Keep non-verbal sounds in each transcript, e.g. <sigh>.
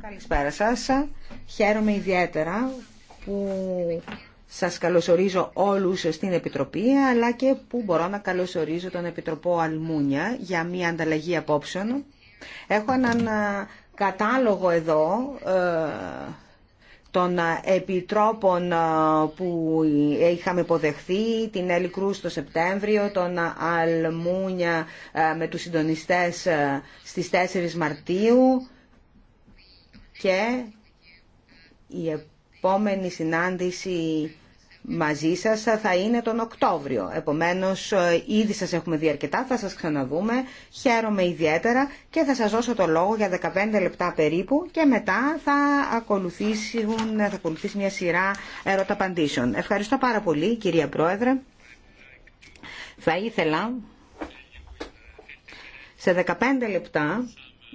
Καλησπέρα σας. Χαίρομαι ιδιαίτερα που σας καλωσορίζω όλους στην Επιτροπή, αλλά και που μπορώ να καλωσορίζω τον Επιτροπό Αλμούνια για μια ανταλλαγή απόψεων. Έχω έναν ε, κατάλογο εδώ ε, των ε, επιτρόπων ε, που είχαμε υποδεχθεί, την Έλλη Κρούς το Σεπτέμβριο, τον Αλμούνια ε, με τους συντονιστές στις 4 Μαρτίου και η επόμενη συνάντηση μαζί σας θα είναι τον Οκτώβριο. Επομένως, ε, ήδη σας έχουμε δει αρκετά, θα σας ξαναδούμε. Χαίρομαι ιδιαίτερα και θα σας δώσω το λόγο για 15 λεπτά περίπου και μετά θα, ακολουθήσουν, θα ακολουθήσει μια σειρά ερωταπαντήσεων. Ευχαριστώ πάρα πολύ, κυρία Πρόεδρε. Θα ήθελα σε 15 λεπτά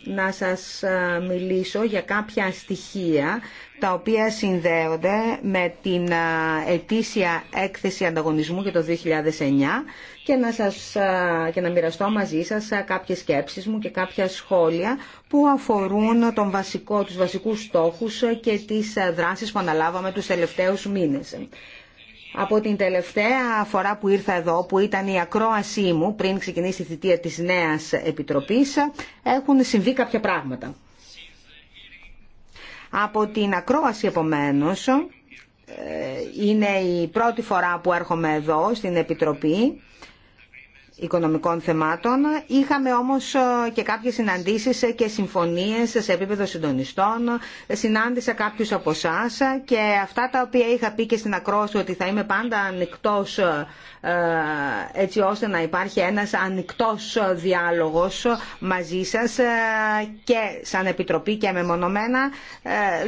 να σας ε, μιλήσω για κάποια στοιχεία τα οποία συνδέονται με την ε, ετήσια έκθεση ανταγωνισμού για το 2009 και να, σας, ε, και να μοιραστώ μαζί σας κάποιες σκέψεις μου και κάποια σχόλια που αφορούν τον βασικό, τους βασικούς στόχους και τις δράσεις που αναλάβαμε τους τελευταίους μήνες. Από την τελευταία φορά που ήρθα εδώ, που ήταν η ακρόασή μου πριν ξεκινήσει η θητεία της νέας επιτροπής, έχουν συμβεί κάποια πράγματα. Από την ακρόαση επομένως, ε, είναι η πρώτη φορά που έρχομαι εδώ στην Επιτροπή οικονομικών θεμάτων. Είχαμε όμως ε, και κάποιες συναντήσεις ε, και συμφωνίες σε επίπεδο συντονιστών. Συνάντησα κάποιους από εσά ε, και αυτά τα οποία είχα πει και στην ακρόαση ότι θα είμαι πάντα ανοιχτό, έτσι ώστε να υπάρχει ένας ανοιχτό διάλογος μαζί σας και σαν Επιτροπή και μεμονωμένα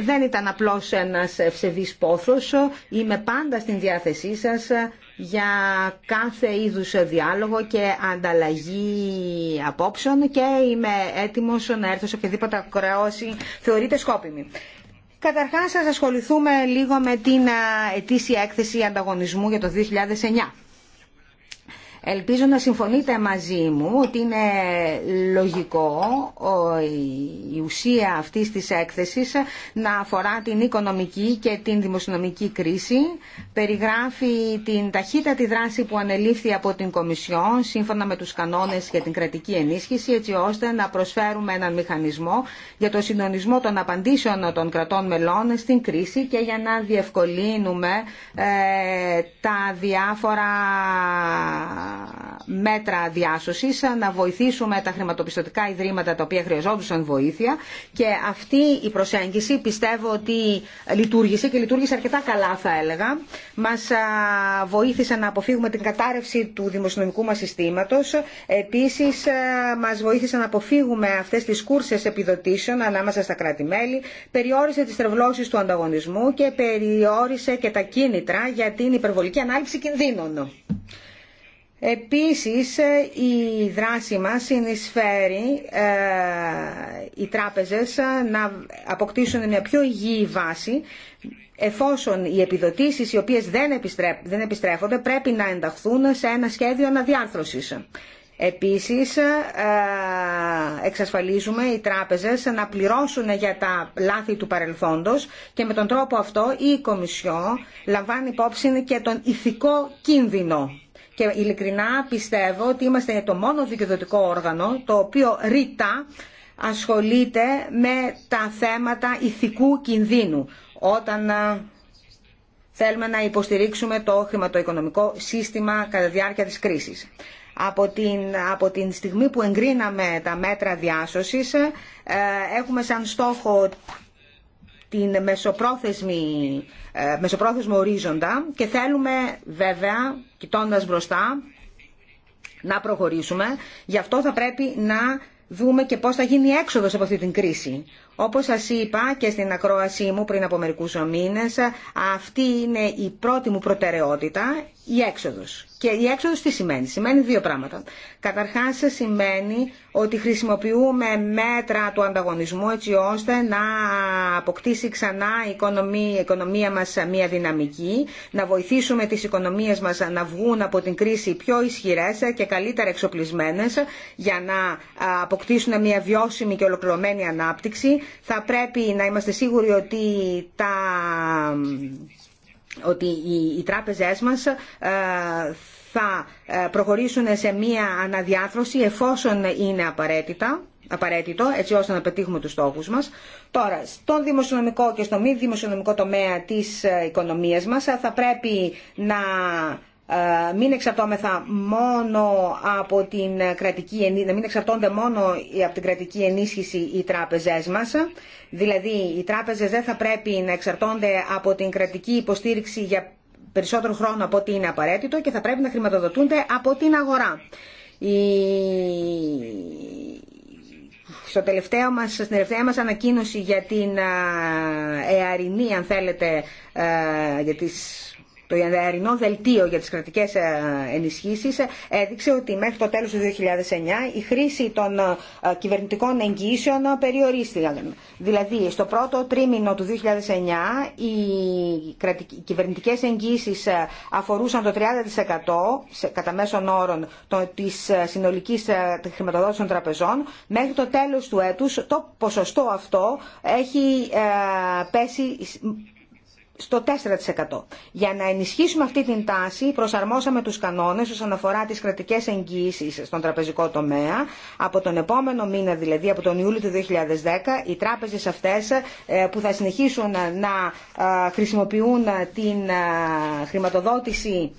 δεν ήταν απλώς ένας ευσεβής πόθος. Είμαι πάντα στην διάθεσή σας για κάθε είδους διάλογο και ανταλλαγή απόψεων και είμαι έτοιμος να έρθω σε οποιαδήποτε κρεώση θεωρείται σκόπιμη. Καταρχάς, σας ασχοληθούμε λίγο με την ε, ετήσια έκθεση ανταγωνισμού για το 2009. Ελπίζω να συμφωνείτε μαζί μου ότι είναι λογικό η ουσία αυτής της έκθεσης να αφορά την οικονομική και την δημοσιονομική κρίση. Περιγράφει την ταχύτατη δράση που ανελήφθη από την Κομισιόν σύμφωνα με τους κανόνες για την κρατική ενίσχυση έτσι ώστε να προσφέρουμε έναν μηχανισμό για το συντονισμό των απαντήσεων των κρατών μελών στην κρίση και για να διευκολύνουμε ε, τα διάφορα μέτρα διάσωσης, να βοηθήσουμε τα χρηματοπιστωτικά ιδρύματα τα οποία χρειαζόντουσαν βοήθεια και αυτή η προσέγγιση πιστεύω ότι λειτουργήσε και λειτουργήσε αρκετά καλά θα έλεγα. Μας βοήθησε να αποφύγουμε την κατάρρευση του δημοσιονομικού μας συστήματος. Επίσης μας βοήθησε να αποφύγουμε αυτές τις κούρσες επιδοτήσεων ανάμεσα στα κράτη-μέλη, περιόρισε τις τρευλώσεις του ανταγωνισμού και περιόρισε και τα κίνητρα για την υπερβολική ανάλυψη κινδύνων. Επίσης ε, η δράση μας συνεισφέρει ε, οι τράπεζες ε, να αποκτήσουν μια πιο υγιή βάση εφόσον οι επιδοτήσεις οι οποίες δεν, δεν επιστρέφονται πρέπει να ενταχθούν σε ένα σχέδιο αναδιάρθρωσης. Επίσης ε, εξασφαλίζουμε οι τράπεζες να πληρώσουν για τα λάθη του παρελθόντος και με τον τρόπο αυτό η Κομισιό λαμβάνει υπόψη και τον ηθικό κίνδυνο και ειλικρινά πιστεύω ότι είμαστε το μόνο δικαιοδοτικό όργανο το οποίο ρητά ασχολείται με τα θέματα ηθικού κινδύνου όταν ε, θέλουμε να υποστηρίξουμε το χρηματοοικονομικό σύστημα κατά διάρκεια της κρίσης. Από την, από την στιγμή που εγκρίναμε τα μέτρα διάσωσης ε, έχουμε σαν στόχο την μεσοπρόθεσμη, ε, μεσοπρόθεσμο ορίζοντα και θέλουμε βέβαια, κοιτώντας μπροστά, να προχωρήσουμε. Γι' αυτό θα πρέπει να δούμε και πώς θα γίνει η έξοδος από αυτή την κρίση. Όπως σας είπα και στην ακρόασή μου πριν από μερικούς μήνες, αυτή είναι η πρώτη μου προτεραιότητα, η έξοδος. Και η έξοδος τι σημαίνει. Σημαίνει δύο πράγματα. Καταρχάς σημαίνει ότι χρησιμοποιούμε μέτρα του ανταγωνισμού έτσι ώστε να αποκτήσει ξανά η οικονομία, η μας μια δυναμική, να βοηθήσουμε τις οικονομίες μας να βγουν από την κρίση πιο ισχυρές και καλύτερα εξοπλισμένες για να αποκτήσουν μια βιώσιμη και ολοκληρωμένη ανάπτυξη, θα πρέπει να είμαστε σίγουροι ότι τα ότι οι τράπεζές μας ε, θα ε, προχωρήσουν σε μία αναδιάθρωση εφόσον είναι απαραίτητα απαραίτητο έτσι ώστε να πετύχουμε τους στόχους μας. Τώρα, στον δημοσιονομικό και στο μη δημοσιονομικό τομέα της ε, οικονομίας μας θα πρέπει να ε, μην εξαρτώμεθα μόνο από την κρατική, να μην εξαρτώνται μόνο από την κρατική ενίσχυση οι τράπεζές μας. Δηλαδή, οι τράπεζες δεν θα πρέπει να εξαρτώνται από την κρατική υποστήριξη για περισσότερο χρόνο από ό,τι είναι απαραίτητο και θα πρέπει να χρηματοδοτούνται από την αγορά. Η... Στο τελευταίο μας, στην τελευταία μας ανακοίνωση για την ε, εαρινή, αν θέλετε, ε, για τις το ενδεαρινό δελτίο για τις κρατικές ε, ενισχύσεις ε, έδειξε ότι μέχρι το τέλος του 2009 η χρήση των ε, κυβερνητικών εγγυήσεων περιορίστηκαν. Δηλαδή, στο πρώτο τρίμηνο του 2009 οι κυβερνητικέ ενισχύσεις αφορούσαν το 30% κατά μέσον όρων της συνολικής χρηματοδότησης των τραπεζών. Μέχρι το τέλο του έτου, το ποσοστό αυτό έχει πέσει στο 4%. Για να ενισχύσουμε αυτή την τάση, προσαρμόσαμε τους κανόνες όσον αφορά τις κρατικές εγγύησεις στον τραπεζικό τομέα. Από τον επόμενο μήνα, δηλαδή από τον Ιούλιο του 2010, οι τράπεζες αυτές ε, που θα συνεχίσουν να ε, χρησιμοποιούν την ε, χρηματοδότηση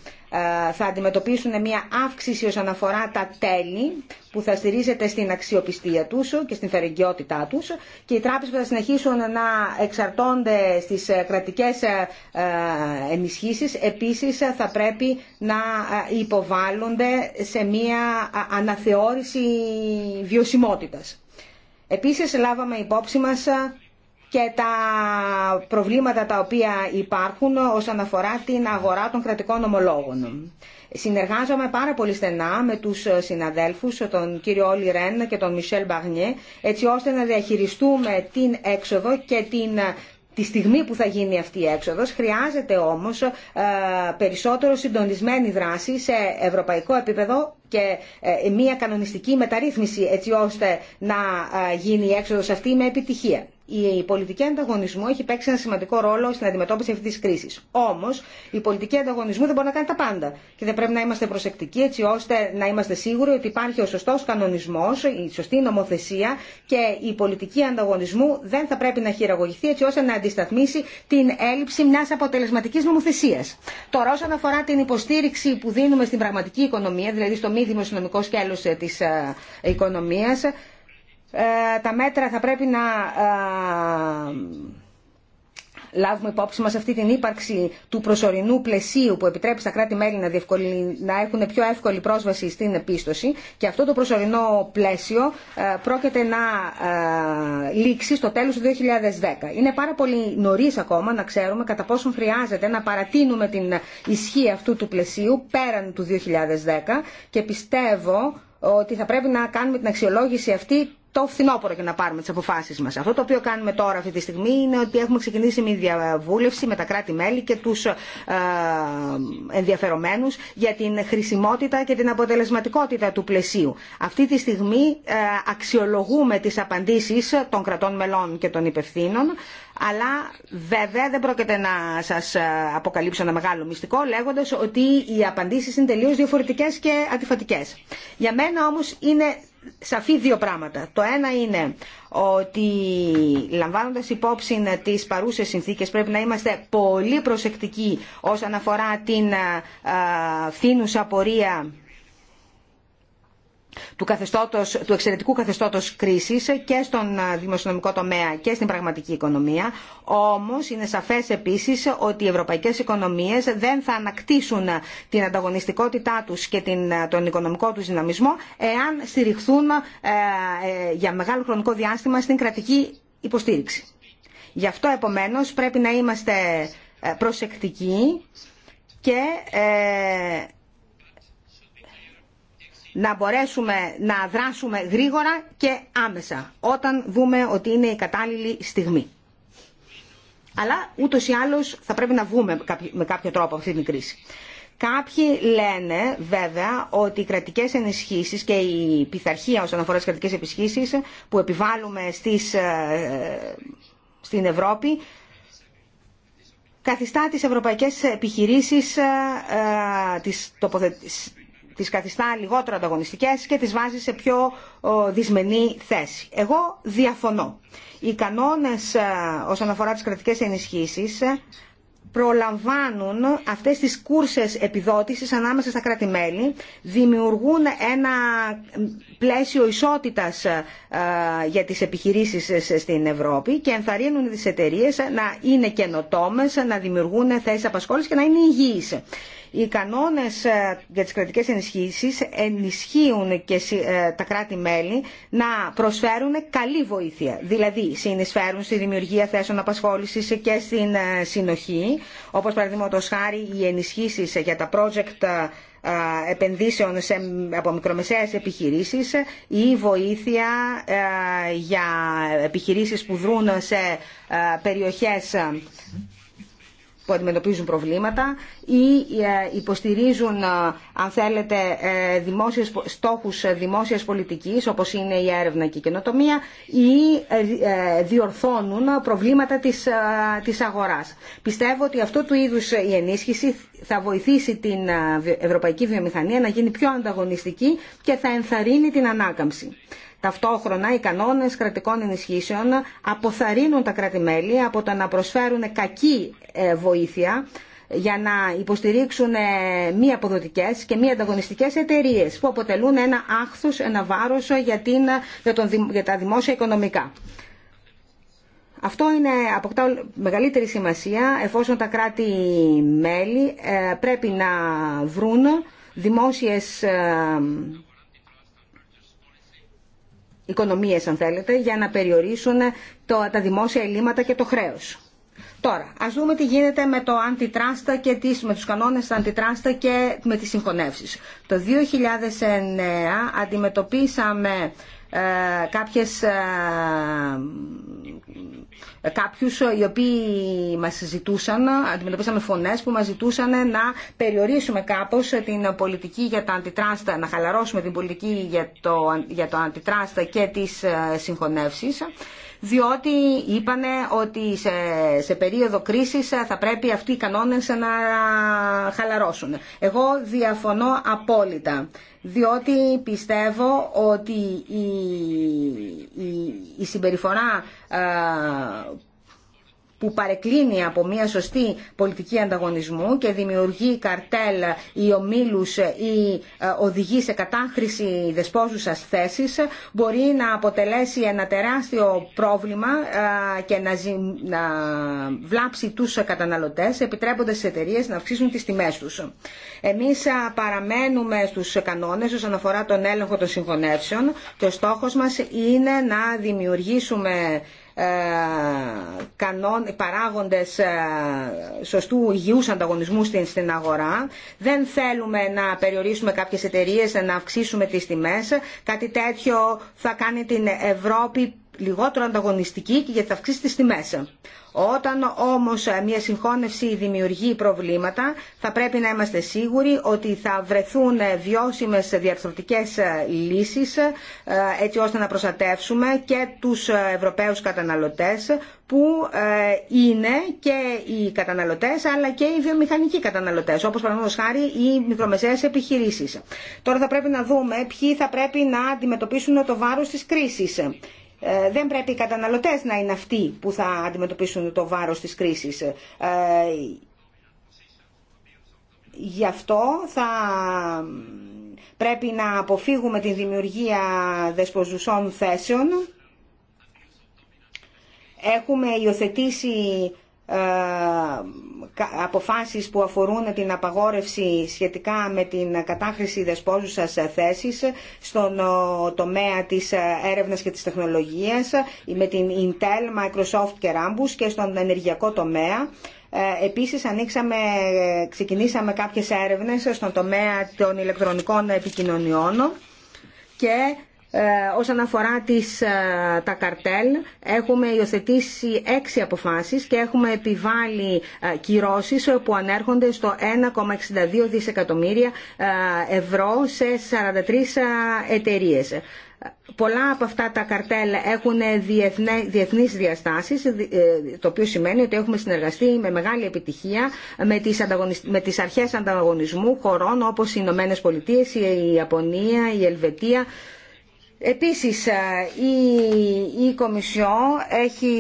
θα αντιμετωπίσουν μια αύξηση όσον αφορά τα τέλη που θα στηρίζεται στην αξιοπιστία τους και στην φερεγγιότητά τους και οι τράπεζες που θα συνεχίσουν να εξαρτώνται στις ε, κρατικές ε, ε, ενισχύσεις επίσης θα πρέπει να υποβάλλονται σε μια αναθεώρηση βιωσιμότητας. Επίσης λάβαμε υπόψη μας και τα προβλήματα τα οποία υπάρχουν όσον αφορά την αγορά των κρατικών ομολόγων. Συνεργάζομαι πάρα πολύ στενά με τους συναδέλφους, τον κύριο Όλι Ρεν και τον Μισελ Μπαγνιέ, έτσι ώστε να διαχειριστούμε την έξοδο και την Τη στιγμή που θα γίνει αυτή η έξοδος χρειάζεται όμως ε, περισσότερο συντονισμένη δράση σε ευρωπαϊκό επίπεδο και ε, μια κανονιστική μεταρρύθμιση έτσι ώστε να ε, γίνει η έξοδος αυτή με επιτυχία η πολιτική ανταγωνισμού έχει παίξει ένα σημαντικό ρόλο στην αντιμετώπιση αυτή τη κρίση. Όμω, η πολιτική ανταγωνισμού δεν μπορεί να κάνει τα πάντα. Και δεν πρέπει να είμαστε προσεκτικοί έτσι ώστε να είμαστε σίγουροι ότι υπάρχει ο σωστό κανονισμό, η σωστή νομοθεσία και η πολιτική ανταγωνισμού δεν θα πρέπει να χειραγωγηθεί έτσι ώστε να αντισταθμίσει την έλλειψη μια αποτελεσματική νομοθεσία. Τώρα, όσον αφορά την υποστήριξη που δίνουμε στην πραγματική οικονομία, δηλαδή στο μη δημοσιονομικό σκέλο ε, τη ε, οικονομία, ε, τα μέτρα θα πρέπει να ε, λάβουμε υπόψη μας αυτή την ύπαρξη του προσωρινού πλαισίου που επιτρέπει στα κράτη-μέλη να, να έχουν πιο εύκολη πρόσβαση στην επίστοση και αυτό το προσωρινό πλαίσιο ε, πρόκειται να λήξει στο τέλος του 2010. Είναι πάρα πολύ νωρί ακόμα να ξέρουμε κατά πόσον χρειάζεται να παρατείνουμε την ισχύ αυτού του πλαισίου πέραν του 2010 και πιστεύω ότι θα πρέπει να κάνουμε την αξιολόγηση αυτή το φθινόπωρο για να πάρουμε τι αποφάσει μα. Αυτό το οποίο κάνουμε τώρα αυτή τη στιγμή είναι ότι έχουμε ξεκινήσει μια διαβούλευση με τα κράτη-μέλη και του ε, ενδιαφερομένου για την χρησιμότητα και την αποτελεσματικότητα του πλαισίου. Αυτή τη στιγμή ε, αξιολογούμε τι απαντήσει των κρατών μελών και των υπευθύνων, αλλά βέβαια δεν πρόκειται να σα ε, αποκαλύψω ένα μεγάλο μυστικό λέγοντα ότι οι απαντήσει είναι τελείω διαφορετικέ και αντιφατικές. Για μένα όμω είναι σαφή δύο πράγματα. Το ένα είναι ότι λαμβάνοντας υπόψη τις παρούσες συνθήκες πρέπει να είμαστε πολύ προσεκτικοί όσον αφορά την ε, ε, φθήνουσα πορεία του, καθεστώτος, του εξαιρετικού καθεστώτος κρίσης και στον ε, δημοσιονομικό τομέα και στην πραγματική οικονομία. Όμως είναι σαφές επίσης ότι οι ευρωπαϊκές οικονομίες δεν θα ανακτήσουν την ανταγωνιστικότητά τους και την, ε, τον οικονομικό τους δυναμισμό εάν στηριχθούν ε, για μεγάλο χρονικό διάστημα στην κρατική υποστήριξη. Γι' αυτό επομένως πρέπει να είμαστε προσεκτικοί και να μπορέσουμε να δράσουμε γρήγορα και άμεσα όταν δούμε ότι είναι η κατάλληλη στιγμή. Αλλά ούτω ή άλλως θα πρέπει να βγούμε με κάποιο τρόπο από αυτή την κρίση. Κάποιοι λένε βέβαια ότι οι κρατικέ ενισχύσει και η πειθαρχία όσον αφορά τι κρατικέ ενισχύσει που επιβάλλουμε στις, ε, στην Ευρώπη καθιστά τις ευρωπαϊκές επιχειρήσεις ε, ε τις, τις καθιστά λιγότερο ανταγωνιστικές και τις βάζει σε πιο δυσμενή θέση. Εγώ διαφωνώ. Οι κανόνες ε, όσον αφορά τις κρατικές ενισχύσεις ε, προλαμβάνουν αυτές τις κούρσες επιδότησης ανάμεσα στα κράτη-μέλη, δημιουργούν ένα πλαίσιο ισότητας ε, για τις επιχειρήσεις στην Ευρώπη και ενθαρρύνουν τις εταιρείες να είναι καινοτόμες, να δημιουργούν θέσεις απασχόλησης και να είναι υγιείς. Οι κανόνες ε, για τις κρατικές ενισχύσεις ενισχύουν και ε, τα κράτη-μέλη να προσφέρουν καλή βοήθεια. Δηλαδή, συνεισφέρουν στη δημιουργία θέσεων απασχόλησης και στην ε, συνοχή, όπως παραδείγματο χάρη οι ενισχύσεις για τα project επενδύσεων σε, από μικρομεσαίες επιχειρήσεις ή βοήθεια για επιχειρήσεις που δρούν σε περιοχές που αντιμετωπίζουν προβλήματα ή ε, υποστηρίζουν, ε, αν θέλετε, ε, δημόσιες, στόχους δημόσιας πολιτικής, όπως είναι η έρευνα και η καινοτομία, ή διορθώνουν προβλήματα της, της αγοράς. Πιστεύω ότι αυτό του είδους η ενίσχυση θα βοηθήσει την ευρωπαϊκή βιομηχανία να γίνει πιο ανταγωνιστική και θα ενθαρρύνει την ανάκαμψη. Ταυτόχρονα οι κανόνες κρατικών ενισχύσεων αποθαρρύνουν τα κράτη-μέλη από το να προσφέρουν κακή ε, βοήθεια για να υποστηρίξουν ε, μη αποδοτικέ και μη ανταγωνιστικέ εταιρείε που αποτελούν ένα άχθο, ένα βάρο για, για, για τα δημόσια οικονομικά. Αυτό είναι, αποκτά μεγαλύτερη σημασία εφόσον τα κράτη-μέλη ε, πρέπει να βρουν δημόσιες οικονομίε, αν θέλετε, για να περιορίσουν το, τα δημόσια ελλείμματα και το χρέος. Τώρα, ας δούμε τι γίνεται με το αντιτράστα και τις, με τους κανόνες αντιτράστα και με τις συγχωνεύσει. Το 2009 αντιμετωπίσαμε ε, κάποιες, ε, κάποιους οι οποίοι μας ζητούσαν, αντιμετωπίσαμε φωνές που μας ζητούσαν να περιορίσουμε κάπως την πολιτική για το αντιτράστα, να χαλαρώσουμε την πολιτική για το, για το αντιτράστα και τις ε, συγχωνεύσεις διότι είπανε ότι σε, σε περίοδο κρίσης θα πρέπει αυτοί οι κανόνες να χαλαρώσουν. Εγώ διαφωνώ απόλυτα, διότι πιστεύω ότι η, η, η συμπεριφορά ε, που παρεκκλίνει από μια σωστή πολιτική ανταγωνισμού και δημιουργεί καρτέλ ή ομίλου ή ε, οδηγεί σε κατάχρηση δεσπόζουσας θέσης μπορεί να αποτελέσει ένα τεράστιο πρόβλημα ε, και να, βλάψει τους καταναλωτέ επιτρέποντα τι εταιρείε να αυξήσουν τις τιμές τους. Εμείς ε, παραμένουμε στου κανόνες όσον αφορά τον έλεγχο των συγχωνεύσεων και ο στόχο μα είναι να δημιουργήσουμε ε, κανόν, παράγοντες ε, σωστού υγιούς ανταγωνισμού στην, στην αγορά. Δεν θέλουμε να περιορίσουμε κάποιες εταιρείες, να αυξήσουμε τις τιμές. Κάτι τέτοιο θα κάνει την Ευρώπη λιγότερο ανταγωνιστική και γιατί θα αυξήσει τις τιμές. Όταν όμως ε, μια συγχώνευση δημιουργεί προβλήματα, θα πρέπει να είμαστε σίγουροι ότι θα βρεθούν ε, βιώσιμες διαρθρωτικές ε, λύσεις, έτσι ώστε να προστατεύσουμε και τους Ευρωπαίους καταναλωτές, που είναι και οι καταναλωτές αλλά και οι βιομηχανικοί καταναλωτές, όπως παραδείγματος χάρη οι μικρομεσαίες επιχειρήσεις. Τώρα θα πρέπει να δούμε ποιοι θα πρέπει να αντιμετωπίσουν το βάρος της κρίσης. Ε, δεν πρέπει οι καταναλωτές να είναι αυτοί που θα αντιμετωπίσουν το βάρος της κρίσης. Ε, γι' αυτό θα πρέπει να αποφύγουμε τη δημιουργία δεσποζουσών θέσεων. Έχουμε υιοθετήσει ε, αποφάσεις που αφορούν την απαγόρευση σχετικά με την κατάχρηση δεσπόζουσας θέσης στον τομέα της έρευνας και της τεχνολογίας με την Intel, Microsoft και Rambus και στον ενεργειακό τομέα. Ε, επίσης ανοίξαμε, ξεκινήσαμε κάποιες έρευνες στον τομέα των ηλεκτρονικών επικοινωνιών και ε, όσον αφορά τις, ε, τα καρτέλ, έχουμε υιοθετήσει έξι αποφάσεις και έχουμε επιβάλει ε, κυρώσεις που ανέρχονται στο 1,62 δισεκατομμύρια ευρώ σε 43 εταιρείες. Πολλά από αυτά τα καρτέλ έχουν διεθνείς διαστάσεις, το οποίο σημαίνει ότι έχουμε συνεργαστεί με μεγάλη επιτυχία με τις, με τις αρχές ανταγωνισμού χωρών όπως οι Ηνωμένε Πολιτείες, η Ιαπωνία, η Ελβετία, Επίσης, ε, η, η έχει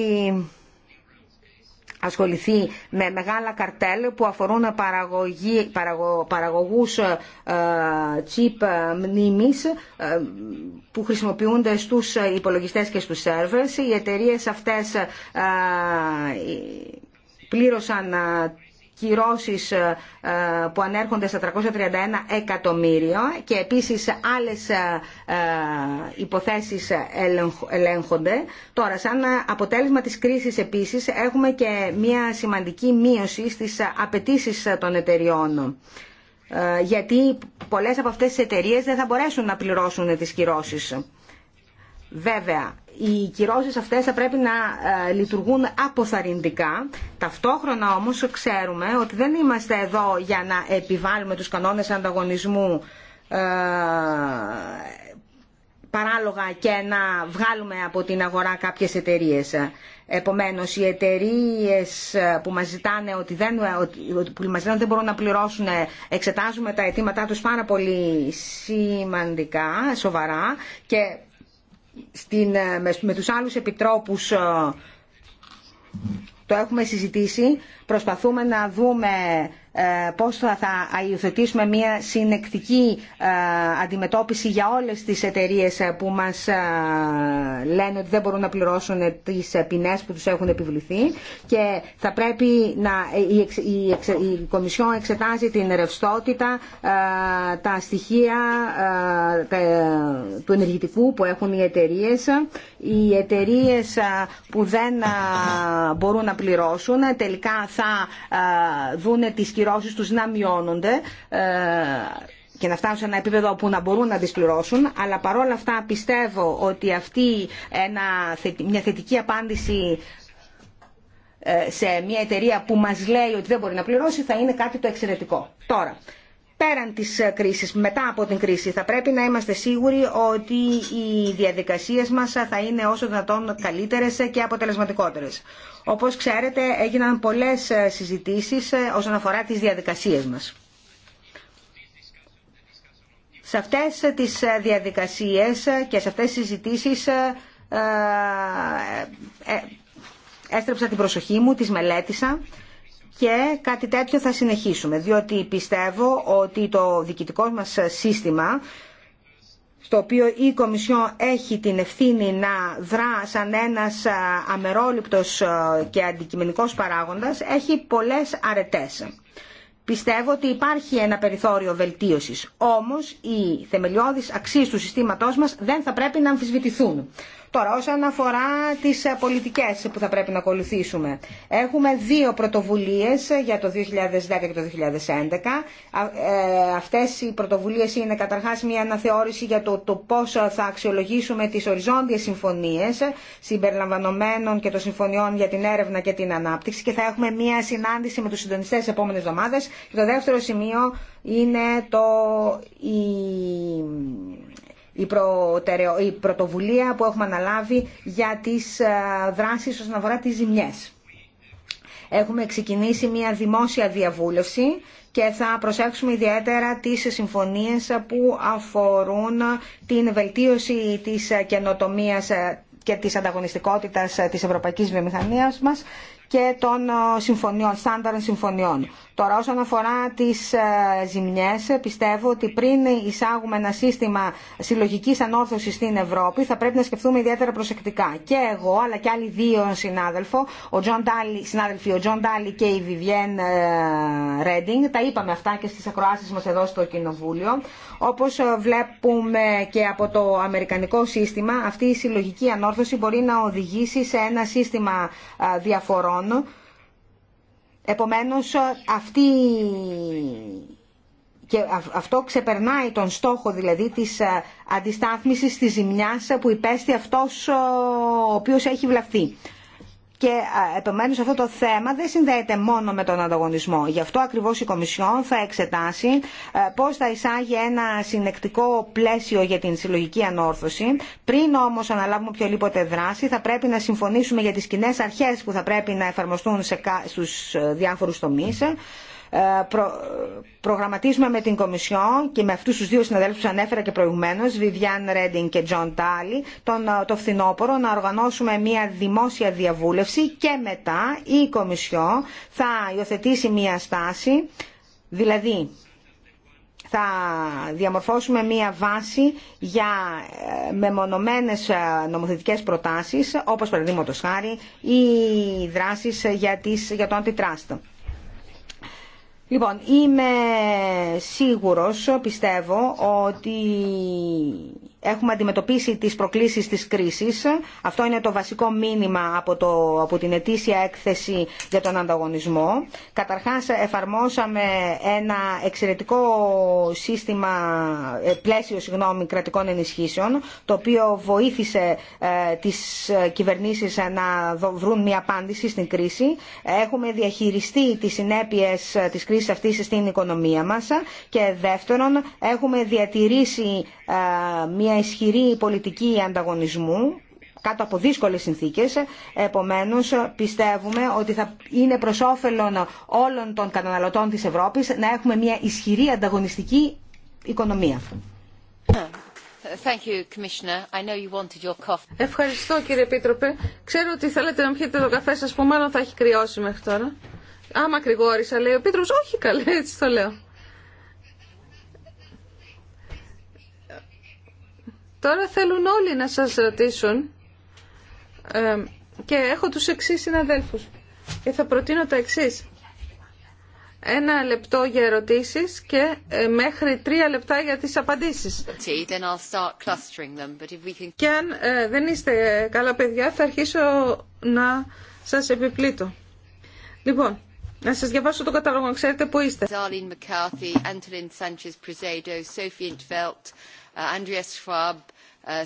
ασχοληθεί με μεγάλα καρτέλ που αφορούν παραγωγή, παραγω, παραγωγούς ε, ε μνήμης ε, που χρησιμοποιούνται στους υπολογιστές και στους σέρβερς Οι εταιρείες αυτές ε, πλήρωσαν κυρώσεις ε, ε, που ανέρχονται στα 331 εκατομμύρια και επίσης άλλες ε, υποθέσεις ελέγχονται. Τώρα, σαν αποτέλεσμα της κρίσης επίσης έχουμε και μια σημαντική μείωση στις απαιτήσει των εταιριών γιατί πολλές από αυτές τις εταιρείες δεν θα μπορέσουν να πληρώσουν τις κυρώσεις. Βέβαια, οι κυρώσεις αυτές θα πρέπει να ε, λειτουργούν αποθαρρυντικά. Ταυτόχρονα όμως ξέρουμε ότι δεν είμαστε εδώ για να επιβάλλουμε τους κανόνες ανταγωνισμού ε, παράλογα και να βγάλουμε από την αγορά κάποιες εταιρείες. Επομένως, οι εταιρείε ε, που μας ζητάνε ότι δεν, που μας ζητάνε δεν μπορούν να πληρώσουν, εξετάζουμε τα αιτήματά τους πάρα πολύ σημαντικά, σοβαρά και στην, ε, με τους άλλους επιτρόπους ε, το έχουμε συζητήσει. Προσπαθούμε να δούμε ε, πώς θα, θα υιοθετήσουμε μια συνεκτική ε, αντιμετώπιση για όλες τις εταιρείες ε, που μας λένε ότι δεν μπορούν να πληρώσουν τις ποινές που τους έχουν επιβληθεί και θα πρέπει να, η, η, Κομισιόν εξετάζει την ρευστότητα, τα στοιχεία του ενεργητικού που έχουν οι εταιρείε, οι εταιρείε που δεν μπορούν να πληρώσουν τελικά θα δούνε τις κυρώσεις τους να μειώνονται ε, και να φτάσουν σε ένα επίπεδο όπου να μπορούν να τις πληρώσουν, αλλά παρόλα αυτά πιστεύω ότι αυτή ένα, μια θετική απάντηση ε, σε μια εταιρεία που μας λέει ότι δεν μπορεί να πληρώσει θα είναι κάτι το εξαιρετικό. Τώρα, πέραν της ε, κρίσης, μετά από την κρίση. Θα πρέπει να είμαστε σίγουροι ότι οι διαδικασίες μας ε, θα είναι όσο δυνατόν καλύτερες και αποτελεσματικότερες. Όπως ξέρετε έγιναν πολλές ε, συζητήσεις όσον αφορά τις διαδικασίες μας. Σε αυτές τις διαδικασίες και σε αυτές τις συζητήσεις έστρεψα την προσοχή μου, τις μελέτησα και κάτι τέτοιο θα συνεχίσουμε, διότι πιστεύω ότι το διοικητικό μας σύστημα στο οποίο η Κομισιόν έχει την ευθύνη να δρά σαν ένας αμερόληπτος και αντικειμενικός παράγοντας, έχει πολλές αρετές. Πιστεύω ότι υπάρχει ένα περιθώριο βελτίωσης, όμως οι θεμελιώδεις αξίες του συστήματός μας δεν θα πρέπει να αμφισβητηθούν. Τώρα, όσον αφορά τι ε, πολιτικές που θα πρέπει να ακολουθήσουμε, έχουμε δύο πρωτοβουλίες ε, για το 2010 και το 2011. Ε, αυτές οι πρωτοβουλίες είναι καταρχάς μια αναθεώρηση για το, το θα αξιολογήσουμε τις οριζόντιες συμφωνίες συμπεριλαμβανομένων και των συμφωνιών για την έρευνα και την ανάπτυξη και θα έχουμε μια συνάντηση με τους συντονιστές επόμενε εβδομάδες. Και το δεύτερο σημείο είναι το, η, η, η πρωτοβουλία που έχουμε αναλάβει για τις ε, δράσεις όσον αφορά τις ζημιές. Έχουμε ξεκινήσει μια δημόσια διαβούλευση και θα προσέξουμε ιδιαίτερα τις συμφωνίες που αφορούν την βελτίωση της καινοτομίας ε, και της ανταγωνιστικότητας ε, της ευρωπαϊκής βιομηχανίας μας και των ε, συμφωνιών, στάνταρ συμφωνιών. Τώρα όσον αφορά τις ε, ζημιές, πιστεύω ότι πριν εισάγουμε ένα σύστημα συλλογικής ανόρθωσης στην Ευρώπη θα πρέπει να σκεφτούμε ιδιαίτερα προσεκτικά. Και εγώ αλλά και άλλοι δύο συνάδελφο, ο συνάδελφοι, ο Τζον Ντάλι και η Βιβιέν Ρέντινγκ, ε, τα είπαμε αυτά και στις ακροάσεις μας εδώ στο Κοινοβούλιο. Όπως βλέπουμε και από το αμερικανικό σύστημα, αυτή η συλλογική ανόρθωση μπορεί να οδηγήσει σε ένα σύστημα διαφορών Επομένω, Επομένως, αυτή... Και αυτό ξεπερνάει τον στόχο δηλαδή της ε, αντιστάθμισης της ζημιάς που υπέστη αυτός ο οποίος έχει βλαφθεί. Και επομένως αυτό το θέμα δεν συνδέεται μόνο με τον ανταγωνισμό. Γι' αυτό ακριβώς η Κομισιόν θα εξετάσει ε, πώς θα εισάγει ένα συνεκτικό πλαίσιο για την συλλογική ανόρθωση. Πριν όμως αναλάβουμε οποιοδήποτε δράση θα πρέπει να συμφωνήσουμε για τις κοινέ αρχές που θα πρέπει να εφαρμοστούν σε, στους ε, διάφορους τομείς ε, προγραμματίζουμε με την Κομισιόν και με αυτούς τους δύο συναδέλφους που ανέφερα και προηγουμένως, Βιβιάν Ρέντιν και Τζον Τάλι, τον, ε, το φθινόπωρο να οργανώσουμε μια δημόσια διαβούλευση και μετά η Κομισιόν θα υιοθετήσει μια στάση, δηλαδή θα διαμορφώσουμε μία βάση για ε, μεμονωμένες νομοθετικές προτάσεις, όπως παραδείγματος χάρη οι δράσεις για, τις, για το αντιτράστο. Λοιπόν, είμαι σίγουρος, πιστεύω, ότι έχουμε αντιμετωπίσει τις προκλήσεις της κρίσης. Αυτό είναι το βασικό μήνυμα από, το, από την ετήσια έκθεση για τον ανταγωνισμό. Καταρχάς εφαρμόσαμε ένα εξαιρετικό σύστημα, ε, πλαίσιο συγγνώμη, κρατικών ενισχύσεων, το οποίο βοήθησε ε, τις κυβερνήσεις να βρουν μια απάντηση στην κρίση. Έχουμε διαχειριστεί τις συνέπειες ε, της κρίσης αυτής στην οικονομία μας και δεύτερον έχουμε διατηρήσει ε, μια μια ισχυρή πολιτική ανταγωνισμού κάτω από δύσκολες συνθήκες. Επομένως, πιστεύουμε ότι θα είναι προς όφελον όλων των καταναλωτών της Ευρώπης να έχουμε μια ισχυρή ανταγωνιστική οικονομία. Thank you, I know you your Ευχαριστώ κύριε Επίτροπε. Ξέρω ότι θέλετε να πιείτε το καφέ σας που μάλλον θα έχει κρυώσει μέχρι τώρα. Άμα κρυγόρησα λέει ο Επίτροπος, όχι καλέ, έτσι το λέω. Τώρα θέλουν όλοι να σας ρωτήσουν και έχω τους εξής συναδέλφους και θα προτείνω τα εξής. Ένα λεπτό για ερωτήσεις και ε, μέχρι τρία λεπτά για τις απαντήσεις. Και αν ε, δεν είστε καλά παιδιά θα αρχίσω να σας επιπλήττω. Λοιπόν, να σας διαβάσω το κατάλογο, ξέρετε πού είστε. Darlene McCarthy, Sanchez Sophie Andreas Schwab,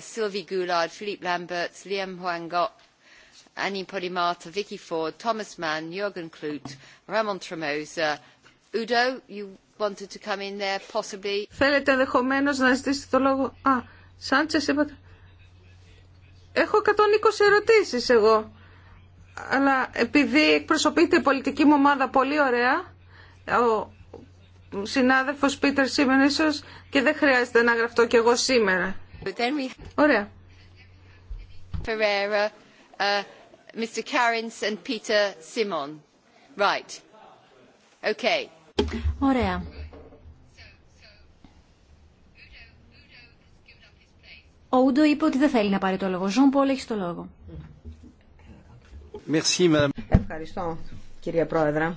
Sylvie Goulard, Philippe Lamberts, Liam Huangot, Annie Podimata, Vicky Ford, Thomas Mann, Jürgen Klute, Ramon Tremosa. Udo, you wanted to come in there possibly. Θέλετε ενδεχομένω να ζητήσετε το λόγο. Α, είπατε. Έχω 120 ερωτήσεις εγώ. Αλλά επειδή εκπροσωπείται η πολιτική μου ομάδα πολύ ωραία, ο συνάδελφος Πίτερ Σίμεν ίσως και δεν χρειάζεται να γραφτώ κι εγώ σήμερα. Ωραία. Ferreira, uh, Ωραία. Ο Ούντο είπε ότι δεν θέλει να πάρει το λόγο. Ζων Πολ, έχει το λόγο. Ευχαριστώ, κυρία Πρόεδρα.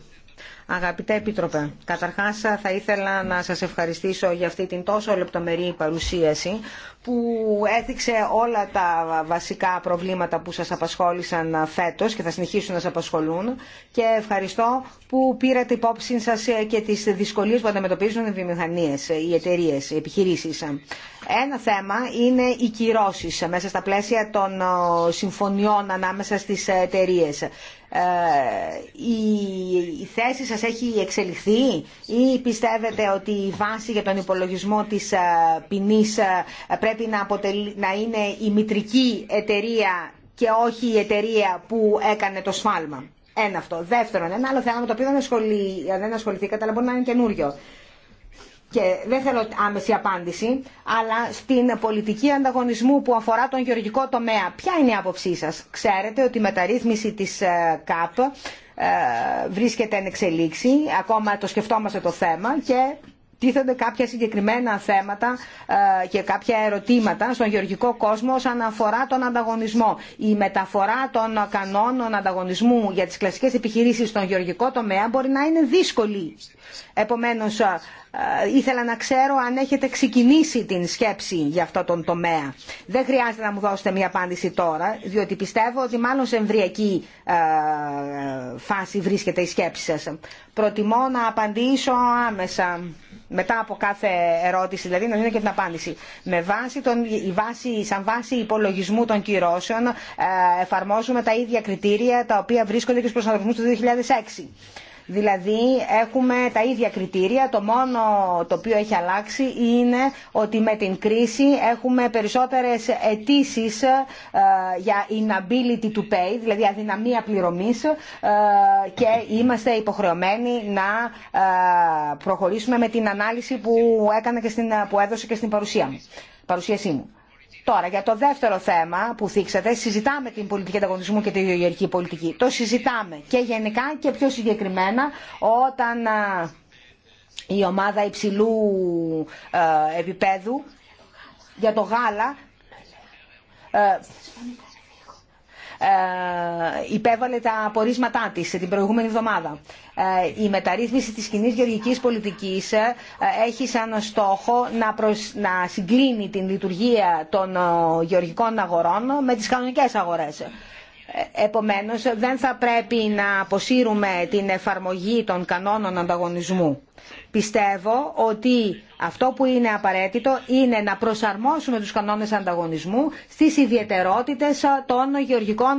Αγαπητέ Επίτροπε, καταρχάς θα ήθελα να σας ευχαριστήσω για αυτή την τόσο λεπτομερή παρουσίαση που έδειξε όλα τα βασικά προβλήματα που σας απασχόλησαν φέτος και θα συνεχίσουν να σας απασχολούν και ευχαριστώ που πήρατε υπόψη σας και τις δυσκολίες που αντιμετωπίζουν οι βιομηχανίες, οι εταιρείε, οι επιχειρήσεις. Ένα θέμα είναι οι κυρώσεις μέσα στα πλαίσια των συμφωνιών ανάμεσα στις εταιρείε. Ε, η θέση σας έχει εξελιχθεί ή πιστεύετε ότι η βάση για τον υπολογισμό της ε, ποινή ε, πρέπει να, να είναι η μητρική εταιρεία και όχι η εταιρεία που έκανε το σφάλμα. Ένα αυτό. Δεύτερον, ένα άλλο θέμα με το οποίο δεν, δεν ασχοληθήκατε, αλλά μπορεί να είναι καινούριο και δεν θέλω άμεση απάντηση, αλλά στην πολιτική ανταγωνισμού που αφορά τον γεωργικό τομέα. Ποια είναι η άποψή σας. Ξέρετε ότι η μεταρρύθμιση της ε, ΚΑΠ ε, βρίσκεται εν εξελίξη, ακόμα το σκεφτόμαστε το θέμα και τίθενται κάποια συγκεκριμένα θέματα ε, και κάποια ερωτήματα στον γεωργικό κόσμο όσον αφορά τον ανταγωνισμό. Η μεταφορά των κανόνων ανταγωνισμού για τις κλασικές επιχειρήσεις στον γεωργικό τομέα μπορεί να είναι δύσκολη. Επομένως, ε, ε, ήθελα να ξέρω αν έχετε ξεκινήσει την σκέψη για αυτό τον τομέα. Δεν χρειάζεται να μου δώσετε μια απάντηση τώρα, διότι πιστεύω ότι μάλλον σε εμβριακή φάση βρίσκεται η σκέψη σας. Προτιμώ να απαντήσω άμεσα μετά από κάθε ερώτηση, δηλαδή να δίνω και την απάντηση. Με βάση τον, η βάση, σαν βάση υπολογισμού των κυρώσεων ε, εφαρμόζουμε τα ίδια κριτήρια τα οποία βρίσκονται και στους προσανατολισμούς του 2006. Δηλαδή έχουμε τα ίδια κριτήρια, το μόνο το οποίο έχει αλλάξει είναι ότι με την κρίση έχουμε περισσότερες αιτήσει ε, για inability to pay, δηλαδή αδυναμία πληρωμής ε, και είμαστε υποχρεωμένοι να ε, προχωρήσουμε με την ανάλυση που, έκανα και στην, που έδωσε και στην παρουσία μου, παρουσίασή μου. Τώρα, για το δεύτερο θέμα που θίξατε, συζητάμε την πολιτική ανταγωνισμού και τη γεωργική πολιτική. Το συζητάμε και γενικά και πιο συγκεκριμένα όταν η ομάδα υψηλού ε, επίπεδου για το γάλα ε, ε, υπέβαλε τα απορίσματά της την προηγούμενη εβδομάδα. Ε, η μεταρρύθμιση της κοινή γεωργικής πολιτικής ε, έχει σαν στόχο να, να συγκλίνει την λειτουργία των γεωργικών αγορών με τις κανονικές αγορές. Επομένως δεν θα πρέπει να αποσύρουμε την εφαρμογή των κανόνων ανταγωνισμού Πιστεύω ότι αυτό που είναι απαραίτητο είναι να προσαρμόσουμε τους κανόνες ανταγωνισμού στις ιδιαιτερότητες των γεωργικών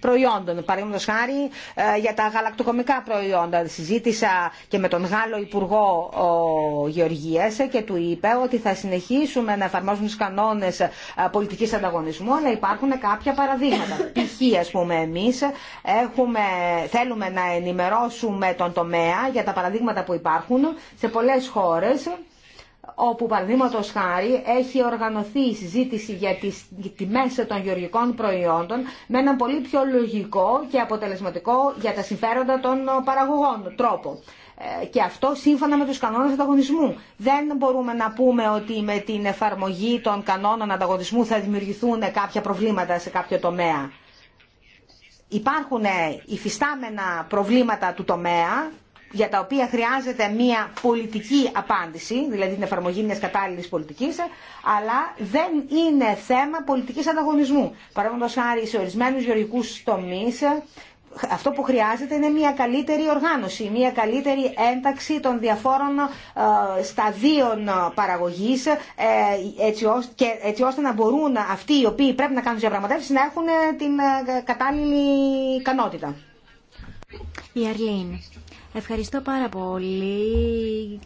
προϊόντων. Παραδείγματος χάρη ε, για τα γαλακτοκομικά προϊόντα. Συζήτησα και με τον Γάλλο Υπουργό Γεωργίας και του είπε ότι θα συνεχίσουμε να εφαρμόζουμε τους κανόνες πολιτικής ανταγωνισμού αλλά υπάρχουν κάποια παραδείγματα. <coughs> Π.χ. ας πούμε εμείς έχουμε, θέλουμε να ενημερώσουμε τον τομέα για τα παραδείγματα προβλήματα που υπάρχουν σε πολλές χώρες όπου παραδείγματο χάρη έχει οργανωθεί η συζήτηση για τις τιμές των γεωργικών προϊόντων με έναν πολύ πιο λογικό και αποτελεσματικό για τα συμφέροντα των παραγωγών τρόπο. Ε, και αυτό σύμφωνα με τους κανόνες ανταγωνισμού. Δεν μπορούμε να πούμε ότι με την εφαρμογή των κανόνων ανταγωνισμού θα δημιουργηθούν κάποια προβλήματα σε κάποιο τομέα. Υπάρχουν ε, υφιστάμενα προβλήματα του τομέα για τα οποία χρειάζεται μια πολιτική απάντηση, δηλαδή την εφαρμογή μια κατάλληλη πολιτικής, αλλά δεν είναι θέμα πολιτικής ανταγωνισμού. Παραδείγματο χάρη σε ορισμένου γεωργικού τομεί, αυτό που χρειάζεται είναι μια καλύτερη οργάνωση, μια καλύτερη ένταξη των διαφόρων ε, σταδίων παραγωγής ε, έτσι, ώστε, να μπορούν αυτοί οι οποίοι πρέπει να κάνουν διαπραγματεύσεις να έχουν την ε, κατάλληλη ικανότητα. Ευχαριστώ πάρα πολύ.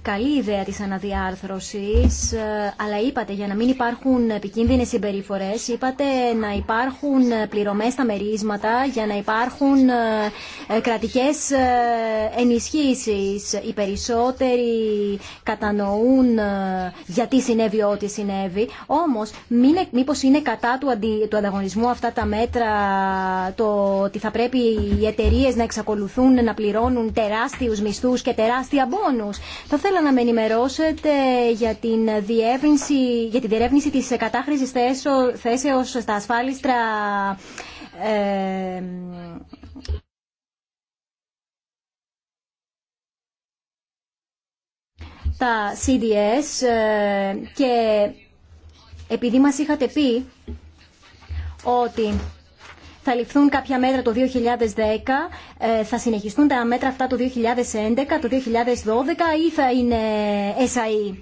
Καλή ιδέα της αναδιάρθρωσης, ε, αλλά είπατε για να μην υπάρχουν επικίνδυνες συμπεριφορέ, είπατε να υπάρχουν πληρωμές στα μερίσματα, για να υπάρχουν ε, κρατικές ε, ενισχύσεις. Οι περισσότεροι κατανοούν γιατί συνέβη ό,τι συνέβη, όμως μήπως είναι κατά του, αντι, του ανταγωνισμού αυτά τα μέτρα, το ότι θα πρέπει οι εταιρείε να εξακολουθούν να πληρώνουν τεράστια τεράστιους μισθούς και τεράστια μπόνους. Θα θέλα να με ενημερώσετε για, την διεύρυνση, για τη διερεύνηση της κατάχρησης θέσεως στα ασφάλιστρα ε, τα CDS ε, και επειδή μας είχατε πει ότι θα ληφθούν κάποια μέτρα το 2010, ε, θα συνεχιστούν τα μέτρα αυτά το 2011, το 2012 ή θα είναι SAE.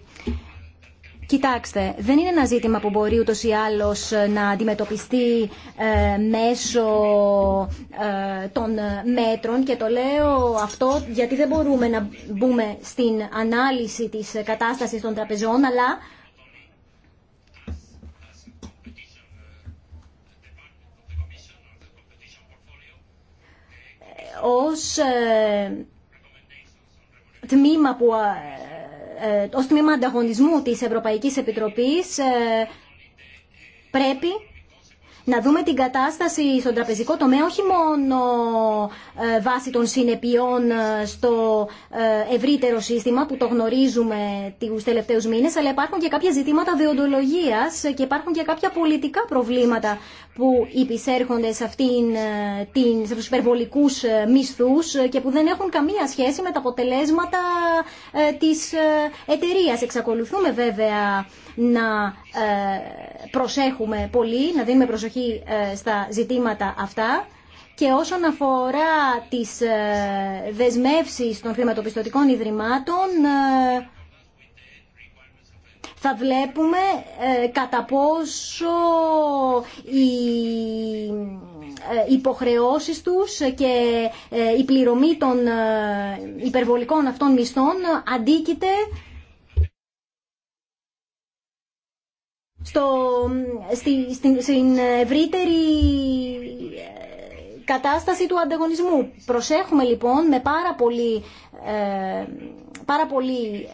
Κοιτάξτε, δεν είναι ένα ζήτημα που μπορεί ούτω ή άλλω να αντιμετωπιστεί ε, μέσω ε, των μέτρων και το λέω αυτό γιατί δεν μπορούμε να μπούμε στην ανάλυση της κατάστασης των τραπεζών αλλά ως ε, τμήμα που ε, ε, ως τμήμα ανταγωνισμού της Ευρωπαϊκής Επιτροπής πρέπει να δούμε την κατάσταση στον τραπεζικό τομέα όχι μόνο βάσει των συνεπειών στο ευρύτερο σύστημα που το γνωρίζουμε τους τελευταίους μήνες αλλά υπάρχουν και κάποια ζητήματα διοντολογίας και υπάρχουν και κάποια πολιτικά προβλήματα που υπησέρχονται σε αυτήν ε, την, σε τους υπερβολικούς ε, μισθούς και που δεν έχουν καμία σχέση με τα αποτελέσματα ε, της εταιρεία. Εξακολουθούμε βέβαια να προσέχουμε πολύ, να δίνουμε προσοχή στα ζητήματα αυτά. Και όσον αφορά τις δεσμεύσεις των χρηματοπιστωτικών ιδρυμάτων, θα βλέπουμε ε, κατά πόσο οι ε, υποχρεώσεις τους και ε, η πληρωμή των υπερβολικών αυτών μισθών αντίκειται στο, στη, στην, στην ευρύτερη κατάσταση του ανταγωνισμού. Προσέχουμε λοιπόν με πάρα πολύ, πάρα πολύ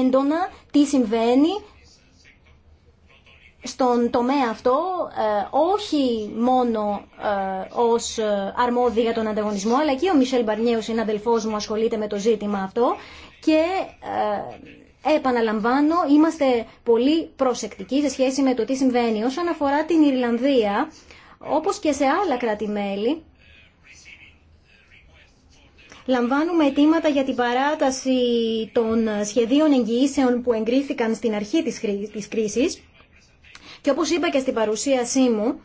έντονα τι συμβαίνει στον τομέα αυτό ε, όχι μόνο ε, ως ε, αρμόδια για τον ανταγωνισμό αλλά και ο Μισελ Μπαρνιέου, είναι μου, ασχολείται με το ζήτημα αυτό και επαναλαμβάνω, είμαστε πολύ προσεκτικοί σε σχέση με το τι συμβαίνει. Όσον αφορά την Ιρλανδία, όπως και σε άλλα κράτη-μέλη, Λαμβάνουμε αιτήματα για την παράταση των σχεδίων εγγυήσεων που εγκρίθηκαν στην αρχή της κρίσης και όπως είπα και στην παρουσίασή μου,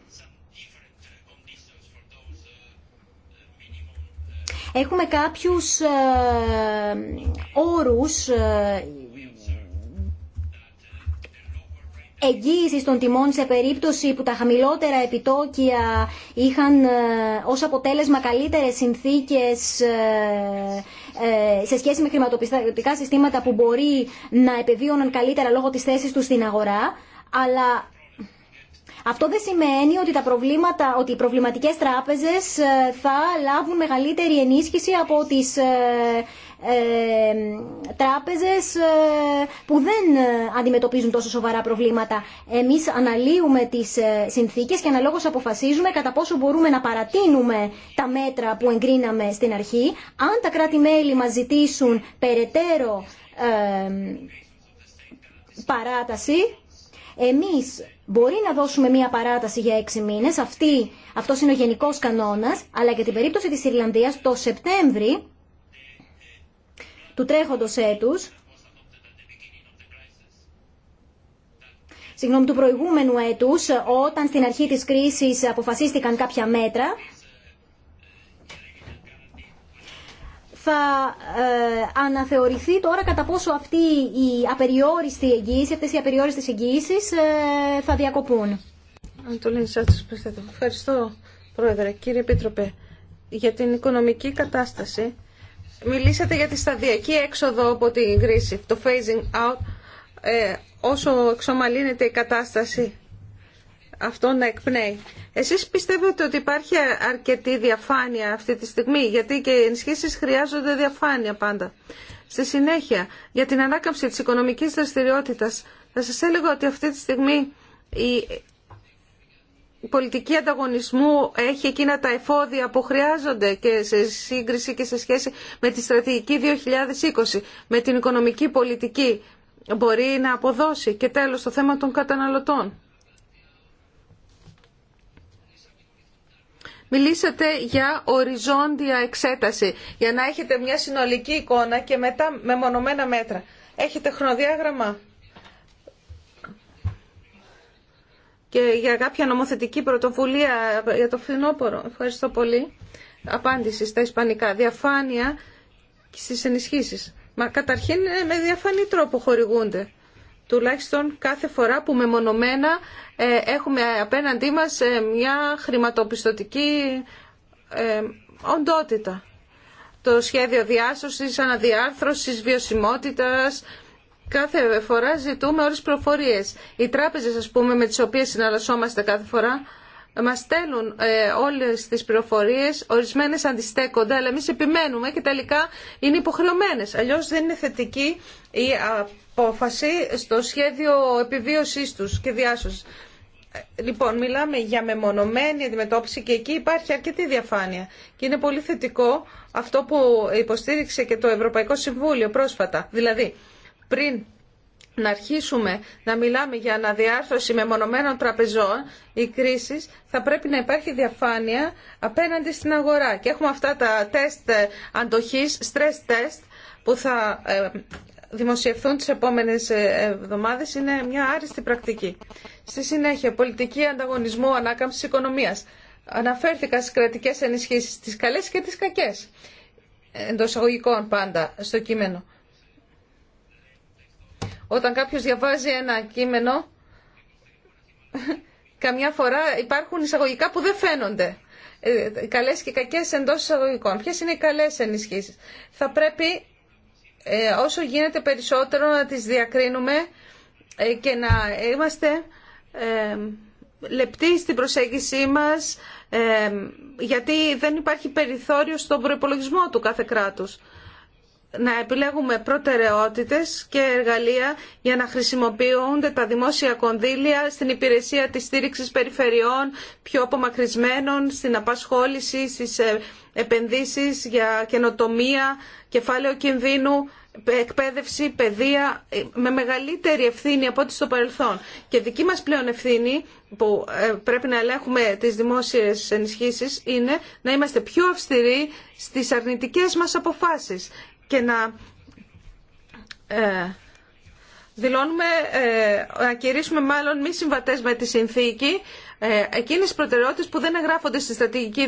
Έχουμε κάποιους ε, όρους ε, εγγύηση των τιμών σε περίπτωση που τα χαμηλότερα επιτόκια είχαν ε, ως αποτέλεσμα καλύτερες συνθήκες ε, ε, σε σχέση με χρηματοπιστωτικά συστήματα που μπορεί να επιβίωναν καλύτερα λόγω της θέσης τους στην αγορά, αλλά αυτό δεν σημαίνει ότι, τα προβλήματα, ότι οι προβληματικές τράπεζες θα λάβουν μεγαλύτερη ενίσχυση από τις ε, τράπεζες ε, που δεν ε, αντιμετωπίζουν τόσο σοβαρά προβλήματα. Εμείς αναλύουμε τις συνθήκες και αναλόγως αποφασίζουμε κατά πόσο μπορούμε να παρατείνουμε τα μέτρα που εγκρίναμε στην αρχή. Αν τα κράτη-μέλη μας ζητήσουν περαιτέρω παράταση, εμείς μπορεί να δώσουμε μία παράταση για έξι μήνες, αυτή, αυτός είναι ο γενικός κανόνας, αλλά για την περίπτωση της Ιρλανδίας το Σεπτέμβρη του τρέχοντος έτους, συγγνώμη, του προηγούμενου έτους, όταν στην αρχή της κρίσης αποφασίστηκαν κάποια μέτρα, θα ε, αναθεωρηθεί τώρα κατά πόσο αυτή η απεριόριστη εγγύηση, αυτές οι απεριόριστες εγγύησεις ε, θα διακοπούν. Ευχαριστώ, Πρόεδρε. Κύριε Επίτροπε, για την οικονομική κατάσταση Μιλήσατε για τη σταδιακή έξοδο από την κρίση, το phasing out, ε, όσο εξομαλύνεται η κατάσταση αυτό να εκπνέει. Εσείς πιστεύετε ότι υπάρχει αρκετή διαφάνεια αυτή τη στιγμή, γιατί και οι ενισχύσει χρειάζονται διαφάνεια πάντα. Στη συνέχεια, για την ανάκαμψη της οικονομικής δραστηριότητας, θα σας έλεγα ότι αυτή τη στιγμή η η πολιτική ανταγωνισμού έχει εκείνα τα εφόδια που χρειάζονται και σε σύγκριση και σε σχέση με τη στρατηγική 2020, με την οικονομική πολιτική μπορεί να αποδώσει και τέλος το θέμα των καταναλωτών. Μιλήσατε για οριζόντια εξέταση, για να έχετε μια συνολική εικόνα και μετά με μονομενα μέτρα. Έχετε χρονοδιάγραμμα. και για κάποια νομοθετική πρωτοβουλία για το φθινόπωρο. Ευχαριστώ πολύ. Απάντηση στα ισπανικά. Διαφάνεια στις ενισχύσει. Μα καταρχήν ε, με διαφανή τρόπο χορηγούνται. Τουλάχιστον κάθε φορά που μεμονωμένα ε, έχουμε απέναντί μας ε, μια χρηματοπιστωτική οντότητα. Το σχέδιο διάσωσης, αναδιάρθρωσης, βιωσιμότητας, κάθε φορά ζητούμε τις προφορίες. Οι τράπεζες, ας πούμε, με τις οποίες συναλλασσόμαστε κάθε φορά, μας στέλνουν ε, όλες τις προφορίες, ορισμένες αντιστέκονται, αλλά εμείς επιμένουμε και τελικά είναι υποχρεωμένες. Αλλιώς δεν είναι θετική η απόφαση στο σχέδιο επιβίωσής τους και διάσωσης. Ε, λοιπόν, μιλάμε για μεμονωμένη αντιμετώπιση και εκεί υπάρχει αρκετή διαφάνεια. Και είναι πολύ θετικό αυτό που υποστήριξε και το Ευρωπαϊκό Συμβούλιο πρόσφατα. Δηλαδή, πριν να αρχίσουμε να μιλάμε για αναδιάρθρωση μεμονωμένων τραπεζών ή κρίση, θα πρέπει να υπάρχει διαφάνεια απέναντι στην αγορά. Και έχουμε αυτά τα τεστ αντοχής, stress test, που θα ε, δημοσιευθούν τις επόμενες ε, εβδομάδες. Είναι μια άριστη πρακτική. Στη συνέχεια, πολιτική ανταγωνισμού ανάκαμψης οικονομίας. Αναφέρθηκα στις κρατικές ενισχύσεις, τις καλές και τις κακές, εντός αγωγικών πάντα, στο κείμενο. Όταν κάποιος διαβάζει ένα κείμενο, καμιά φορά υπάρχουν εισαγωγικά που δεν φαίνονται. Ε, καλές και κακές εντός εισαγωγικών. Ποιες είναι οι καλές ενισχύσεις. Θα πρέπει ε, όσο γίνεται περισσότερο να τις διακρίνουμε ε, και να είμαστε λεπτοί στην προσέγγιση μας, γιατί δεν υπάρχει περιθώριο στον προϋπολογισμό του κάθε κράτους να επιλέγουμε προτεραιότητες και εργαλεία για να χρησιμοποιούνται τα δημόσια κονδύλια στην υπηρεσία της στήριξης περιφερειών πιο απομακρυσμένων, στην απασχόληση, στις ε, επενδύσεις για καινοτομία, κεφάλαιο κινδύνου, εκπαίδευση, παιδεία, ε, με μεγαλύτερη ευθύνη από ό,τι στο παρελθόν. Και δική μας πλέον ευθύνη που ε, πρέπει να ελέγχουμε τις δημόσιες ενισχύσεις είναι να είμαστε πιο αυστηροί στις αρνητικές μας αποφάσεις και να ε, δηλώνουμε, ε, να κηρύσουμε μάλλον μη συμβατές με τη συνθήκη ε, εκείνες τις προτεραιότητες που δεν εγγράφονται στη στρατηγική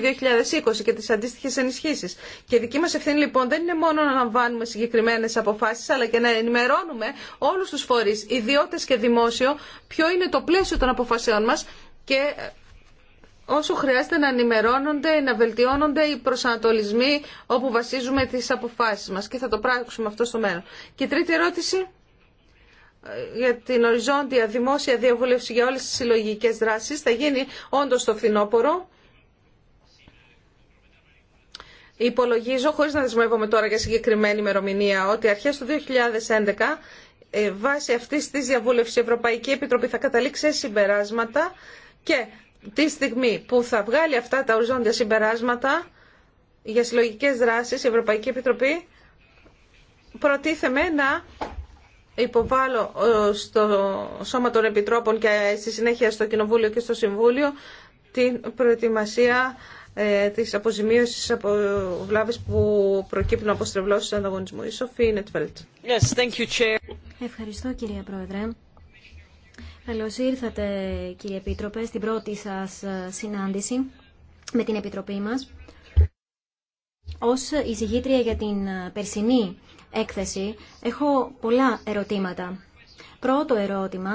2020 και τις αντίστοιχες ενισχύσεις. Και δική μας ευθύνη λοιπόν δεν είναι μόνο να λαμβάνουμε συγκεκριμένες αποφάσεις αλλά και να ενημερώνουμε όλους τους φορείς, ιδιώτες και δημόσιο, ποιο είναι το πλαίσιο των αποφασιών μας και όσο χρειάζεται να ενημερώνονται, να βελτιώνονται οι προσανατολισμοί όπου βασίζουμε τις αποφάσεις μας και θα το πράξουμε αυτό στο μέλλον. Και τρίτη ερώτηση ε, για την οριζόντια δημόσια διαβούλευση για όλες τις συλλογικέ δράσεις θα γίνει όντως το φθινόπωρο. Υπολογίζω, χωρίς να δεσμεύομαι τώρα για συγκεκριμένη ημερομηνία, ότι αρχές του 2011 ε, βάσει αυτής της διαβούλευσης η Ευρωπαϊκή Επιτροπή θα καταλήξει σε συμπεράσματα και τη στιγμή που θα βγάλει αυτά τα οριζόντια συμπεράσματα για συλλογικέ δράσει, η Ευρωπαϊκή Επιτροπή προτίθεμαι να υποβάλω ε, στο Σώμα των Επιτρόπων και ε, στη συνέχεια στο Κοινοβούλιο και στο Συμβούλιο την προετοιμασία ε, της αποζημίωσης από βλάβες που προκύπτουν από στρεβλώσεις ανταγωνισμού. Η Σοφή Νετφελτ. Ευχαριστώ κυρία Πρόεδρε. Καλώ ήρθατε κύριε Επίτροπε στην πρώτη σας ε, συνάντηση με την Επιτροπή μας. Ω εισηγήτρια για την ε, περσινή έκθεση έχω πολλά ερωτήματα. Πρώτο ερώτημα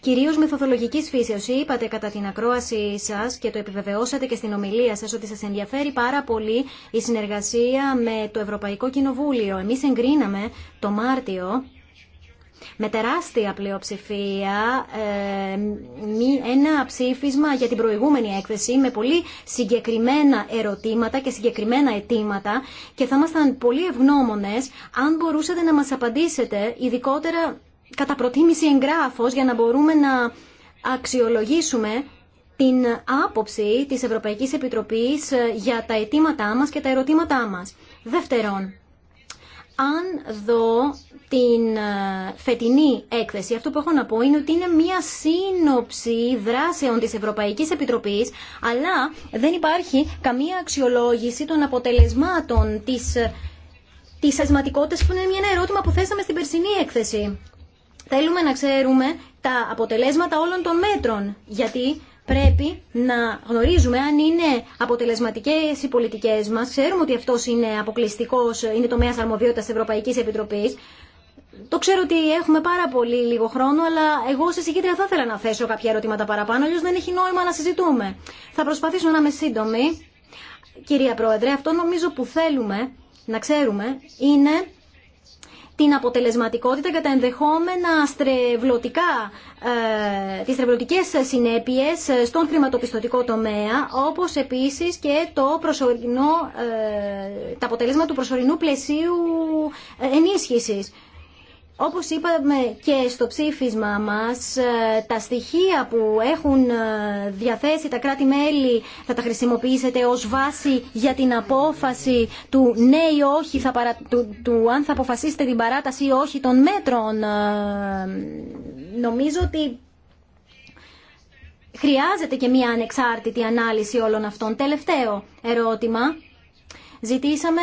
Κυρίως μεθοδολογικής φύσεως είπατε κατά την ακρόαση σας και το επιβεβαιώσατε και στην ομιλία σας ότι σας ενδιαφέρει πάρα πολύ η συνεργασία με το Ευρωπαϊκό Κοινοβούλιο. Εμείς εγκρίναμε το Μάρτιο με τεράστια πλειοψηφία ε, ένα ψήφισμα για την προηγούμενη έκθεση με πολύ συγκεκριμένα ερωτήματα και συγκεκριμένα αιτήματα και θα ήμασταν πολύ ευγνώμονες αν μπορούσατε να μας απαντήσετε ειδικότερα κατά προτίμηση εγγράφος για να μπορούμε να αξιολογήσουμε την άποψη της Ευρωπαϊκής Επιτροπής ε, για τα αιτήματά μας και τα ερωτήματά μας. Δεύτερον, αν δω την ε, φετινή έκθεση, αυτό που έχω να πω είναι ότι είναι μία σύνοψη δράσεων της Ευρωπαϊκής Επιτροπής, αλλά δεν υπάρχει καμία αξιολόγηση των αποτελεσμάτων της, της ασματικότητας, που είναι ένα ερώτημα που θέσαμε στην περσινή έκθεση. Θέλουμε να ξέρουμε τα αποτελέσματα όλων των μέτρων, γιατί πρέπει να γνωρίζουμε αν είναι αποτελεσματικέ οι πολιτικέ μα. Ξέρουμε ότι αυτό είναι αποκλειστικό, είναι τομέα αρμοδιότητα Ευρωπαϊκή Επιτροπή το ξέρω ότι έχουμε πάρα πολύ λίγο χρόνο, αλλά εγώ σε συγκέντρια, θα ήθελα να θέσω κάποια ερωτήματα παραπάνω, αλλιώ δεν έχει νόημα να συζητούμε. Θα προσπαθήσω να είμαι σύντομη. Κυρία Πρόεδρε, αυτό νομίζω που θέλουμε να ξέρουμε είναι την αποτελεσματικότητα και τα ενδεχόμενα στρεβλωτικά, ε, τις στρεβλωτικές συνέπειες στον χρηματοπιστωτικό τομέα, όπως επίσης και το προσωρινό, ε, τα αποτελέσματα του προσωρινού πλαισίου ε, ενίσχυσης. Όπως είπαμε και στο ψήφισμα μας, ε, τα στοιχεία που έχουν ε, διαθέσει τα κράτη-μέλη θα τα χρησιμοποιήσετε ως βάση για την απόφαση του ναι ή όχι, θα του, του αν θα αποφασίσετε την παράταση ή όχι των μέτρων. Ε, νομίζω ότι χρειάζεται και μία ανεξάρτητη ανάλυση όλων αυτών. Τελευταίο ερώτημα. Ζητήσαμε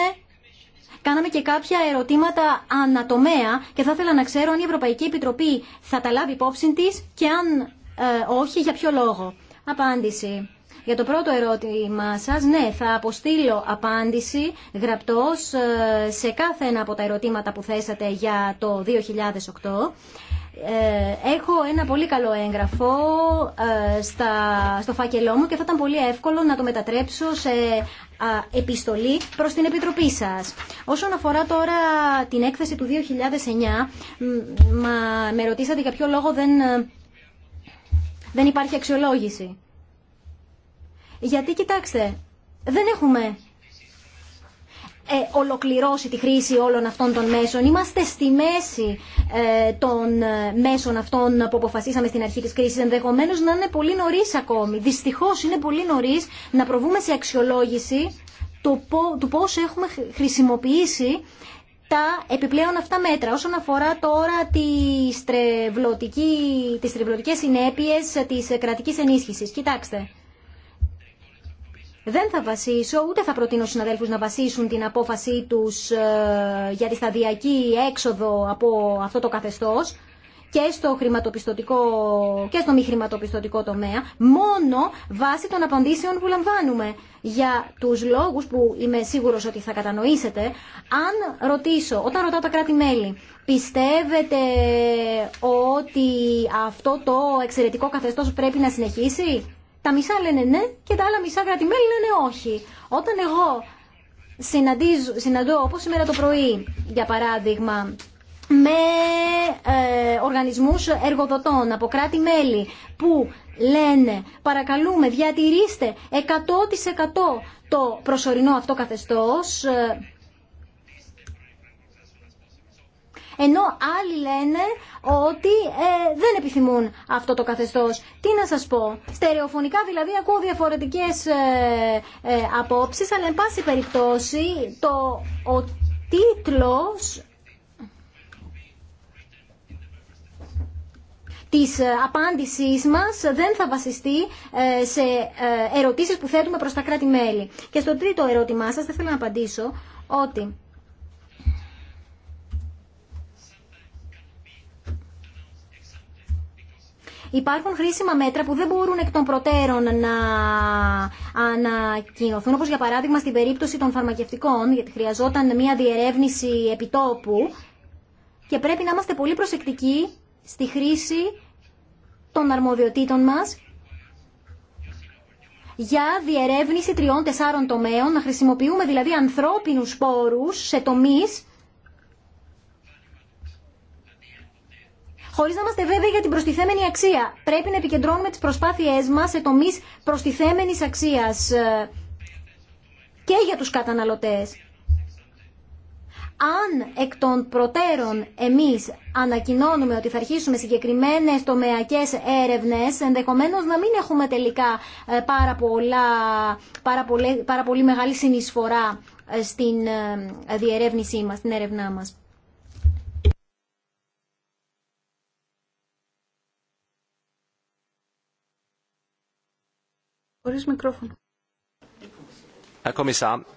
κάναμε και κάποια ερωτήματα ανατομέα και θα ήθελα να ξέρω αν η Ευρωπαϊκή Επιτροπή θα τα λάβει υπόψη τη και αν ε, όχι, για ποιο λόγο. Απάντηση. Για το πρώτο ερώτημά σας, ναι, θα αποστείλω απάντηση γραπτός ε, σε κάθε ένα από τα ερωτήματα που θέσατε για το 2008. Ε, έχω ένα πολύ καλό έγγραφο ε, στα, στο φάκελό μου και θα ήταν πολύ εύκολο να το μετατρέψω σε επιστολή προς την Επιτροπή σας. Όσον αφορά τώρα την έκθεση του 2009, μα, με ρωτήσατε για ποιο λόγο δεν, ε, δεν υπάρχει αξιολόγηση. Γιατί, κοιτάξτε, δεν έχουμε ε, ολοκληρώσει τη χρήση όλων αυτών των μέσων. Είμαστε στη μέση ε, των ε, μέσων αυτών που αποφασίσαμε στην αρχή της κρίσης. Ενδεχομένως να είναι πολύ νωρίς ακόμη. Δυστυχώς είναι πολύ νωρίς να προβούμε σε αξιολόγηση του πώς έχουμε χρησιμοποιήσει τα επιπλέον αυτά μέτρα. Όσον αφορά τώρα τις τρευλωτικές συνέπειες της κρατικής ενίσχυσης. Κοιτάξτε, δεν θα βασίσω, ούτε θα προτείνω στους συναδέλφους να βασίσουν την απόφασή τους ε, για τη σταδιακή έξοδο από αυτό το καθεστώς και στο, χρηματοπιστωτικό, και στο μη χρηματοπιστωτικό τομέα, μόνο βάσει των απαντήσεων που λαμβάνουμε. Για τους λόγους που είμαι σίγουρος ότι θα κατανοήσετε, αν ρωτήσω, όταν ρωτάω τα κράτη-μέλη, πιστεύετε ότι αυτό το εξαιρετικό καθεστώς πρέπει να συνεχίσει τα μισά λένε ναι και τα άλλα μισά κράτη-μέλη λένε όχι. Όταν εγώ συναντώ, όπως σήμερα το πρωί, για παράδειγμα, με ε, οργανισμούς εργοδοτών από κράτη-μέλη που λένε παρακαλούμε διατηρήστε 100% το προσωρινό αυτό καθεστώς ε, ενώ άλλοι λένε ότι ε, δεν επιθυμούν αυτό το καθεστώς. Τι να σας πω, στερεοφωνικά δηλαδή ακούω διαφορετικές ε, ε απόψεις, αλλά εν πάση περιπτώσει το, ο τίτλος της ε, απάντησής μας δεν θα βασιστεί σε ερωτήσεις που θέτουμε προς τα κράτη-μέλη. Και στο τρίτο ερώτημά σας θα ήθελα να απαντήσω ότι υπάρχουν χρήσιμα μέτρα που δεν μπορούν εκ των προτέρων να ανακοινωθούν, όπως για παράδειγμα στην περίπτωση των φαρμακευτικών, γιατί χρειαζόταν μια διερεύνηση επιτόπου και πρέπει να είμαστε πολύ προσεκτικοί στη χρήση των αρμοδιοτήτων μας για διερεύνηση τριών-τεσσάρων τομέων, να χρησιμοποιούμε δηλαδή ανθρώπινους σπόρους σε τομείς χωρί να είμαστε βέβαιοι για την προστιθέμενη αξία. Πρέπει να επικεντρώνουμε τι προσπάθειέ μα σε τομεί προστιθέμενη αξία ε, και για του καταναλωτέ. Αν εκ των προτέρων εμείς ανακοινώνουμε ότι θα αρχίσουμε συγκεκριμένες τομεακές έρευνες, ενδεχομένω, να μην έχουμε τελικά ε, πάρα, πολλά, πάρα, πολύ, πάρα πολύ μεγάλη συνεισφορά ε, στην διερεύνησή μας, στην έρευνά μας.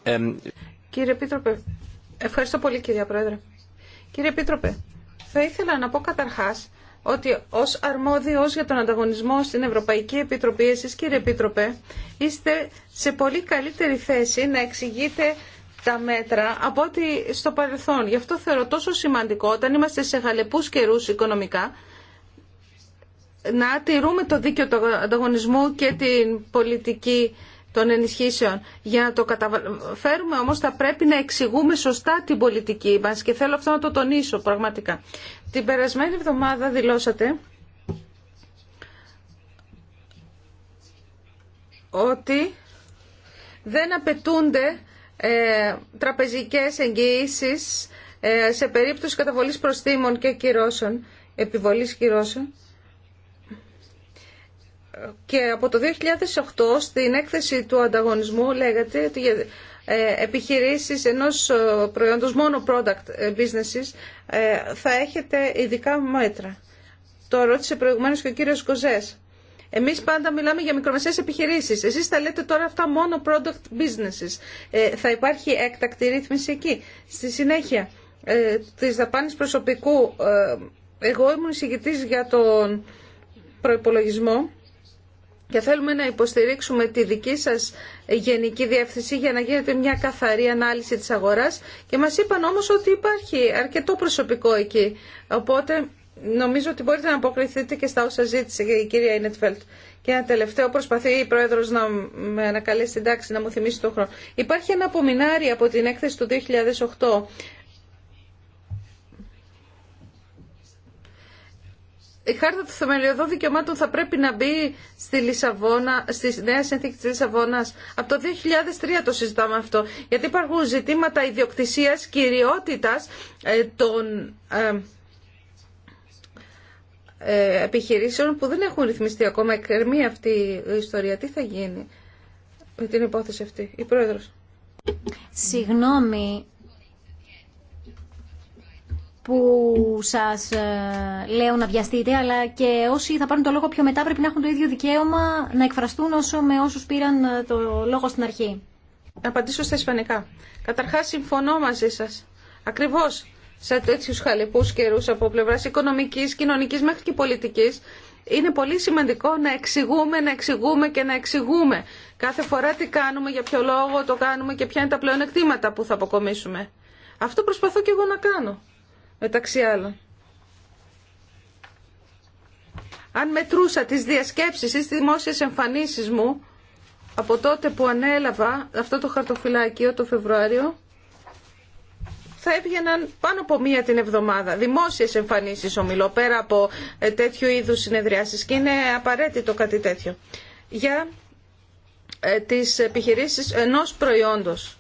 Ähm, κύριε Επίτροπε, ευχαριστώ πολύ κυρία Πρόεδρε. Κύριε Επίτροπε, θα ήθελα να πω καταρχάς ότι ως αρμόδιος για τον ανταγωνισμό στην Ευρωπαϊκή Επιτροπή, εσείς κύριε Επίτροπε, είστε σε πολύ καλύτερη θέση να εξηγείτε τα μέτρα από ότι στο παρελθόν. Γι' αυτό θεωρώ τόσο σημαντικό όταν είμαστε σε χαλεπούς καιρούς οικονομικά να τηρούμε το δίκαιο του ανταγωνισμού και την πολιτική των ενισχύσεων. Για να το καταφέρουμε όμως θα πρέπει να εξηγούμε σωστά την πολιτική μας και θέλω αυτό να το τονίσω πραγματικά. Την περασμένη εβδομάδα δηλώσατε ότι δεν απαιτούνται ε, τραπεζικές εγγυήσεις ε, σε περίπτωση καταβολής προστήμων και κυρώσεων, επιβολής κυρώσεων και από το 2008 στην έκθεση του ανταγωνισμού λέγεται ότι για ε, επιχειρήσεις ενός ε, προϊόντος μόνο product ε, businesses θα έχετε ειδικά μέτρα. Το ρώτησε προηγουμένως και ο κύριος Κοζές. Εμείς πάντα μιλάμε για μικρομεσαίες επιχειρήσεις. Εσείς θα λέτε τώρα αυτά μόνο product businesses. θα υπάρχει έκτακτη ρύθμιση εκεί. Στη συνέχεια, ε, της δαπάνης προσωπικού, εγώ ήμουν εισηγητής για τον προϋπολογισμό και θέλουμε να υποστηρίξουμε τη δική σας γενική διεύθυνση για να γίνεται μια καθαρή ανάλυση της αγοράς και μας είπαν όμως ότι υπάρχει αρκετό προσωπικό εκεί. Οπότε νομίζω ότι μπορείτε να αποκριθείτε και στα όσα ζήτησε η κυρία Ινετφέλτ. Και ένα τελευταίο προσπαθεί η Πρόεδρος να με ανακαλέσει την τάξη, να μου θυμίσει τον χρόνο. Υπάρχει ένα απομεινάρι από την έκθεση του 2008 η χάρτα του θεμελιωδών δικαιωμάτων θα πρέπει να μπει στη, Λισαβόνα, στη νέα συνθήκη της Λισαβόνας. Από το 2003 το συζητάμε αυτό. Γιατί υπάρχουν ζητήματα ιδιοκτησίας, κυριότητας ε, των ε, ε, επιχειρήσεων που δεν έχουν ρυθμιστεί ακόμα. Εκκρεμεί αυτή η ιστορία. Τι θα γίνει με την υπόθεση αυτή, η Πρόεδρος. Συγγνώμη, που σας ε, λέω να βιαστείτε, αλλά και όσοι θα πάρουν το λόγο πιο μετά πρέπει να έχουν το ίδιο δικαίωμα να εκφραστούν όσο με όσου πήραν ε, το λόγο στην αρχή. Να απαντήσω στα ισπανικά. Καταρχάς συμφωνώ μαζί σα. Ακριβώ σε τέτοιου χαλεπούς καιρού από πλευρά οικονομική, κοινωνική, μέχρι και πολιτική. είναι πολύ σημαντικό να εξηγούμε, να εξηγούμε και να εξηγούμε κάθε φορά τι κάνουμε, για ποιο λόγο το κάνουμε και ποια είναι τα πλεονεκτήματα που θα αποκομίσουμε. Αυτό προσπαθώ και εγώ να κάνω μεταξύ άλλων. Αν μετρούσα τις διασκέψεις ή τις δημόσιες εμφανίσεις μου από τότε που ανέλαβα αυτό το χαρτοφυλάκιο το Φεβρουάριο, θα έβγαιναν πάνω από μία την εβδομάδα. Δημόσιες εμφανίσεις ομιλώ, πέρα από ε, τέτοιου είδους συνεδριάσεις και είναι απαραίτητο κάτι τέτοιο. Για ε, τις επιχειρήσεις ενός προϊόντος,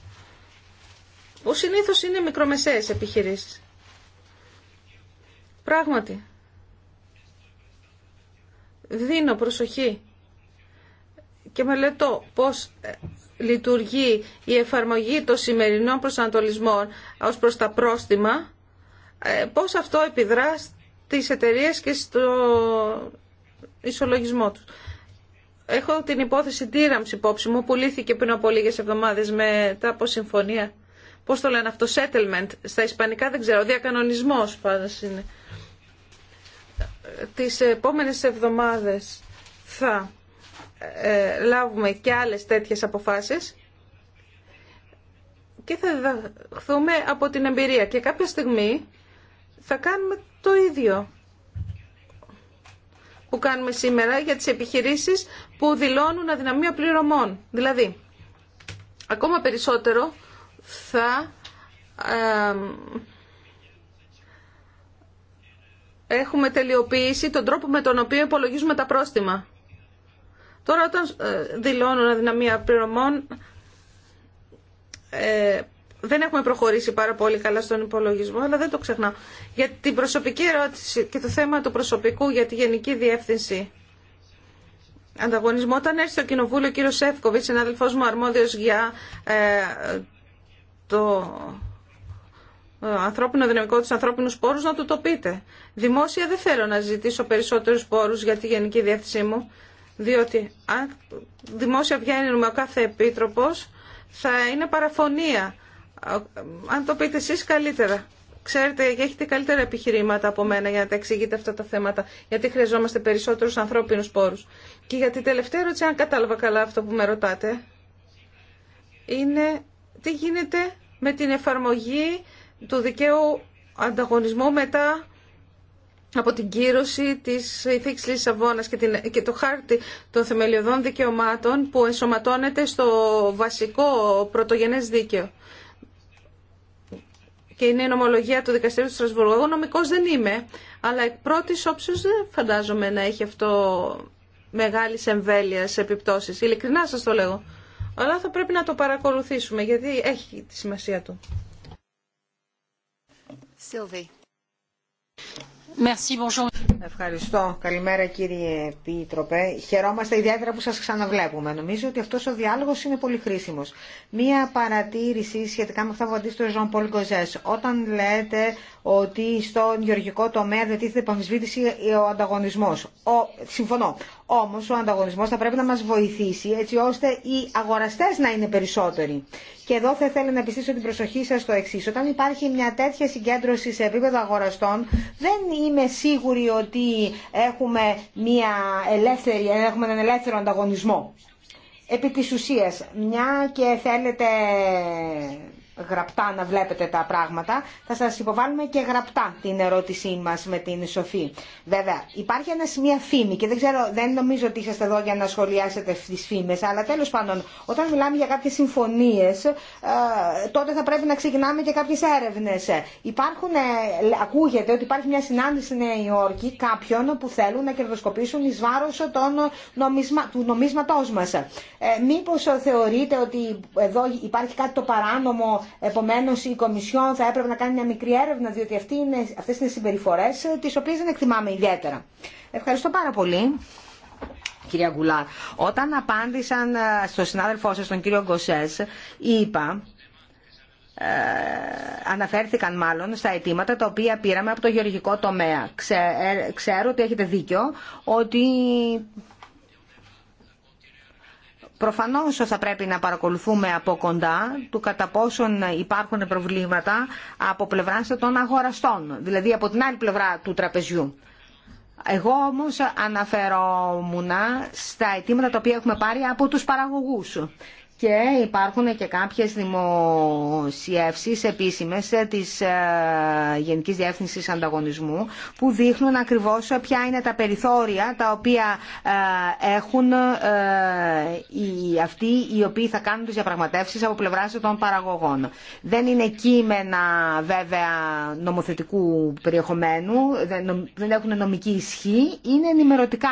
που συνήθως είναι μικρομεσαίες επιχειρήσεις. Πράγματι, δίνω προσοχή και μελετώ πώς ε, λειτουργεί η εφαρμογή των σημερινών προσανατολισμών ως προς τα πρόστιμα, ε, πώς αυτό επιδρά στις εταιρείες και στο ισολογισμό τους. Έχω την υπόθεση τύραμς υπόψη μου που λύθηκε πριν από λίγες εβδομάδες μετά από συμφωνία. Πώς το λένε αυτό, settlement. Στα ισπανικά δεν ξέρω, διακανονισμός πάντως είναι τις επόμενες εβδομάδες θα ε, λάβουμε και άλλες τέτοιες αποφάσεις και θα διδαχθούμε από την εμπειρία και κάποια στιγμή θα κάνουμε το ίδιο που κάνουμε σήμερα για τις επιχειρήσεις που δηλώνουν αδυναμία πληρωμών. Δηλαδή, ακόμα περισσότερο θα ε, έχουμε τελειοποιήσει τον τρόπο με τον οποίο υπολογίζουμε τα πρόστιμα. Τώρα όταν ε, δηλώνω αδυναμία πληρωμών ε, δεν έχουμε προχωρήσει πάρα πολύ καλά στον υπολογισμό, αλλά δεν το ξεχνάω. Για την προσωπική ερώτηση και το θέμα του προσωπικού για τη Γενική Διεύθυνση Ανταγωνισμό, όταν έρθει στο Κοινοβούλιο ο κύριος Σεύκοβιτς, συνάδελφός μου αρμόδιος για ε, το ε, ανθρώπινο δυναμικό, του ανθρώπινου πόρου να του το πείτε. Δημόσια δεν θέλω να ζητήσω περισσότερου πόρου για τη γενική διεύθυνσή μου, διότι αν δημόσια βγαίνει ο κάθε επίτροπο, θα είναι παραφωνία. Ε, αν το πείτε εσεί καλύτερα. Ξέρετε έχετε καλύτερα επιχειρήματα από μένα για να τα εξηγείτε αυτά τα θέματα, γιατί χρειαζόμαστε περισσότερου ανθρώπινου πόρου. Και για την τελευταία ερώτηση, αν κατάλαβα καλά αυτό που με ρωτάτε, είναι τι γίνεται με την εφαρμογή του δικαίου ανταγωνισμού μετά από την κύρωση της Ιθήκης Λισαβόνας και, την, και το χάρτη των θεμελιωδών δικαιωμάτων που ενσωματώνεται στο βασικό πρωτογενές δίκαιο. Και είναι η νομολογία του Δικαστήριου του Στρασβούργου. Εγώ νομικός δεν είμαι, αλλά εκ πρώτης όψης δεν φαντάζομαι να έχει αυτό μεγάλη εμβέλεια επιπτώσεις. Ειλικρινά σας το λέω. Αλλά θα πρέπει να το παρακολουθήσουμε γιατί έχει τη σημασία του. Sylvie. Merci, bonjour Ευχαριστώ. Καλημέρα κύριε Πίτροπε. Χαιρόμαστε ιδιαίτερα που σας ξαναβλέπουμε. Νομίζω ότι αυτός ο διάλογος είναι πολύ χρήσιμος. Μία παρατήρηση σχετικά με αυτά που ο Ζων Πολ Γκοζές. Όταν λέτε ότι στον γεωργικό τομέα δεν τίθεται υπαμφισβήτηση ο ανταγωνισμός. Ο, συμφωνώ. Όμως ο ανταγωνισμός θα πρέπει να μας βοηθήσει έτσι ώστε οι αγοραστές να είναι περισσότεροι. Και εδώ θα ήθελα να επιστήσω την προσοχή σας στο εξή. Όταν υπάρχει μια τέτοια συγκέντρωση σε επίπεδο αγοραστών δεν είμαι σίγουρη ότι έχουμε, μια ελεύθερη, έχουμε έναν ελεύθερο ανταγωνισμό. Επί της ουσίας, μια και θέλετε γραπτά να βλέπετε τα πράγματα. Θα σας υποβάλουμε και γραπτά την ερώτησή μας με την Σοφή. Βέβαια, υπάρχει ένα μια φήμη και δεν, ξέρω, δεν νομίζω ότι είσαστε εδώ για να σχολιάσετε τις φήμες, αλλά τέλος πάντων, όταν μιλάμε για κάποιες συμφωνίες, ε, τότε θα πρέπει να ξεκινάμε και κάποιες έρευνες. Υπάρχουν, ε, ακούγεται ότι υπάρχει μια συνάντηση στη Νέα Υόρκη κάποιων που θέλουν να κερδοσκοπήσουν εις βάρος των νομισμα, του νομίσματός μας. Ε, μήπως θεωρείτε ότι εδώ υπάρχει κάτι το παράνομο Επομένως η Κομισιόν θα έπρεπε να κάνει μια μικρή έρευνα διότι αυτέ είναι, αυτές είναι συμπεριφορέ ε, τις οποίες δεν εκτιμάμε ιδιαίτερα. Ευχαριστώ πάρα πολύ. Κυρία Γκουλάρ, όταν απάντησαν ε, στον συνάδελφό σας, τον κύριο Γκοσές, είπα ε, αναφέρθηκαν μάλλον στα αιτήματα τα οποία πήραμε από το γεωργικό τομέα. ξέρω ότι έχετε δίκιο ότι Προφανώς θα πρέπει να παρακολουθούμε από κοντά του κατά πόσον υπάρχουν προβλήματα από πλευρά των αγοραστών, δηλαδή από την άλλη πλευρά του τραπεζιού. Εγώ όμως αναφερόμουν στα αιτήματα τα οποία έχουμε πάρει από τους παραγωγούς και υπάρχουν και κάποιες δημοσιεύσεις επίσημες της ε, Γενικής Διεύθυνσης Ανταγωνισμού που δείχνουν ακριβώς ποια είναι τα περιθώρια τα οποία ε, έχουν ε, αυτοί οι οποίοι θα κάνουν τις διαπραγματεύσεις από πλευράς των παραγωγών. Δεν είναι κείμενα βέβαια νομοθετικού περιεχομένου, δεν έχουν νομική ισχύ, είναι ενημερωτικά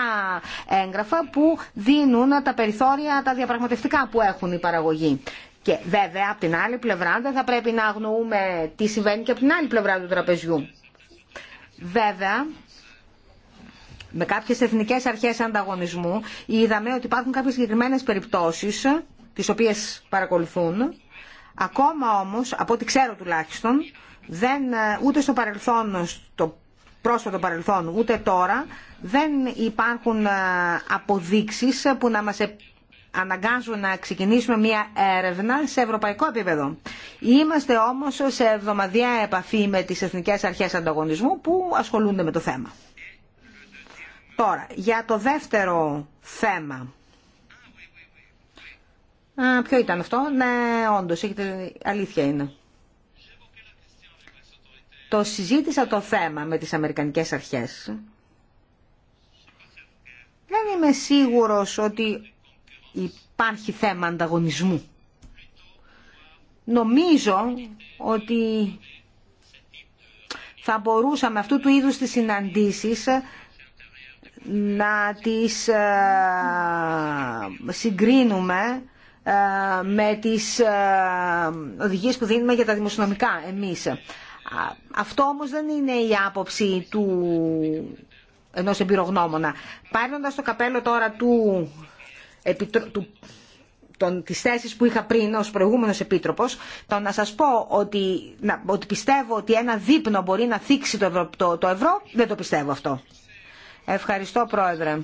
έγγραφα που δίνουν τα περιθώρια τα διαπραγματευτικά που έχουν παραγωγή. Και βέβαια από την άλλη πλευρά δεν θα πρέπει να αγνοούμε τι συμβαίνει και από την άλλη πλευρά του τραπεζιού. Βέβαια, με κάποιες εθνικές αρχές ανταγωνισμού είδαμε ότι υπάρχουν κάποιες συγκεκριμένες περιπτώσεις τις οποίες παρακολουθούν. Ακόμα όμως, από ό,τι ξέρω τουλάχιστον, δεν, ούτε στο παρελθόν, στο πρόσφατο παρελθόν, ούτε τώρα, δεν υπάρχουν ε, αποδείξεις που να μας αναγκάζουν να ξεκινήσουμε μια έρευνα σε ευρωπαϊκό επίπεδο. Είμαστε όμως σε εβδομαδιαία επαφή με τις Εθνικές Αρχές Ανταγωνισμού που ασχολούνται με το θέμα. Τώρα, για το δεύτερο θέμα. Α, ποιο ήταν αυτό. Ναι, όντως, έχετε... αλήθεια είναι. Το συζήτησα το θέμα με τις Αμερικανικές Αρχές. Δεν είμαι σίγουρος ότι υπάρχει θέμα ανταγωνισμού. Νομίζω ότι θα μπορούσαμε αυτού του είδους τις συναντήσεις να τις ε, συγκρίνουμε ε, με τις ε, οδηγίες που δίνουμε για τα δημοσιονομικά εμείς. Αυτό όμως δεν είναι η άποψη του ενός εμπειρογνώμονα. Παίρνοντας το καπέλο τώρα του τι τις θέσεις που είχα πριν ως προηγούμενος επίτροπος, το να σας πω ότι, να, ότι πιστεύω ότι ένα δείπνο μπορεί να θίξει το, το ευρώ, δεν το πιστεύω αυτό. Ευχαριστώ Πρόεδρε.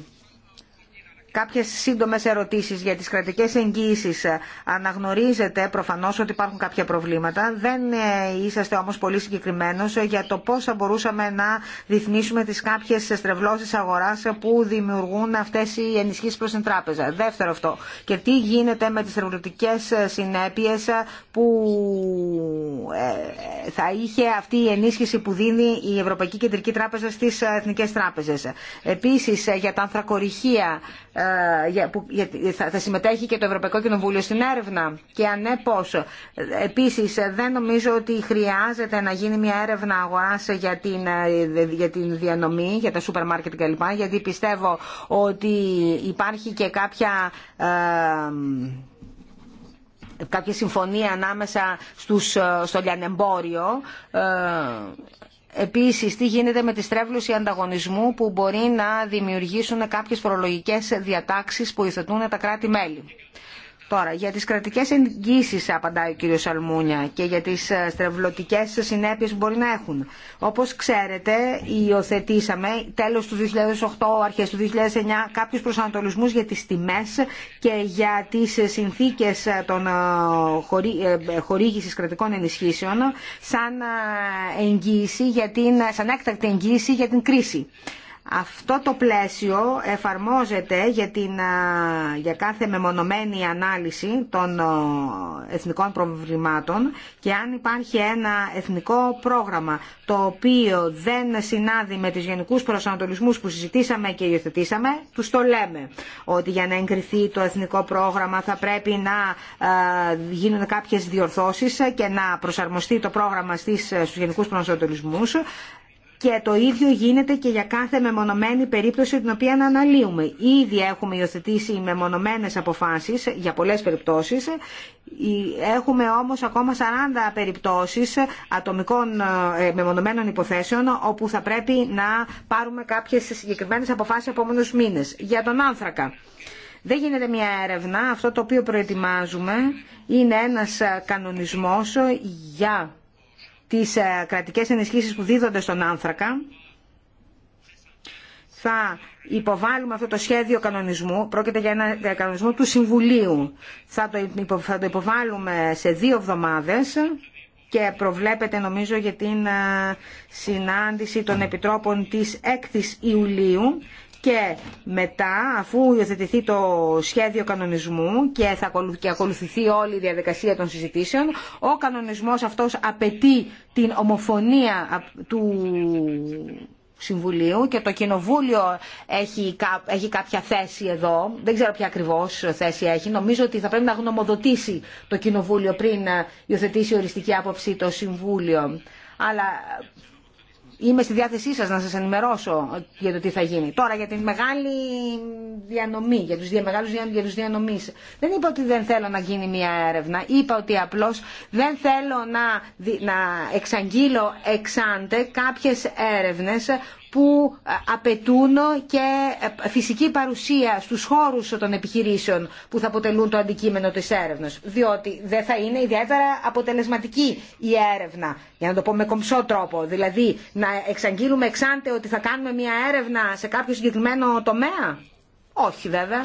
Κάποιες σύντομες ερωτήσεις για τις κρατικές εγγύησεις. Ε, αναγνωρίζετε προφανώς ότι υπάρχουν κάποια προβλήματα. Δεν ε, είσαστε όμως πολύ συγκεκριμένος ε, για το πώς θα μπορούσαμε να ρυθμίσουμε τις κάποιες στρεβλώσεις αγοράς που δημιουργούν αυτές οι ενισχύσεις προς την τράπεζα. Δεύτερο αυτό. Και τι γίνεται με τις στρεβλωτικές συνέπειες που θα είχε αυτή η ενίσχυση που δίνει η Ευρωπαϊκή Κεντρική Τράπεζα στις Εθνικές Τράπεζες. Επίσης για τα ανθρακοριχεία ε, θα συμμετέχει και το Ευρωπαϊκό Κοινοβούλιο στην έρευνα και αν ναι Επίσης δεν νομίζω ότι χρειάζεται να γίνει μια έρευνα αγοράς για την, ε, για την διανομή, για τα σούπερ μάρκετ κλπ. Γιατί πιστεύω ότι υπάρχει και κάποια... Ε, κάποια συμφωνία ανάμεσα στους, στο λιανεμπόριο Επίσης, τι γίνεται με τη στρέβλωση ανταγωνισμού που μπορεί να δημιουργήσουν κάποιες φορολογικέ διατάξεις που υιοθετούν τα κράτη-μέλη. Τώρα, για τις κρατικές εγγύσει, απαντάει ο κ. Σαλμούνια και για τις ε, στρεβλωτικές συνέπειες που μπορεί να έχουν. Όπως ξέρετε, υιοθετήσαμε τέλος του 2008, αρχέ του 2009, κάποιους προσανατολισμούς για τις τιμές και για τις συνθήκες των ε, ε, χορήγηση κρατικών ενισχύσεων σαν, σαν έκτακτη εγγύηση για την κρίση. Αυτό το πλαίσιο εφαρμόζεται για, την, για κάθε μεμονωμένη ανάλυση των εθνικών προβλημάτων και αν υπάρχει ένα εθνικό πρόγραμμα το οποίο δεν συνάδει με τις γενικούς προσανατολισμούς που συζητήσαμε και υιοθετήσαμε, τους το λέμε ότι για να εγκριθεί το εθνικό πρόγραμμα θα πρέπει να γίνουν κάποιες διορθώσεις και να προσαρμοστεί το πρόγραμμα στις, στους γενικούς προσανατολισμούς και το ίδιο γίνεται και για κάθε μεμονωμένη περίπτωση την οποία να αναλύουμε. Ήδη έχουμε υιοθετήσει μεμονωμένες αποφάσεις για πολλές περιπτώσεις. Έχουμε όμως ακόμα 40 περιπτώσεις ατομικών ε, μεμονωμένων υποθέσεων όπου θα πρέπει να πάρουμε κάποιες συγκεκριμένες αποφάσεις από μόνους μήνες. Για τον άνθρακα. Δεν γίνεται μια έρευνα. Αυτό το οποίο προετοιμάζουμε είναι ένας κανονισμός για τις ε, κρατικές ενισχύσεις που δίδονται στον άνθρακα. Θα υποβάλουμε αυτό το σχέδιο κανονισμού, πρόκειται για ένα ε, κανονισμό του Συμβουλίου. Θα το, θα υποβάλουμε σε δύο εβδομάδες και προβλέπεται νομίζω για την ε, συνάντηση των Επιτρόπων της 6ης Ιουλίου και μετά αφού υιοθετηθεί το σχέδιο κανονισμού και θα ακολουθηθεί όλη η διαδικασία των συζητήσεων ο κανονισμός αυτός απαιτεί την ομοφωνία του Συμβουλίου και το Κοινοβούλιο έχει, έχει κάποια θέση εδώ. Δεν ξέρω ποια ακριβώ θέση έχει. Νομίζω ότι θα πρέπει να γνωμοδοτήσει το Κοινοβούλιο πριν ε, υιοθετήσει οριστική άποψη το Συμβούλιο. Αλλά είμαι στη διάθεσή σας να σας ενημερώσω για το τι θα γίνει. Τώρα για τη μεγάλη διανομή, για τους μεγάλους για τους διανομής. Δεν είπα ότι δεν θέλω να γίνει μια έρευνα. Είπα ότι απλώς δεν θέλω να, να εξαγγείλω εξάντε κάποιες έρευνες που ε, απαιτούν και ε, φυσική παρουσία στους χώρους των επιχειρήσεων που θα αποτελούν το αντικείμενο της έρευνας. Διότι δεν θα είναι ιδιαίτερα αποτελεσματική η έρευνα, για να το πω με κομψό τρόπο. Δηλαδή να εξαγγείλουμε εξάντε ότι θα κάνουμε μια έρευνα σε κάποιο συγκεκριμένο τομέα. Όχι βέβαια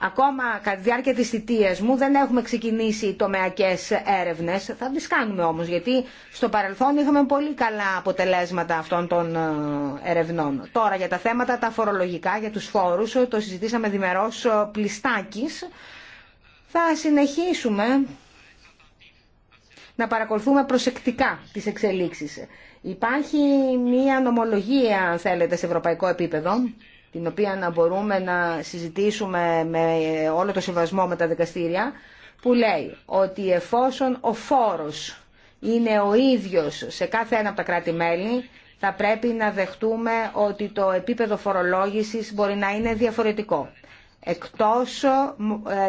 ακόμα κατά τη διάρκεια της θητείας μου δεν έχουμε ξεκινήσει τομεακές έρευνες. Θα τις κάνουμε όμως γιατί στο παρελθόν είχαμε πολύ καλά αποτελέσματα αυτών των ε, ερευνών. Τώρα για τα θέματα τα φορολογικά, για τους φόρους, ε, το συζητήσαμε διμερώς ε, πλιστάκης. Θα συνεχίσουμε να παρακολουθούμε προσεκτικά τις εξελίξεις. Υπάρχει μία νομολογία, αν θέλετε, σε ευρωπαϊκό επίπεδο, την οποία να μπορούμε να συζητήσουμε με όλο το συμβασμό με τα δικαστήρια, που λέει ότι εφόσον ο φόρος είναι ο ίδιος σε κάθε ένα από τα κράτη-μέλη, θα πρέπει να δεχτούμε ότι το επίπεδο φορολόγησης μπορεί να είναι διαφορετικό εκτός ε,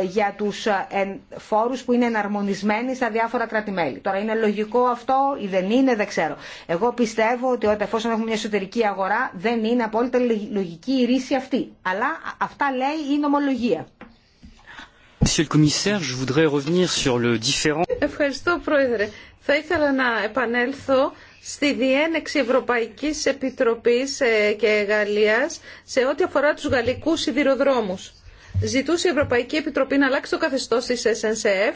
για τους ε, φόρους που είναι εναρμονισμένοι στα διάφορα κράτη-μέλη. Τώρα είναι λογικό αυτό ή δεν είναι, δεν ξέρω. Εγώ πιστεύω ότι όταν εφόσον έχουμε μια εσωτερική αγορά δεν είναι απόλυτα λογική η ρίση αυτή. Αλλά αυτά λέει η νομολογία. Ευχαριστώ Πρόεδρε. Θα ήθελα να επανέλθω στη διένεξη Ευρωπαϊκής Επιτροπής ε, και Γαλλίας σε ό,τι αφορά τους γαλλικούς σιδηροδρόμους ζητούσε η Ευρωπαϊκή Επιτροπή να αλλάξει το καθεστώς της SNCF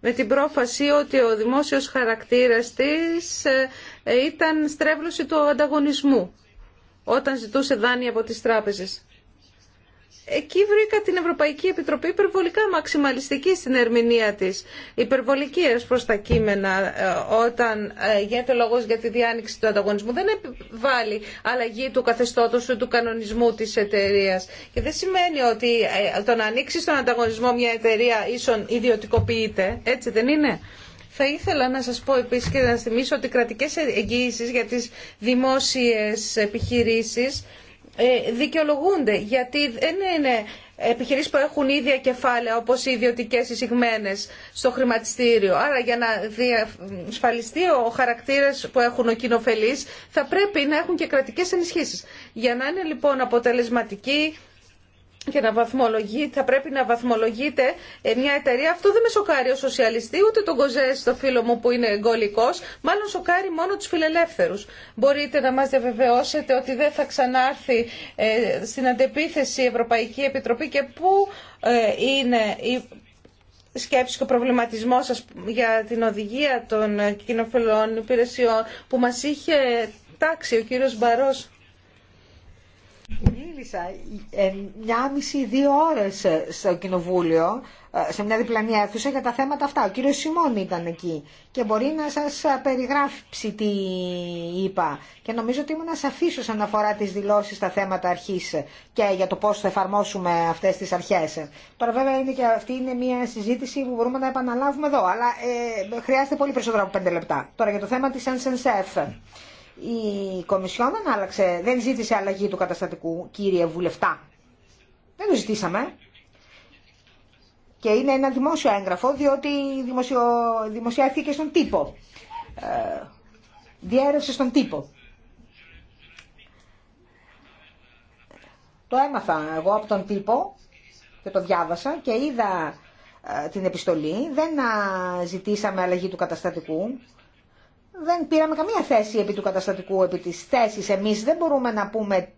με την πρόφαση ότι ο δημόσιος χαρακτήρας της ε, ήταν στρέβλωση του ανταγωνισμού όταν ζητούσε δάνεια από τις τράπεζες. Εκεί βρήκα την Ευρωπαϊκή Επιτροπή υπερβολικά μαξιμαλιστική στην ερμηνεία της, υπερβολική ως προς τα κείμενα ε, όταν ε, γίνεται λόγος για τη διάνοιξη του ανταγωνισμού. Δεν επιβάλλει αλλαγή του καθεστώτος ή του κανονισμού της εταιρεία. Και δεν σημαίνει ότι ε, το να ανοίξει στον ανταγωνισμό μια εταιρεία ίσον ιδιωτικοποιείται, έτσι δεν είναι. Θα ήθελα να σας πω επίσης και να θυμίσω ότι κρατικές εγγύησεις για τις δημόσιες επιχειρήσει. Ε, δικαιολογούνται γιατί δεν είναι επιχειρήσεις που έχουν ίδια κεφάλαια όπως οι ιδιωτικέ εισηγμένες στο χρηματιστήριο. Άρα για να διασφαλιστεί ο χαρακτήρας που έχουν ο κοινοφελή, θα πρέπει να έχουν και κρατικές ενισχύσεις. Για να είναι λοιπόν αποτελεσματική και να βαθμολογεί, θα πρέπει να βαθμολογείται ε, μια εταιρεία. Αυτό δεν με σοκάρει ο σοσιαλιστή, ούτε τον Κοζέ, το φίλο μου που είναι εγκολικό. Μάλλον σοκάρει μόνο του φιλελεύθερου. Μπορείτε να μα διαβεβαιώσετε ότι δεν θα ξανάρθει ε, στην αντεπίθεση η Ευρωπαϊκή Επιτροπή και πού ε, είναι η σκέψη και ο προβληματισμό σα για την οδηγία των κοινοφιλών υπηρεσιών που μα είχε τάξει ο κύριος Μπαρός Μίλησα ε, μια μισή-δύο ώρες ε, στο κοινοβούλιο, ε, σε μια διπλανή αίθουσα για τα θέματα αυτά. Ο κύριος Σιμών ήταν εκεί και μπορεί να σας περιγράψει τι είπα. Και νομίζω ότι ήμουν σαφής όσον αφορά τις δηλώσεις στα θέματα αρχής και για το πώς θα εφαρμόσουμε αυτές τις αρχές. Τώρα βέβαια είναι και αυτή είναι μια συζήτηση που μπορούμε να επαναλάβουμε εδώ, αλλά χρειάζεται πολύ περισσότερο από πέντε λεπτά. Τώρα για το θέμα της SNCF. Η Κομισιόν δεν, άλλαξε, δεν ζήτησε αλλαγή του καταστατικού, κύριε Βουλευτά. Δεν το ζητήσαμε. Και είναι ένα δημόσιο έγγραφο, διότι δημοσιο... δημοσιεύθηκε στον τύπο. Ε, διέρευσε στον τύπο. Το έμαθα εγώ από τον τύπο και το διάβασα και είδα ε, την επιστολή. Δεν ζητήσαμε αλλαγή του καταστατικού δεν πήραμε καμία θέση επί του καταστατικού, επί της θέσης. Εμείς δεν μπορούμε να πούμε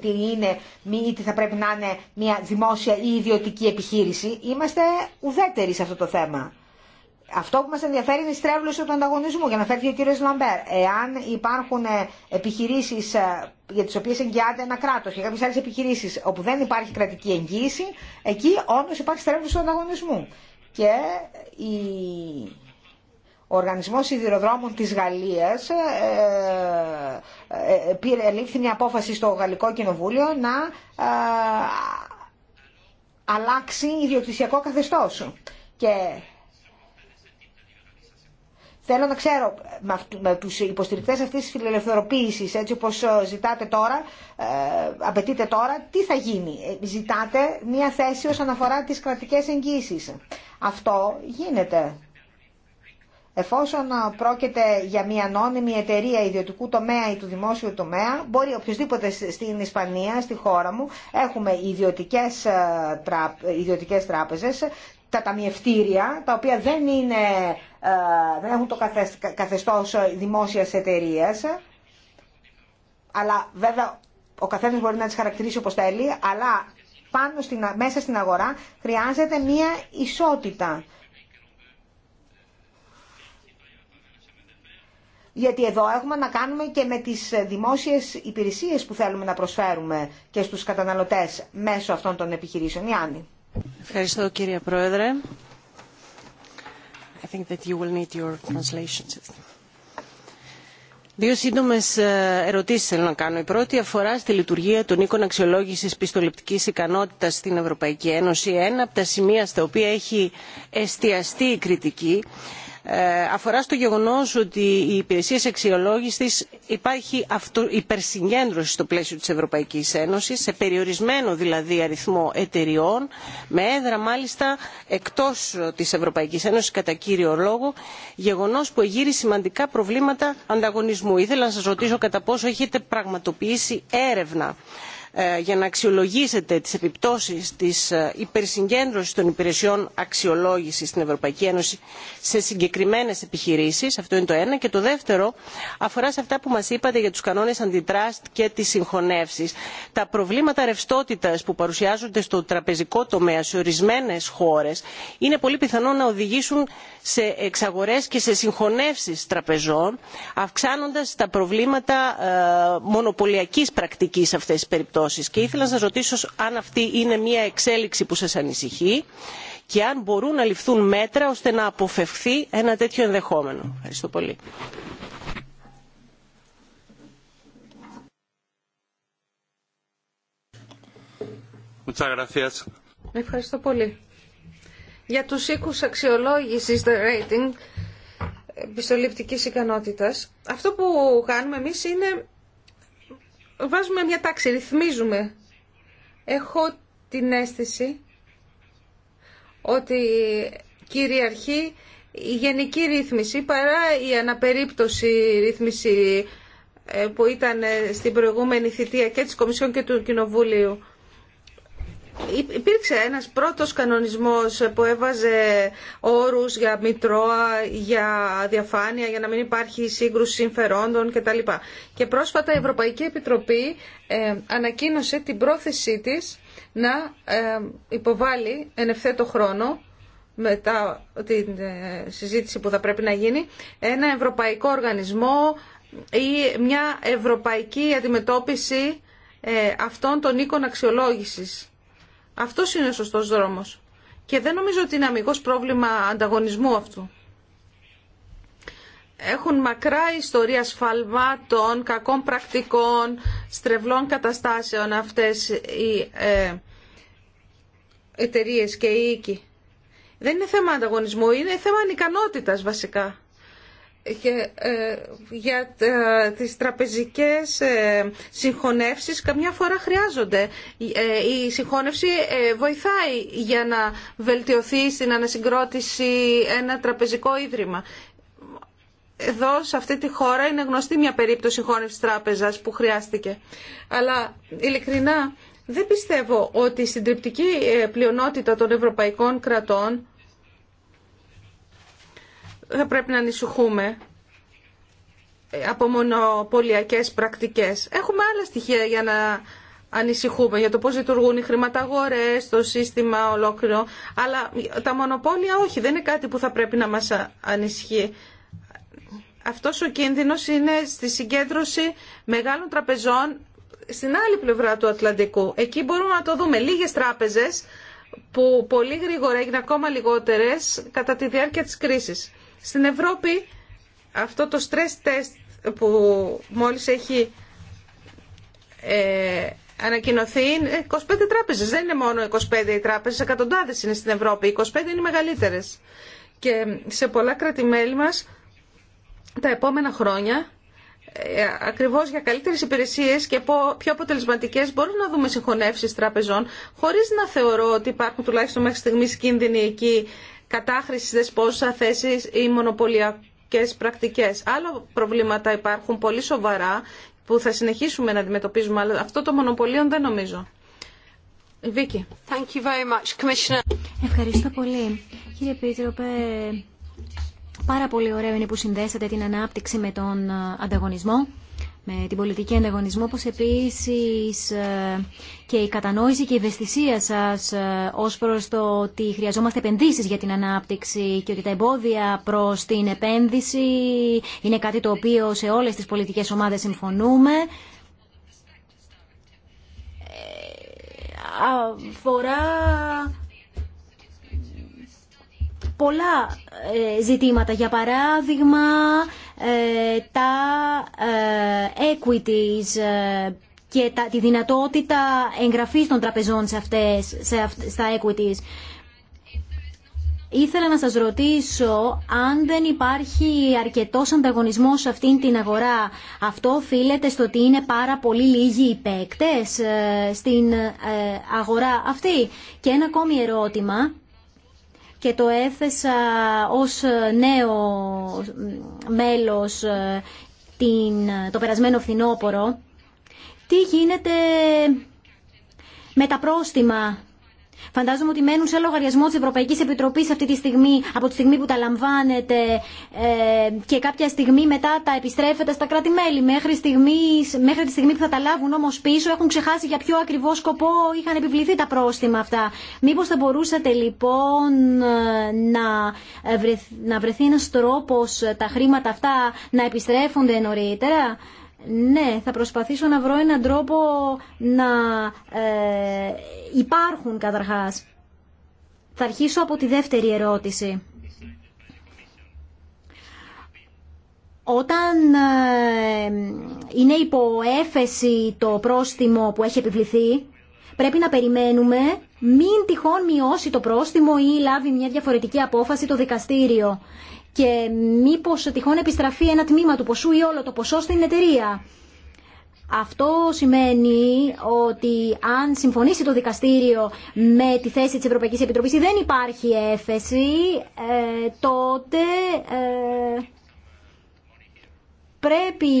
τι είναι ή τι θα πρέπει να είναι μια δημόσια ή ιδιωτική επιχείρηση. Είμαστε ουδέτεροι σε αυτό το θέμα. Αυτό που μας ενδιαφέρει είναι η στρέβλωση του ανταγωνισμού. Για να φέρει ο κύριος Λαμπέρ, εάν υπάρχουν ε, επιχειρήσεις ε, για τις οποίες εγγυάται ένα κράτος και κάποιες άλλες επιχειρήσεις όπου δεν υπάρχει κρατική εγγύηση, εκεί όντως υπάρχει στρέβλωση του ανταγωνισμού. Και η Οργανισμός Σιδηροδρόμων της Γαλλίας ε, ε, ε, πήρε, λήφθη μια απόφαση στο Γαλλικό Κοινοβούλιο να αλλάξει ιδιοκτησιακό καθεστώς. Και Θέλω να ξέρω με τους υποστηρικτές αυτής της φιλελευθεροποίησης, έτσι όπως ζητάτε τώρα, απαιτείτε τώρα, τι θα γίνει. Ζητάτε μια θέση όσον αφορά τις κρατικές εγγύσεις. Αυτό γίνεται. Εφόσον πρόκειται για μια ανώνυμη εταιρεία ιδιωτικού τομέα ή του δημόσιου τομέα, μπορεί οποιοδήποτε στην Ισπανία, στη χώρα μου, έχουμε ιδιωτικές, ε, ιδιωτικές τράπεζες, τα ταμιευτήρια, τα οποία δεν, είναι, ε, δεν έχουν το καθεστώς δημόσιας εταιρείας, αλλά βέβαια ο καθένας μπορεί να τις χαρακτηρίσει όπως θέλει, αλλά πάνω μέσα στην αγορά χρειάζεται μια ισότητα. γιατί εδώ έχουμε να κάνουμε και με τις δημόσιες υπηρεσίες που θέλουμε να προσφέρουμε και στους καταναλωτές μέσω αυτών των επιχειρήσεων. Ιάννη. Ευχαριστώ κύριε Πρόεδρε. I think that you will need your translation Δύο σύντομε ερωτήσει θέλω να κάνω. Η πρώτη αφορά στη λειτουργία των οίκων αξιολόγηση πιστοληπτική ικανότητα στην Ευρωπαϊκή Ένωση. Ένα από τα σημεία στα οποία έχει εστιαστεί η κριτική ε, αφορά στο γεγονός ότι οι υπηρεσία αξιολόγηση υπάρχει υπερσυγκέντρωση στο πλαίσιο της Ευρωπαϊκή Ένωση, σε περιορισμένο δηλαδή αριθμό εταιριών, με έδρα μάλιστα εκτός τη Ευρωπαϊκή Ένωση κατά κύριο λόγο, γεγονός που εγείρει σημαντικά προβλήματα ανταγωνισμού. Ήθελα να σα ρωτήσω κατά πόσο έχετε πραγματοποιήσει έρευνα ε, για να αξιολογήσετε τις επιπτώσεις της ε, υπερσυγκέντρωσης των υπηρεσιών αξιολόγησης στην ευρωπαϊκή ένωση σε συγκεκριμένες επιχειρήσεις αυτό είναι το ένα και το δεύτερο αφορά σε αυτά που μας είπατε για τους κανόνες αντιτράστ και τις συγχωνεύσεις τα προβλήματα ρευστότητας που παρουσιάζονται στο τραπεζικό τομέα σε ορισμένες χώρες είναι πολύ πιθανό να οδηγήσουν σε εξαγορές και σε συγχωνεύσεις τραπεζών αυξάνοντας τα προβλήματα ε, μονοπωλιακής πρακτικής σε αυτές τις περιπτώσεις και ήθελα να σας ρωτήσω αν αυτή είναι μια εξέλιξη που σας ανησυχεί και αν μπορούν να ληφθούν μέτρα ώστε να αποφευχθεί ένα τέτοιο ενδεχόμενο. Ευχαριστώ πολύ. Ευχαριστώ πολύ. Για τους οίκους αξιολόγησης rating πιστοληπτικής ικανότητας, αυτό που κάνουμε εμείς είναι βάζουμε μια τάξη, ρυθμίζουμε. Έχω την αίσθηση ότι κυριαρχεί η γενική ρύθμιση παρά η αναπερίπτωση ρύθμιση ε, που ήταν ε, στην προηγούμενη θητεία και της Κομισιόν και του Κοινοβούλιου. Υπήρξε ένας πρώτος κανονισμός που έβαζε όρους για μητρώα, για διαφάνεια, για να μην υπάρχει σύγκρουση συμφερόντων κτλ. Και πρόσφατα η Ευρωπαϊκή Επιτροπή ε, ανακοίνωσε την πρόθεσή της να ε, υποβάλει εν ευθέτω χρόνο μετά την ε, συζήτηση που θα πρέπει να γίνει ένα ευρωπαϊκό οργανισμό ή μια ευρωπαϊκή αντιμετώπιση αυτών των οίκων αξιολόγησης αυτό είναι ο σωστός δρόμος. Και δεν νομίζω ότι είναι αμυγός πρόβλημα ανταγωνισμού αυτού. Έχουν μακρά ιστορία σφαλμάτων, κακών πρακτικών, στρεβλών καταστάσεων αυτές οι ε, εταιρείε και οι οίκοι. Δεν είναι θέμα ανταγωνισμού, είναι θέμα ανικανότητας βασικά και ε, για ε, τις τραπεζικές ε, καμιά φορά χρειάζονται. Η ε, συγχώνευση βοηθάει για να βελτιωθεί στην ανασυγκρότηση ένα τραπεζικό ίδρυμα. Εδώ, σε αυτή τη χώρα, είναι γνωστή μια περίπτωση συγχώνευσης τράπεζας που χρειάστηκε. Αλλά, ειλικρινά, δεν πιστεύω ότι η συντριπτική πλειονότητα των ευρωπαϊκών κρατών θα πρέπει να ανησυχούμε από μονοπωλιακές πρακτικές. Έχουμε άλλα στοιχεία για να ανησυχούμε για το πώς λειτουργούν οι χρηματαγορές, το σύστημα ολόκληρο, αλλά τα μονοπόλια όχι, δεν είναι κάτι που θα πρέπει να μας ανησυχεί. Αυτός ο κίνδυνος είναι στη συγκέντρωση μεγάλων τραπεζών στην άλλη πλευρά του Ατλαντικού. Εκεί μπορούμε να το δούμε. Λίγες τράπεζες που πολύ γρήγορα έγιναν ακόμα λιγότερες κατά τη διάρκεια της κρίσης. Στην Ευρώπη αυτό το stress test που μόλις έχει ε, ανακοινωθεί είναι 25 τράπεζες. Δεν είναι μόνο 25 οι τράπεζες, εκατοντάδες είναι στην Ευρώπη, 25 είναι οι μεγαλύτερες. Και σε πολλα κρατημέλη κράτη-μέλη μας τα επόμενα χρόνια ε, ακριβώς για καλύτερες υπηρεσίες και πιο αποτελεσματικές μπορούμε να δούμε συγχωνεύσεις τραπεζών χωρίς να θεωρώ ότι υπάρχουν τουλάχιστον μέχρι στιγμής κίνδυνοι εκεί κατάχρηση δεσπόσα θέση ή μονοπωλιακές πρακτικές. Άλλα προβλήματα υπάρχουν πολύ σοβαρά που θα συνεχίσουμε να αντιμετωπίζουμε, αλλά αυτό το μονοπώλιο δεν νομίζω. Βίκη. Thank you very much, Commissioner. Ευχαριστώ πολύ. Κύριε Πίτροπε, πάρα πολύ ωραίο είναι που συνδέσατε την ανάπτυξη με τον ε, ανταγωνισμό με την πολιτική ανταγωνισμό, όπως επίσης ε, και η κατανόηση και η ευαισθησία σας ε, ως προς το ότι χρειαζόμαστε επενδύσεις για την ανάπτυξη και ότι τα εμπόδια προς την επένδυση είναι κάτι το οποίο σε όλες τις πολιτικές ομάδες συμφωνούμε. Ε, αφορά πολλά ζητήματα. Για παράδειγμα, ε, τα ε, equities ε, και τα, τη δυνατότητα εγγραφής των τραπεζών σε αυτές, στα equities. Ήθελα να σας ρωτήσω αν δεν υπάρχει αρκετός ανταγωνισμός σε αυτήν την αγορά. Αυτό οφείλεται στο ότι είναι πάρα πολύ λίγοι οι παίκτες στην αγορά αυτή. Και ένα ακόμη ερώτημα και το έθεσα ως ε, νέο ε, μέλος ε, την, το περασμένο φθινόπωρο. Τι γίνεται με τα πρόστιμα Φαντάζομαι ότι μένουν σε λογαριασμό τη Ευρωπαϊκή Επιτροπή αυτή τη στιγμή, από τη στιγμή που τα λαμβάνετε ε, και κάποια στιγμή μετά τα επιστρέφετε στα κράτη-μέλη. Μέχρι, στιγμής, μέχρι τη στιγμή που θα τα λάβουν όμω πίσω έχουν ξεχάσει για ποιο ακριβώ σκοπό είχαν επιβληθεί τα πρόστιμα αυτά. Μήπω θα μπορούσατε λοιπόν να, ε, να βρεθεί ένα τρόπο ε, τα χρήματα αυτά να επιστρέφονται νωρίτερα ναι, θα προσπαθήσω να βρω έναν τρόπο να ε, υπάρχουν καταρχάς. Θα αρχίσω από τη δεύτερη ερώτηση. Όταν ε, είναι υπό έφεση το πρόστιμο που έχει επιβληθεί, πρέπει να περιμένουμε μην τυχόν μειώσει το πρόστιμο ή λάβει μια διαφορετική απόφαση το δικαστήριο και μήπω τυχόν επιστραφεί ένα τμήμα του ποσού ή όλο το ποσό στην εταιρεία. Αυτό σημαίνει ότι αν συμφωνήσει το δικαστήριο με τη θέση της Ευρωπαϊκής Επιτροπής ή δεν υπάρχει έφεση, ε, τότε ε, πρέπει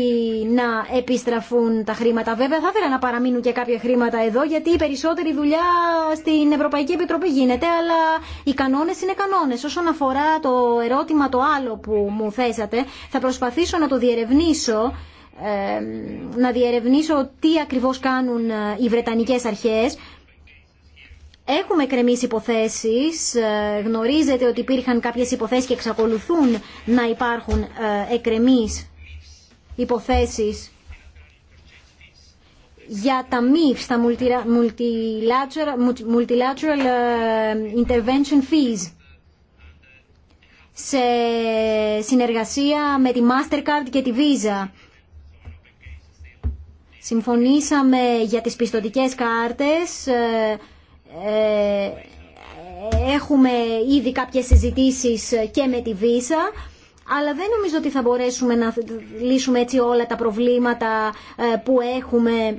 να επιστραφούν τα χρήματα. Βέβαια θα ήθελα να παραμείνουν και κάποια χρήματα εδώ γιατί η περισσότερη δουλειά στην Ευρωπαϊκή Επιτροπή γίνεται αλλά οι κανόνες είναι κανόνες. Όσον αφορά το ερώτημα το άλλο που μου θέσατε θα προσπαθήσω να το διερευνήσω να διερευνήσω τι ακριβώς κάνουν ε, οι Βρετανικές αρχές Έχουμε κρεμίσει υποθέσεις, ε, γνωρίζετε ότι υπήρχαν κάποιες υποθέσεις και εξακολουθούν να υπάρχουν εκρεμείς υποθέσεις για τα MIF, τα multilateral, ε, Intervention Fees σε συνεργασία με τη Mastercard και τη Visa. Συμφωνήσαμε για τις πιστοτικές κάρτες. Ε, ε, έχουμε ήδη κάποιες συζητήσεις και με τη Visa αλλά δεν νομίζω ότι θα μπορέσουμε να λύσουμε έτσι όλα τα προβλήματα ε, που έχουμε ε,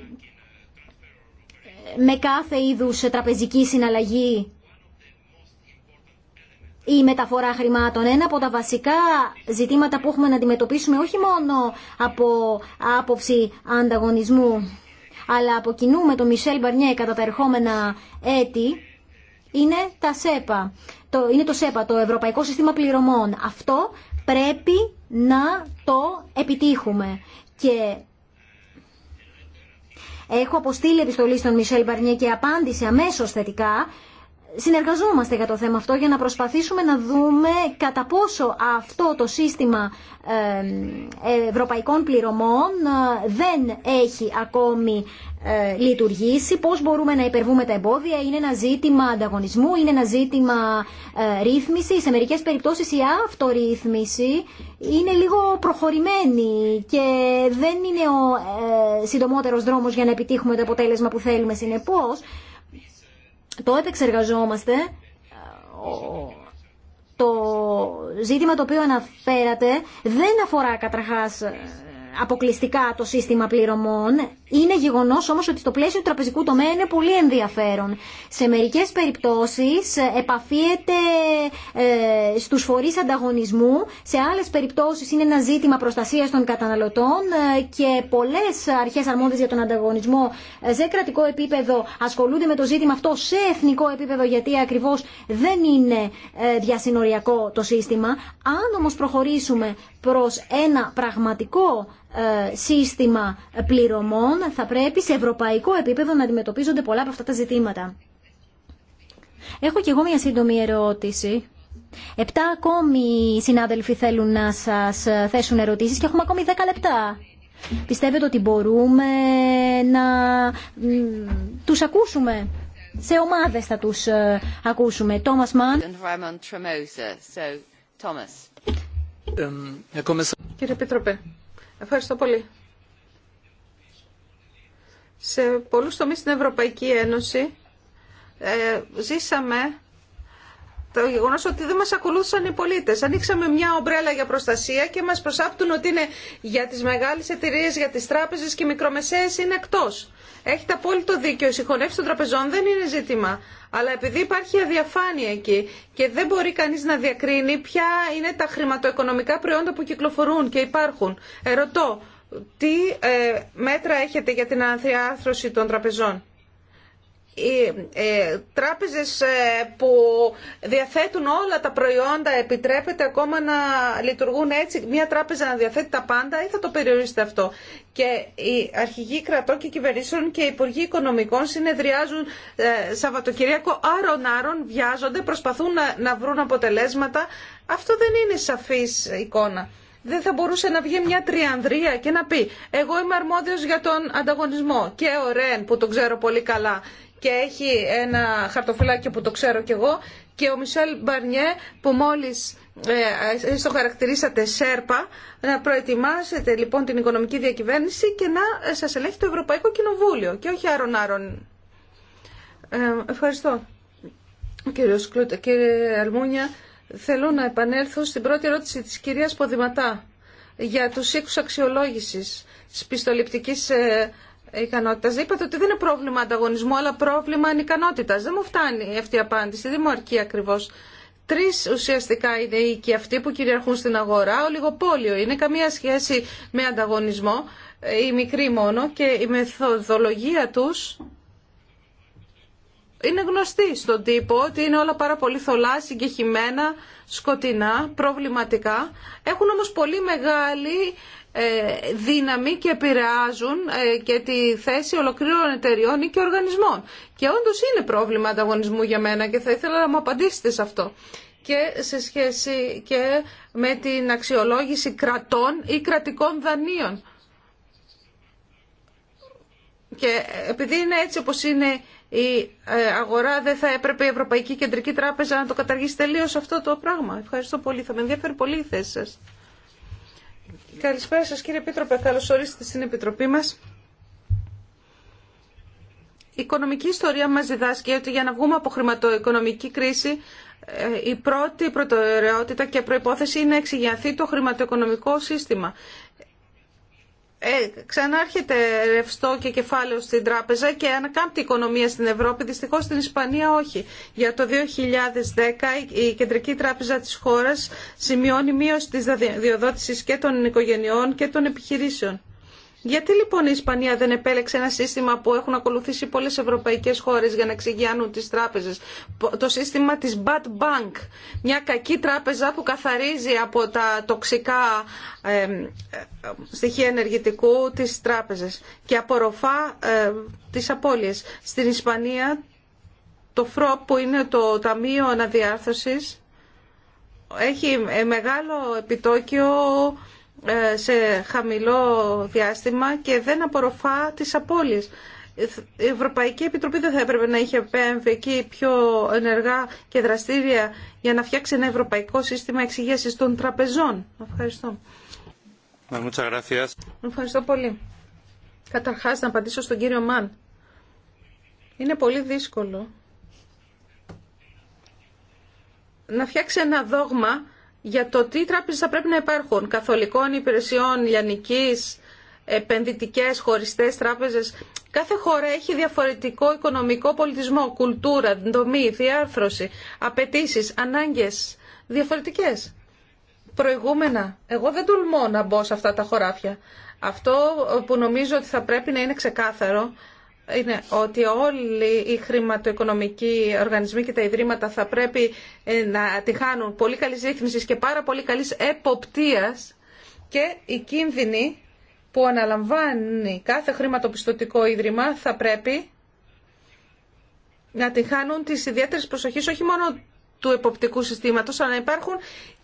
με κάθε είδους τραπεζική συναλλαγή η μεταφορά χρημάτων. Ένα από τα βασικά ζητήματα που έχουμε να αντιμετωπίσουμε όχι μόνο από άποψη ανταγωνισμού αλλά από κοινού με τον Μισελ Μπαρνιέ κατά τα ερχόμενα έτη είναι τα ΣΕΠΑ. Το, είναι το ΣΕΠΑ, το Ευρωπαϊκό Σύστημα Πληρωμών. Αυτό πρέπει να το επιτύχουμε. Και έχω αποστείλει επιστολή στον Μισελ Μπαρνιέ και απάντησε αμέσως θετικά συνεργαζόμαστε για το θέμα αυτό για να προσπαθήσουμε να δούμε κατά πόσο αυτό το σύστημα ευρωπαϊκών πληρωμών ε, δεν έχει ακόμη ε, λειτουργήσει, πώς μπορούμε να υπερβούμε τα εμπόδια. Είναι ένα ζήτημα ανταγωνισμού, είναι ένα ζήτημα ε, ρύθμιση. Σε μερικές περιπτώσεις η αυτορύθμιση είναι λίγο προχωρημένη και δεν είναι ο συντομότερος δρόμος για να επιτύχουμε το αποτέλεσμα που θέλουμε συνεπώς το επεξεργαζόμαστε. Ε, το ζήτημα το οποίο αναφέρατε δεν αφορά καταρχάς ε, αποκλειστικά το σύστημα πληρωμών. Είναι γεγονό όμω ότι στο πλαίσιο του τραπεζικού τομέα είναι πολύ ενδιαφέρον. Σε μερικέ περιπτώσει ε, επαφίεται ε, στου φορεί ανταγωνισμού, σε άλλε περιπτώσει είναι ένα ζήτημα προστασία των καταναλωτών ε, και πολλέ αρχέ αρμόδιε για τον ανταγωνισμό ε, σε κρατικό επίπεδο ασχολούνται με το ζήτημα αυτό σε εθνικό επίπεδο γιατί ακριβώ δεν είναι διασυνοριακό το σύστημα. Αν όμω προχωρήσουμε προ ένα πραγματικό ε, σύστημα πληρωμών θα πρέπει σε ευρωπαϊκό επίπεδο να αντιμετωπίζονται πολλά από αυτά τα ζητήματα. Έχω και εγώ μια σύντομη ερώτηση. Επτά ακόμη συνάδελφοι θέλουν να σας θέσουν ερωτήσεις και έχουμε ακόμη δέκα λεπτά. Πιστεύετε ότι μπορούμε να τους ακούσουμε. Σε ομάδες θα τους ε, ακούσουμε. Τόμας Μαν. Ε, κύριε Πίτροπε, Ευχαριστώ πολύ. Σε πολλούς τομείς στην Ευρωπαϊκή Ένωση ε, ζήσαμε το γεγονό ότι δεν μα ακολούθησαν οι πολίτε. Ανοίξαμε μια ομπρέλα για προστασία και μα προσάπτουν ότι είναι για τι μεγάλε εταιρείε, για τι τράπεζε και οι μικρομεσαίε είναι εκτό. Έχετε απόλυτο δίκιο. Η συγχωνεύση των τραπεζών δεν είναι ζήτημα. Αλλά επειδή υπάρχει αδιαφάνεια εκεί και δεν μπορεί κανεί να διακρίνει ποια είναι τα χρηματοοικονομικά προϊόντα που κυκλοφορούν και υπάρχουν, ερωτώ, τι ε, μέτρα έχετε για την ανθιάθρωση των τραπεζών οι ε, τράπεζες ε, που διαθέτουν όλα τα προϊόντα επιτρέπεται ακόμα να λειτουργούν έτσι μια τράπεζα να διαθέτει τα πάντα ή θα το περιορίσετε αυτό και οι αρχηγοί κρατών και κυβερνήσεων και οι υπουργοί οικονομικών συνεδριάζουν ε, Σαββατοκυριακό άρον άρον βιάζονται προσπαθούν να βρουν αποτελέσματα αυτό δεν είναι σαφής εικόνα δεν θα μπορούσε να βγει μια τριανδρία και να πει εγώ είμαι αρμόδιος για τον ανταγωνισμό και ο Ρεν που τον ξέρω πολύ καλά και έχει ένα χαρτοφυλάκιο που το ξέρω κι εγώ και ο Μισελ Μπαρνιέ που μόλις ε, το χαρακτηρίσατε ΣΕΡΠΑ να προετοιμάσετε λοιπόν την οικονομική διακυβέρνηση και να ε, σας ελέγχει το Ευρωπαϊκό Κοινοβούλιο και όχι άρον άρον. Ε, ευχαριστώ. κύριε Αλμούνια, θέλω να επανέλθω στην πρώτη ερώτηση της κυρίας Ποδηματά για τους οίκους αξιολόγησης, της πιστοληπτικής ε, ικανότητα. Είπατε ότι δεν είναι πρόβλημα ανταγωνισμού, αλλά πρόβλημα ανικανότητα. Δεν μου φτάνει αυτή η απάντηση, δεν μου αρκεί ακριβώ. Τρει ουσιαστικά είναι οι οίκοι αυτοί που κυριαρχούν στην αγορά. Ο λιγοπόλιο είναι καμία σχέση με ανταγωνισμό, η μικρή μόνο και η μεθοδολογία τους είναι γνωστή στον τύπο ότι είναι όλα πάρα πολύ θολά, συγκεχημένα, σκοτεινά, προβληματικά. Έχουν όμως πολύ μεγάλη ε, δύναμη και επηρεάζουν ε, και τη θέση ολοκλήρων εταιριών ή και οργανισμών. Και όντω είναι πρόβλημα ανταγωνισμού για μένα και θα ήθελα να μου απαντήσετε σε αυτό. Και σε σχέση και με την αξιολόγηση κρατών ή κρατικών δανείων. Και επειδή είναι έτσι όπως είναι η ε, αγορά, δεν θα έπρεπε η Ευρωπαϊκή Κεντρική Τράπεζα να το καταργήσει τελείως αυτό το πράγμα. Ευχαριστώ πολύ. Θα με ενδιαφέρει πολύ η θέση σας. Καλησπέρα σας κύριε Επίτροπε, καλώς ορίσατε στην Επιτροπή μας. Η οικονομική ιστορία μας διδάσκει ότι για να βγούμε από χρηματοοικονομική κρίση ε, η πρώτη προτεραιότητα και προϋπόθεση είναι να εξηγιαθεί το χρηματοοικονομικό σύστημα ε, ξανάρχεται ρευστό και κεφάλαιο στην τράπεζα και ανακάμπτει η οικονομία στην Ευρώπη, δυστυχώ στην Ισπανία όχι. Για το 2010 η Κεντρική Τράπεζα της χώρας σημειώνει μείωση της διοδότησης και των οικογενειών και των επιχειρήσεων. Γιατί λοιπόν η Ισπανία δεν επέλεξε ένα σύστημα που έχουν ακολουθήσει πολλές ευρωπαϊκές χώρες για να εξηγιάνουν τις τράπεζες. Το σύστημα της Bad Bank, μια κακή τράπεζα που καθαρίζει από τα τοξικά ε, στοιχεία ενεργητικού της τράπεζε και απορροφά ε, τις απώλειες. Στην Ισπανία το ΦΡΟΠ που είναι το Ταμείο Αναδιάρθρωσης έχει ε, μεγάλο επιτόκιο ε, σε χαμηλό διάστημα και δεν απορροφά τις απώλειες. Η Ευρωπαϊκή Επιτροπή δεν θα έπρεπε να είχε πέμβει εκεί πιο ενεργά και δραστήρια για να φτιάξει ένα ευρωπαϊκό σύστημα εξηγήσεις των τραπεζών. Ευχαριστώ. Ευχαριστώ πολύ. Καταρχάς να απαντήσω στον κύριο Μαν. Είναι πολύ δύσκολο να φτιάξει ένα δόγμα για το τι τράπεζες θα πρέπει να υπάρχουν, καθολικών υπηρεσιών, λιανικής, επενδυτικές, χωριστές τράπεζες. Κάθε χώρα έχει διαφορετικό οικονομικό πολιτισμό, κουλτούρα, δομή, διάρθρωση, απαιτήσει, ανάγκες διαφορετικές. Προηγούμενα, εγώ δεν τολμώ να μπω σε αυτά τα χωράφια. Αυτό που νομίζω ότι θα πρέπει να είναι ξεκάθαρο είναι ότι όλοι οι χρηματοοικονομικοί οργανισμοί και τα ιδρύματα θα πρέπει ε, να τη πολύ καλή ρύθμιση και πάρα πολύ καλή εποπτεία. και οι κίνδυνοι που αναλαμβάνει κάθε χρηματοπιστωτικό ίδρυμα θα πρέπει να τη χάνουν τις ιδιαίτερες προσοχές όχι μόνο του εποπτικού συστήματος αλλά να υπάρχουν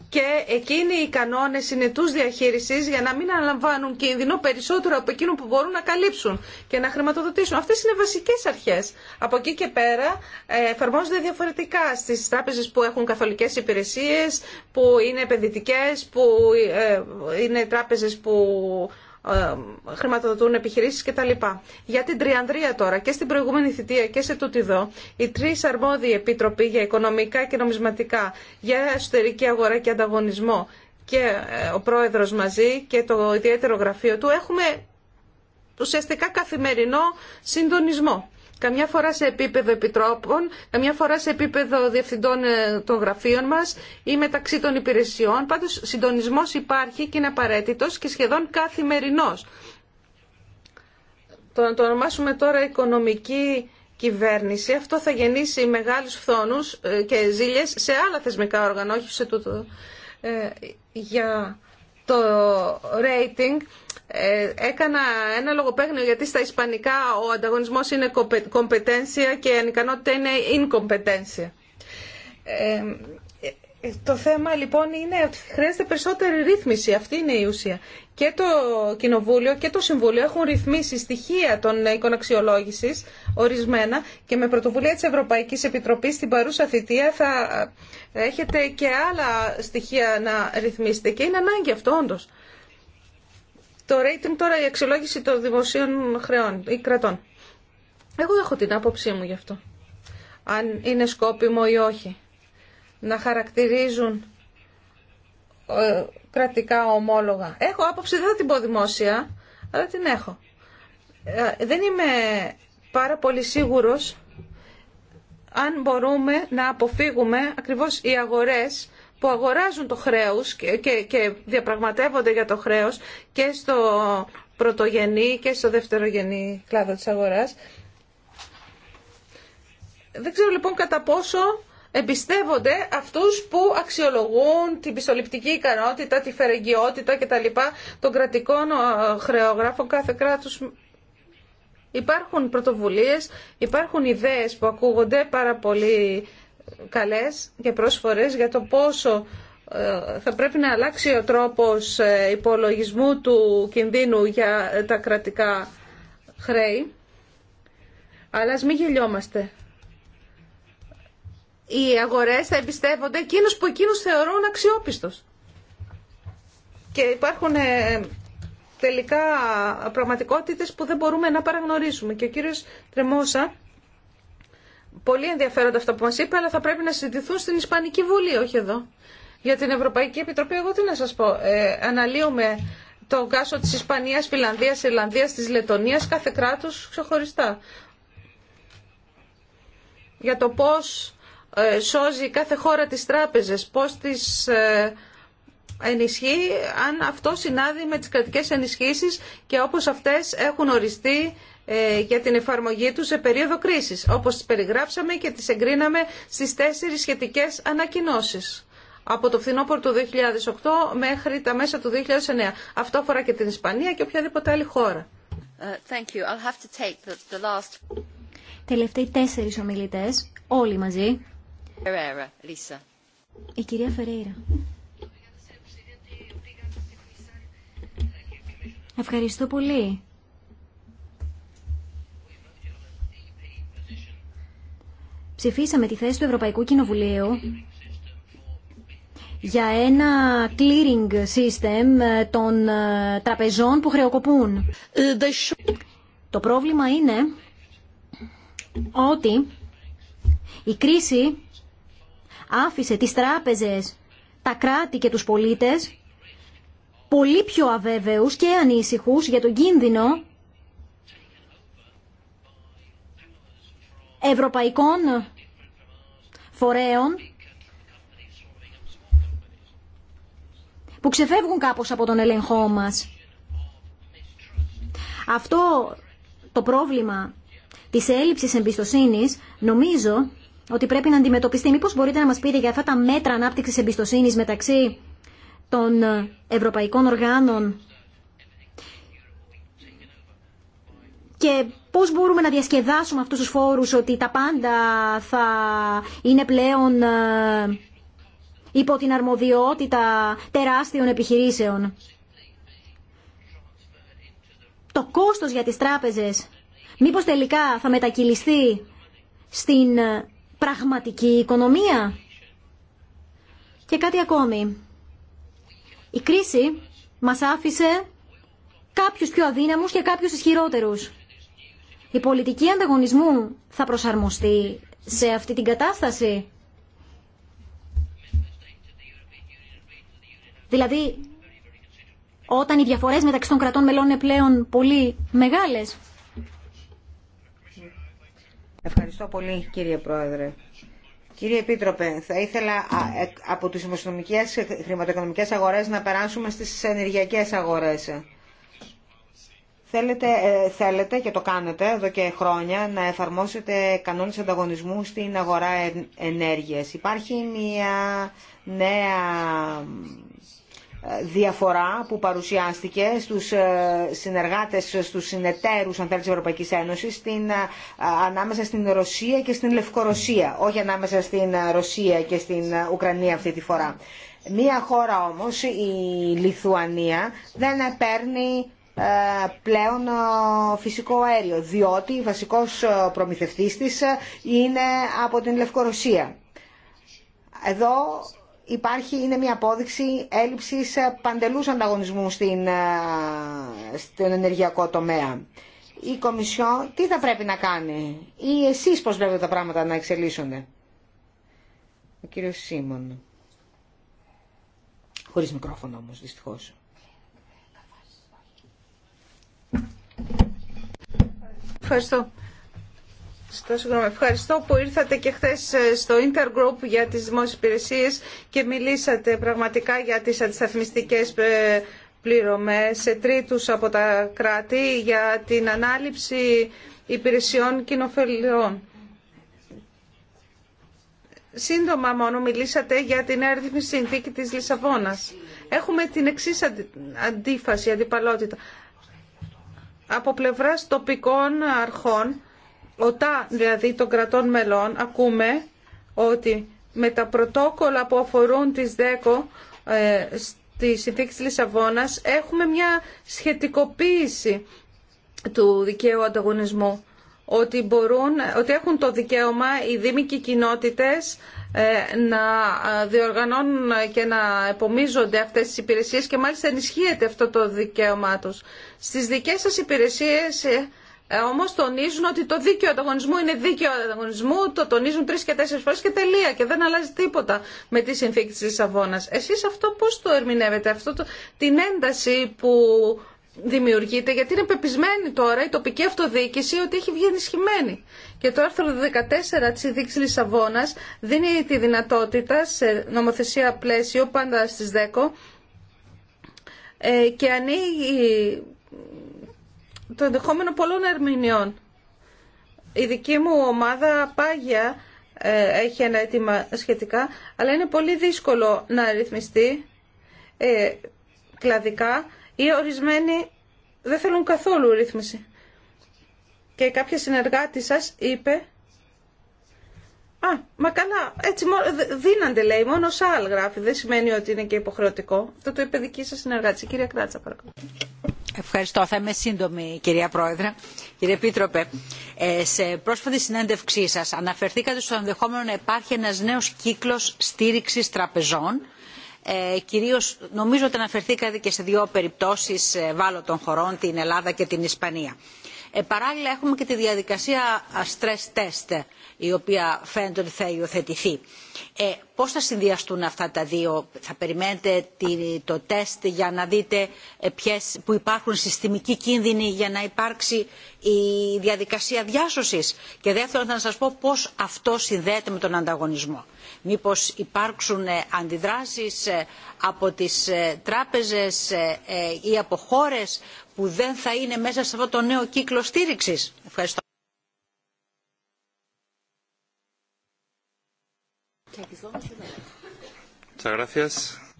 και εκείνοι οι κανόνες συνετού διαχείριση για να μην αναλαμβάνουν κίνδυνο περισσότερο από εκείνο που μπορούν να καλύψουν και να χρηματοδοτήσουν. Αυτές είναι βασικές αρχές. Από εκεί και πέρα ε, εφαρμόζονται διαφορετικά στις τράπεζες που έχουν καθολικές υπηρεσίες, που είναι επενδυτικέ, που ε, ε, είναι τράπεζες που ε, χρηματοδοτούν επιχειρήσεις κτλ. Για την Τριανδρία τώρα και στην προηγούμενη θητεία και σε τούτη εδώ, οι τρεις αρμόδιοι επίτροποι για οικονομικά και νομισματικά, για εσωτερική αγορά και ανταγωνισμό και ε, ο πρόεδρος μαζί και το ιδιαίτερο γραφείο του, έχουμε ουσιαστικά καθημερινό συντονισμό καμιά φορά σε επίπεδο επιτρόπων, καμιά φορά σε επίπεδο διευθυντών ε, των γραφείων μας ή μεταξύ των υπηρεσιών. Πάντως συντονισμός υπάρχει και είναι απαραίτητο και σχεδόν καθημερινός. Το να το ονομάσουμε τώρα οικονομική κυβέρνηση, αυτό θα γεννήσει μεγάλους φθόνους ε, και ζήλιες σε άλλα θεσμικά όργανα, όχι σε τούτο. Ε, για το rating ε, έκανα ένα λογοπαίγνιο γιατί στα ισπανικά ο ανταγωνισμός είναι κομπετένσια και η ανικανότητα είναι incompetencia. Ε, ε, το θέμα λοιπόν είναι ότι χρειάζεται περισσότερη ρύθμιση. Αυτή είναι η ουσία. Και το Κοινοβούλιο και το Συμβούλιο έχουν ρυθμίσει στοιχεία των εικοναξιολόγησης ορισμένα και με πρωτοβουλία τη Ευρωπαϊκή Επιτροπή στην παρούσα θητεία θα έχετε και άλλα στοιχεία να ρυθμίσετε. Και είναι ανάγκη αυτό όντω. Το rating τώρα η αξιολόγηση των δημοσίων χρεών ή κρατών. Εγώ έχω την άποψή μου γι' αυτό. Αν είναι σκόπιμο ή όχι να χαρακτηρίζουν ε, κρατικά ομόλογα. Έχω άποψη, δεν θα την πω δημόσια, αλλά την έχω. Ε, δεν είμαι πάρα πολύ σίγουρος αν μπορούμε να αποφύγουμε ακριβώς οι αγορές που αγοράζουν το χρέος και διαπραγματεύονται για το χρέος και στο πρωτογενή και στο δευτερογενή κλάδο της αγοράς. Δεν ξέρω λοιπόν κατά πόσο εμπιστεύονται αυτούς που αξιολογούν την πιστοληπτική ικανότητα, τη φερεγγιότητα κτλ. των κρατικών ε, χρεογράφων κάθε κράτους. Υπάρχουν πρωτοβουλίες, υπάρχουν ιδέες που ακούγονται πάρα πολύ καλές και πρόσφορες για το πόσο ε, θα πρέπει να αλλάξει ο τρόπος ε, υπολογισμού του κινδύνου για τα κρατικά χρέη. Αλλά ας μην γελιόμαστε οι αγορέ θα εμπιστεύονται εκείνου που εκείνου θεωρούν αξιόπιστο. Και υπάρχουν ε, τελικά πραγματικότητες που δεν μπορούμε να παραγνωρίσουμε. Και ο κύριος Τρεμόσα, πολύ ενδιαφέροντα αυτό που μα είπε, αλλά θα πρέπει να συζητηθούν στην Ισπανική Βουλή, όχι εδώ. Για την Ευρωπαϊκή Επιτροπή, εγώ τι να σα πω, ε, αναλύουμε το κάσο τη Ισπανία, Φιλανδία, Ιρλανδίας, τη Λετωνία, κάθε κράτο ξεχωριστά. Για το πώς ε, σώζει κάθε χώρα τις τράπεζες, πώς τις ε, ενισχύει, αν αυτό συνάδει με τις κρατικές ενισχύσεις και όπως αυτές έχουν οριστεί ε, για την εφαρμογή του σε περίοδο κρίσης, όπως τις περιγράψαμε και τις εγκρίναμε στις τέσσερις σχετικές ανακοινώσεις από το φθινόπωρο του 2008 μέχρι τα μέσα του 2009. Αυτό αφορά και την Ισπανία και οποιαδήποτε άλλη χώρα. Τελευταίοι τέσσερις ομιλητές, όλοι μαζί. Η κυρία Φερέιρα. Ευχαριστώ πολύ. Ψηφίσαμε τη θέση του Ευρωπαϊκού Κοινοβουλίου για ένα clearing system ε, των ε, τραπεζών που χρεοκοπούν. Ε, Το πρόβλημα είναι ότι η κρίση άφησε τις τράπεζες, τα κράτη και τους πολίτες πολύ πιο αβέβαιους και ανήσυχους για τον κίνδυνο ευρωπαϊκών φορέων που ξεφεύγουν κάπως από τον ελεγχό μας. Αυτό το πρόβλημα της έλλειψης εμπιστοσύνης νομίζω ότι πρέπει να αντιμετωπιστεί. Μήπως μπορείτε να μας πείτε για αυτά τα μέτρα ανάπτυξης εμπιστοσύνης μεταξύ των ε, ευρωπαϊκών οργάνων και πώς μπορούμε να διασκεδάσουμε αυτούς τους φόρους ότι τα πάντα θα είναι πλέον ε, υπό την αρμοδιότητα τεράστιων επιχειρήσεων. Το κόστος για τις τράπεζες μήπως τελικά θα μετακυλιστεί στην ε, πραγματική οικονομία. Και κάτι ακόμη. Η κρίση μας άφησε κάποιους πιο αδύναμους και κάποιους ισχυρότερους. Η πολιτική ανταγωνισμού θα προσαρμοστεί σε αυτή την κατάσταση. Δηλαδή, όταν οι διαφορές μεταξύ των κρατών μελών είναι πλέον πολύ μεγάλες, Ευχαριστώ πολύ κύριε Πρόεδρε. Κύριε Επίτροπε, θα ήθελα ε, από τις δημοσιονομικές ε, χρηματοοικονομικές αγορές να περάσουμε στις ενεργειακές αγορές. Θέλετε, ε, θέλετε και το κάνετε εδώ και χρόνια να εφαρμόσετε κανόνες ανταγωνισμού στην αγορά ενέργειας. Υπάρχει μια νέα διαφορά που παρουσιάστηκε στους ε, συνεργάτες, στους συνεταίρους αν θέλει, της Ευρωπαϊκής Ένωσης στην, ε, ανάμεσα στην Ρωσία και στην Λευκορωσία, όχι ανάμεσα στην Ρωσία και στην Ουκρανία αυτή τη φορά. Μία χώρα όμως, η Λιθουανία, δεν παίρνει ε, πλέον φυσικό αέριο, διότι βασικός προμηθευτής της είναι από την Λευκορωσία. Εδώ υπάρχει, είναι μια απόδειξη έλλειψης παντελούς ανταγωνισμού στην, ε, στον ενεργειακό τομέα. Η Κομισιό τι θα πρέπει να κάνει ή εσείς πώς βλέπετε τα πράγματα να εξελίσσονται. Ο κύριος Σίμων. Χωρίς μικρόφωνο όμως δυστυχώς. Ευχαριστώ. Στο συγγνώμη. Ευχαριστώ που ήρθατε και χθε ε, στο Intergroup για τις δημόσιες υπηρεσίε και μιλήσατε πραγματικά για τις αντισταθμιστικές ε, πληρωμές σε τρίτους από τα κράτη για την ανάληψη υπηρεσιών κοινοφελειών. Σύντομα μόνο μιλήσατε για την έρθιμη συνθήκη της Λισαβόνας. Έχουμε την εξή αντίφαση, αντιπαλότητα. Από πλευράς τοπικών αρχών οτά δηλαδή των κρατών μελών ακούμε ότι με τα πρωτόκολλα που αφορούν τις ΔΕΚΟ ε, στη συνθήκη της Λισαβόνας έχουμε μια σχετικοποίηση του δικαίου ανταγωνισμού ότι, μπορούν, ότι έχουν το δικαίωμα οι δήμοι και οι κοινότητες ε, να διοργανώνουν και να επομίζονται αυτές τις υπηρεσίες και μάλιστα ενισχύεται αυτό το δικαίωμά τους. Στις δικές σας υπηρεσίες ε, ε, Όμω τονίζουν ότι το δίκαιο ανταγωνισμού είναι δίκαιο ανταγωνισμού, το τονίζουν τρει και τέσσερι φορέ και τελεία και δεν αλλάζει τίποτα με τη συνθήκη τη Λισαβόνα. Εσεί αυτό πώ το ερμηνεύετε, αυτό το, την ένταση που δημιουργείται, γιατί είναι πεπισμένη τώρα η τοπική αυτοδιοίκηση ότι έχει βγει ενισχυμένη. Και το άρθρο 14 τη Ειδίκης Λισαβόνα δίνει τη δυνατότητα σε νομοθεσία πλαίσιο, πάντα στι 10, ε, και ανοίγει το ενδεχόμενο πολλών ερμηνεών. Η δική μου ομάδα πάγια ε, έχει ένα αίτημα σχετικά, αλλά είναι πολύ δύσκολο να ρυθμιστεί ε, κλαδικά ή ορισμένοι δεν θέλουν καθόλου ρύθμιση. Και κάποια συνεργάτη σας είπε «Α, μα καλά, έτσι δίνανται λέει, μόνο σάλ γράφει, δεν σημαίνει ότι είναι και υποχρεωτικό». Αυτό το είπε δική σας συνεργάτη, η κυρία Κράτσα υποχρεωτικο αυτο το ειπε δικη σας συνεργατη κυρια κρατσα παρακαλω Ευχαριστώ. Θα είμαι σύντομη, κυρία Πρόεδρε. Κύριε Επίτροπε, ε, σε πρόσφατη συνέντευξή σα, αναφερθήκατε στο ενδεχόμενο να υπάρχει ένα νέος κύκλος στήριξη τραπεζών. Ε, κυρίως νομίζω ότι αναφερθήκατε και σε δύο περιπτώσεις ε, των χωρών, την Ελλάδα και την Ισπανία ε, παράλληλα έχουμε και τη διαδικασία stress test η οποία φαίνεται ότι θα υιοθετηθεί. Ε, πώς θα συνδυαστούν αυτά τα δύο, θα περιμένετε το τεστ για να δείτε ε, ποιες, που υπάρχουν συστημικοί κίνδυνοι για να υπάρξει η διαδικασία διάσωσης. Και δεύτερον θα σας πω πώς αυτό συνδέεται με τον ανταγωνισμό. Μήπως υπάρξουν ε, αντιδράσεις από τις τράπεζες ή από χώρες που δεν θα είναι μέσα σε αυτό το νέο κύκλο στήριξης. Ευχαριστώ.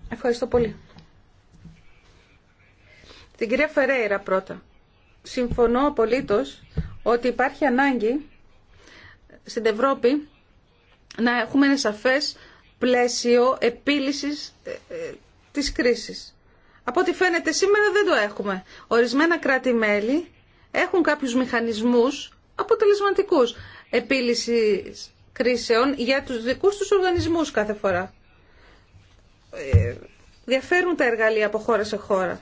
Ευχαριστώ πολύ. Την κυρία Φερέιρα πρώτα. Συμφωνώ απολύτως ότι υπάρχει ανάγκη στην Ευρώπη να έχουμε ένα σαφές πλαίσιο επίλυσης ε, ε, της κρίσης. Από ό,τι φαίνεται σήμερα δεν το έχουμε. Ορισμένα κράτη-μέλη έχουν κάποιους μηχανισμούς αποτελεσματικούς επίλυσης κρίσεων για τους δικούς τους οργανισμούς κάθε φορά. Ε, διαφέρουν τα εργαλεία από χώρα σε χώρα.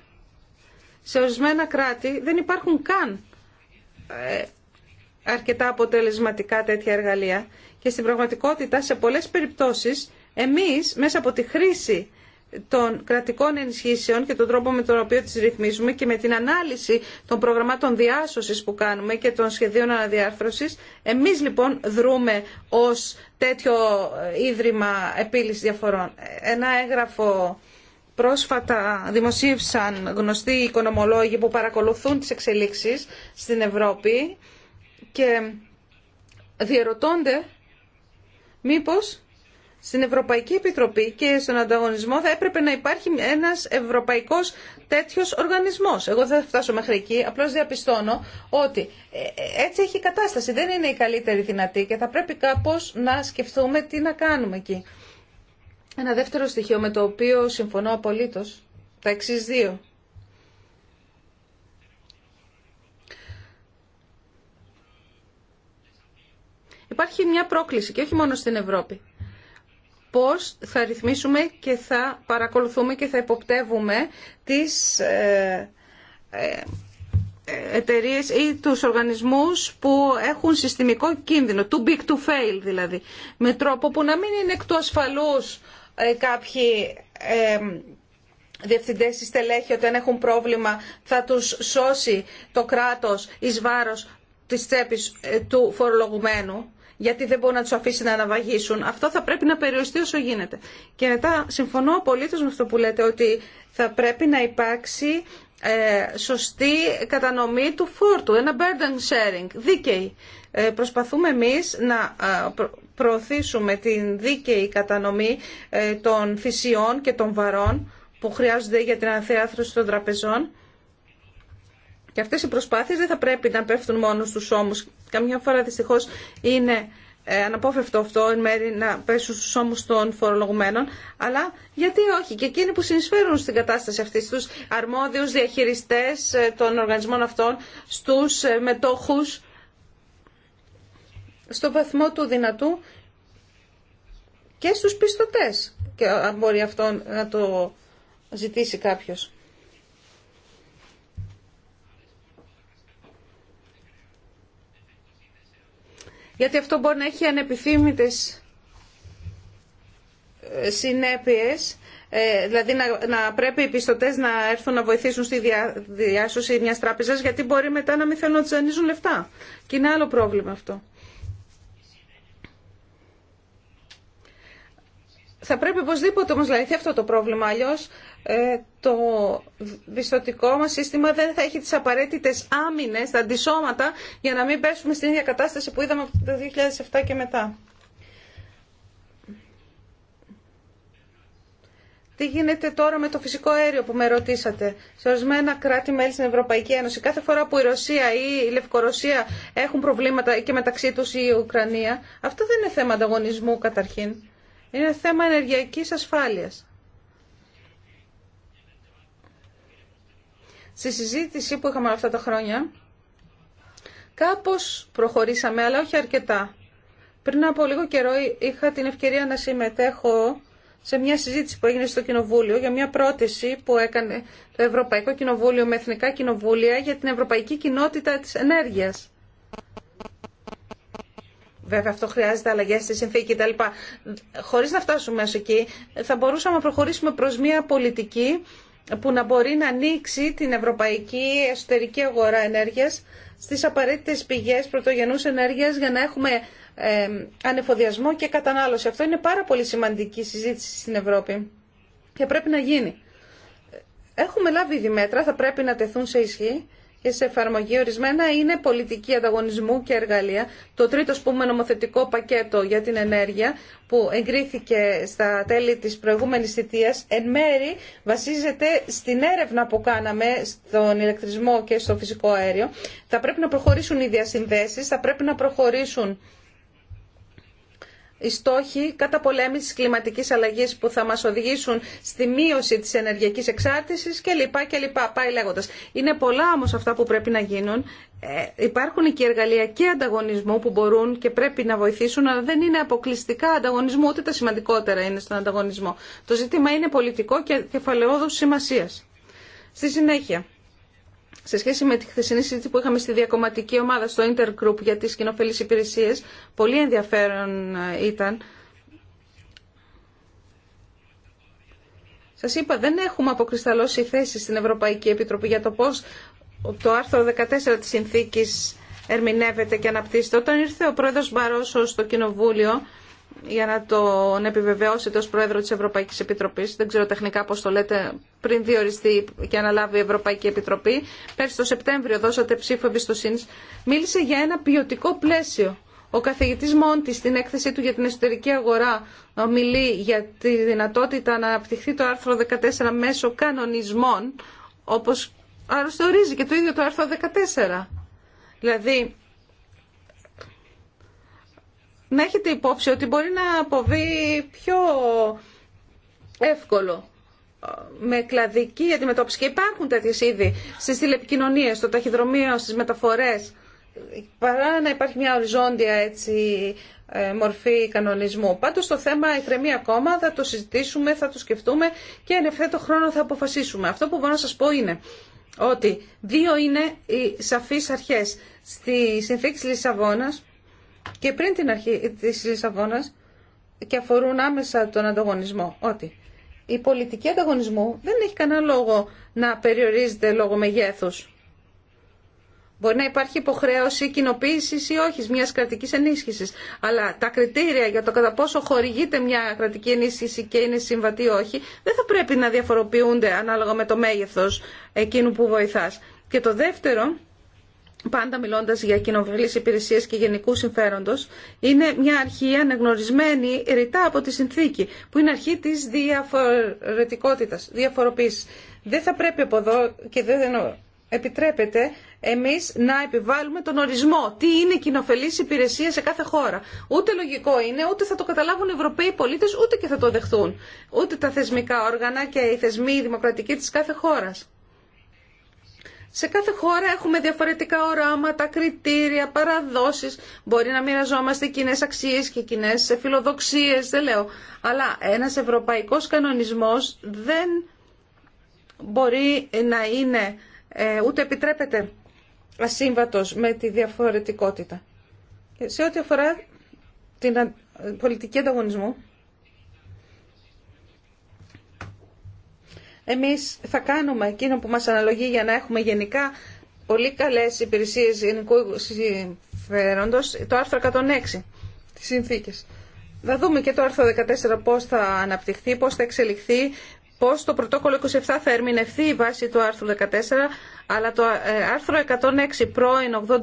Σε ορισμένα κράτη δεν υπάρχουν καν ε, αρκετά αποτελεσματικά τέτοια εργαλεία και στην πραγματικότητα σε πολλές περιπτώσεις εμείς μέσα από τη χρήση των κρατικών ενισχύσεων και τον τρόπο με τον οποίο τις ρυθμίζουμε και με την ανάλυση των προγραμμάτων διάσωσης που κάνουμε και των σχεδίων αναδιάρθρωσης, εμείς λοιπόν δρούμε ως τέτοιο ε, ίδρυμα επίλυσης διαφορών. Ένα έγγραφο πρόσφατα δημοσίευσαν γνωστοί οικονομολόγοι που παρακολουθούν τις εξελίξεις στην Ευρώπη και διερωτώνται μήπως στην Ευρωπαϊκή Επιτροπή και στον ανταγωνισμό θα έπρεπε να υπάρχει ένας ευρωπαϊκός τέτοιος οργανισμός. Εγώ δεν θα φτάσω μέχρι εκεί, απλώς διαπιστώνω ότι ε, ε, έτσι έχει η κατάσταση, δεν είναι η καλύτερη δυνατή και θα πρέπει κάπως να σκεφτούμε τι να κάνουμε εκεί. Ένα δεύτερο στοιχείο με το οποίο συμφωνώ απολύτως, τα εξή δύο. Υπάρχει μια πρόκληση και όχι μόνο στην Ευρώπη πώς θα ρυθμίσουμε και θα παρακολουθούμε και θα υποπτεύουμε τις ε, ε, εταιρείε ή τους οργανισμούς που έχουν συστημικό κίνδυνο, too big to fail δηλαδή, με τρόπο που να μην είναι εκ του ασφαλούς ε, κάποιοι διευθυντές ή στελέχοι όταν έχουν πρόβλημα θα τους σώσει το κράτος εις βάρος της τσέπης του φορολογουμένου γιατί δεν μπορούν να τους αφήσει να αναβαγίσουν. Αυτό θα πρέπει να περιοριστεί όσο γίνεται. Και μετά συμφωνώ απολύτω με αυτό που λέτε ότι θα πρέπει να υπάρξει ε, σωστή κατανομή του φόρτου, ένα burden sharing, δίκαιη. Ε, προσπαθούμε εμείς να ε, προωθήσουμε την δίκαιη κατανομή ε, των θυσιών και των βαρών που χρειάζονται για την αναθεάθρωση των τραπεζών και αυτές οι προσπάθειες δεν θα πρέπει να πέφτουν μόνο στους ώμους. Καμιά φορά δυστυχώς είναι ε, αναπόφευκτο αυτό εν μέρη να πέσουν στους ώμους των φορολογουμένων, αλλά γιατί όχι και εκείνοι που συνεισφέρουν στην κατάσταση αυτή, στους αρμόδιους διαχειριστές ε, των οργανισμών αυτών, στους ε, μετόχους, στο βαθμό του δυνατού και στους πιστωτές και αν μπορεί αυτό να το ζητήσει κάποιος. γιατί αυτό μπορεί να έχει ανεπιθύμητες ε, συνέπειες, ε, δηλαδή να, πρέπει οι πιστωτές να έρθουν να βοηθήσουν στη διάσωση μιας τράπεζας, γιατί μπορεί μετά να μην θέλουν να τους λεφτά. Και είναι άλλο πρόβλημα αυτό. Θα πρέπει οπωσδήποτε όμως λυθεί αυτό το πρόβλημα, αλλιώς ε, το διστοτικό μας σύστημα δεν θα έχει τις απαραίτητες άμυνες, τα αντισώματα, για να μην πέσουμε στην ίδια κατάσταση που είδαμε από το 2007 και μετά. Τι γίνεται τώρα με το φυσικό αέριο που με ρωτήσατε. Σε ορισμένα κράτη-μέλη στην Ευρωπαϊκή Ένωση, κάθε φορά που η Ρωσία ή η Λευκορωσία έχουν προβλήματα και μεταξύ τους ή η Ουκρανία, αυτό δεν είναι θέμα ανταγωνισμού καταρχήν. Είναι θέμα ενεργειακής ασφάλειας. Στη συζήτηση που είχαμε αυτά τα χρόνια, κάπως προχωρήσαμε, αλλά όχι αρκετά. Πριν από λίγο καιρό είχα την ευκαιρία να συμμετέχω σε μια συζήτηση που έγινε στο Κοινοβούλιο για μια πρόταση που έκανε το Ευρωπαϊκό Κοινοβούλιο με Εθνικά Κοινοβούλια για την Ευρωπαϊκή Κοινότητα της Ενέργειας. Βέβαια αυτό χρειάζεται αλλαγές στη συνθήκη κτλ. Χωρίς να φτάσουμε έως εκεί θα μπορούσαμε να προχωρήσουμε προς μια πολιτική που να μπορεί να ανοίξει την ευρωπαϊκή εσωτερική αγορά ενέργειας στις απαραίτητες πηγές πρωτογενούς ενέργειας για να έχουμε ανεφοδιασμό και κατανάλωση. Αυτό είναι πάρα πολύ σημαντική συζήτηση στην Ευρώπη και πρέπει να γίνει. Έχουμε λάβει ήδη θα πρέπει να τεθούν σε ισχύ σε εφαρμογή ορισμένα είναι πολιτική ανταγωνισμού και εργαλεία. Το τρίτο πούμε νομοθετικό πακέτο για την ενέργεια που εγκρίθηκε στα τέλη της προηγούμενης θητείας εν μέρη βασίζεται στην έρευνα που κάναμε στον ηλεκτρισμό και στο φυσικό αέριο. Θα πρέπει να προχωρήσουν οι διασυνδέσεις, θα πρέπει να προχωρήσουν οι στόχοι κατά πολέμησης κλιματικής αλλαγής που θα μας οδηγήσουν στη μείωση της ενεργειακής εξάρτησης κλπ. λοιπά, Πάει λέγοντας. Είναι πολλά όμως αυτά που πρέπει να γίνουν. Ε, υπάρχουν και εργαλεία και ανταγωνισμού που μπορούν και πρέπει να βοηθήσουν, αλλά δεν είναι αποκλειστικά ανταγωνισμού, ούτε τα σημαντικότερα είναι στον ανταγωνισμό. Το ζήτημα είναι πολιτικό και κεφαλαιόδου σημασίας. Στη συνέχεια, σε σχέση με τη χθεσινή συζήτηση που είχαμε στη διακομματική ομάδα στο Intergroup για τις κοινοφελείς υπηρεσίες, πολύ ενδιαφέρον ε, ήταν. Σας είπα, δεν έχουμε αποκρισταλώσει θέση στην Ευρωπαϊκή Επιτροπή για το πώς το άρθρο 14 της συνθήκης ερμηνεύεται και αναπτύσσεται. Όταν ήρθε ο πρόεδρος Μπαρόσο στο Κοινοβούλιο, για να τον επιβεβαιώσετε ως Πρόεδρο της Ευρωπαϊκής Επιτροπής, δεν ξέρω τεχνικά πώς το λέτε, πριν διοριστεί και αναλάβει η Ευρωπαϊκή Επιτροπή, πέρσι το Σεπτέμβριο δώσατε ψήφο εμπιστοσύνη. μίλησε για ένα ποιοτικό πλαίσιο. Ο καθηγητής Μόντι στην έκθεσή του για την εσωτερική αγορά μιλεί για τη δυνατότητα να αναπτυχθεί το άρθρο 14 μέσω κανονισμών, όπως άλλωστε και το ίδιο το άρθρο 14. Δηλαδή, να έχετε υπόψη ότι μπορεί να αποβεί πιο εύκολο ε, με κλαδική αντιμετώπιση. Και υπάρχουν τέτοιε ήδη στι τηλεπικοινωνίε, στο ταχυδρομείο, στι μεταφορέ. Παρά να υπάρχει μια οριζόντια έτσι, ε, μορφή κανονισμού. Πάντω το θέμα εκκρεμεί ακόμα, θα το συζητήσουμε, θα το σκεφτούμε και εν ευθέτω χρόνο θα αποφασίσουμε. Αυτό που μπορώ να σα πω είναι ότι δύο είναι οι σαφείς αρχέ Στη συνθήκη της Λισαβόνας και πριν την αρχή της Λισαβόνας και αφορούν άμεσα τον ανταγωνισμό. Ότι η πολιτική ανταγωνισμού δεν έχει κανένα λόγο να περιορίζεται λόγω μεγέθους. Μπορεί να υπάρχει υποχρέωση κοινοποίηση ή όχι μια κρατική ενίσχυση. Αλλά τα κριτήρια για το κατά πόσο χορηγείται μια κρατική ενίσχυση και είναι συμβατή ή όχι, δεν θα πρέπει να διαφοροποιούνται ανάλογα με το μέγεθο εκείνου που βοηθά. Και το δεύτερο, πάντα μιλώντα για κοινοβουλίες υπηρεσίε και γενικού συμφέροντος, είναι μια αρχή αναγνωρισμένη ρητά από τη συνθήκη, που είναι αρχή τη διαφορετικότητα. Διαφοροποίηση. Δεν θα πρέπει από εδώ και δεν επιτρέπεται εμείς να επιβάλλουμε τον ορισμό. Τι είναι κοινοφελή υπηρεσία σε κάθε χώρα. Ούτε λογικό είναι, ούτε θα το καταλάβουν οι Ευρωπαίοι πολίτες, ούτε και θα το δεχθούν. Ούτε τα θεσμικά όργανα και οι θεσμοί δημοκρατικοί της κάθε χώρας. Σε κάθε χώρα έχουμε διαφορετικά οράματα, κριτήρια, παραδόσεις. Μπορεί να μοιραζόμαστε κοινέ αξίες και κοινέ φιλοδοξίες, δεν λέω. Αλλά ένας ευρωπαϊκός κανονισμός δεν μπορεί να είναι, ε, ούτε επιτρέπεται ασύμβατος με τη διαφορετικότητα. Σε ό,τι αφορά την πολιτική ανταγωνισμού, Εμείς θα κάνουμε εκείνο που μας αναλογεί για να έχουμε γενικά πολύ καλές υπηρεσίες γενικού συμφέροντος, το άρθρο 106, τις συνθήκες. Θα δούμε και το άρθρο 14 πώς θα αναπτυχθεί, πώς θα εξελιχθεί, πώς το πρωτόκολλο 27 θα ερμηνευθεί η βάση του άρθρου 14, αλλά το ε, άρθρο 106 πρώην 86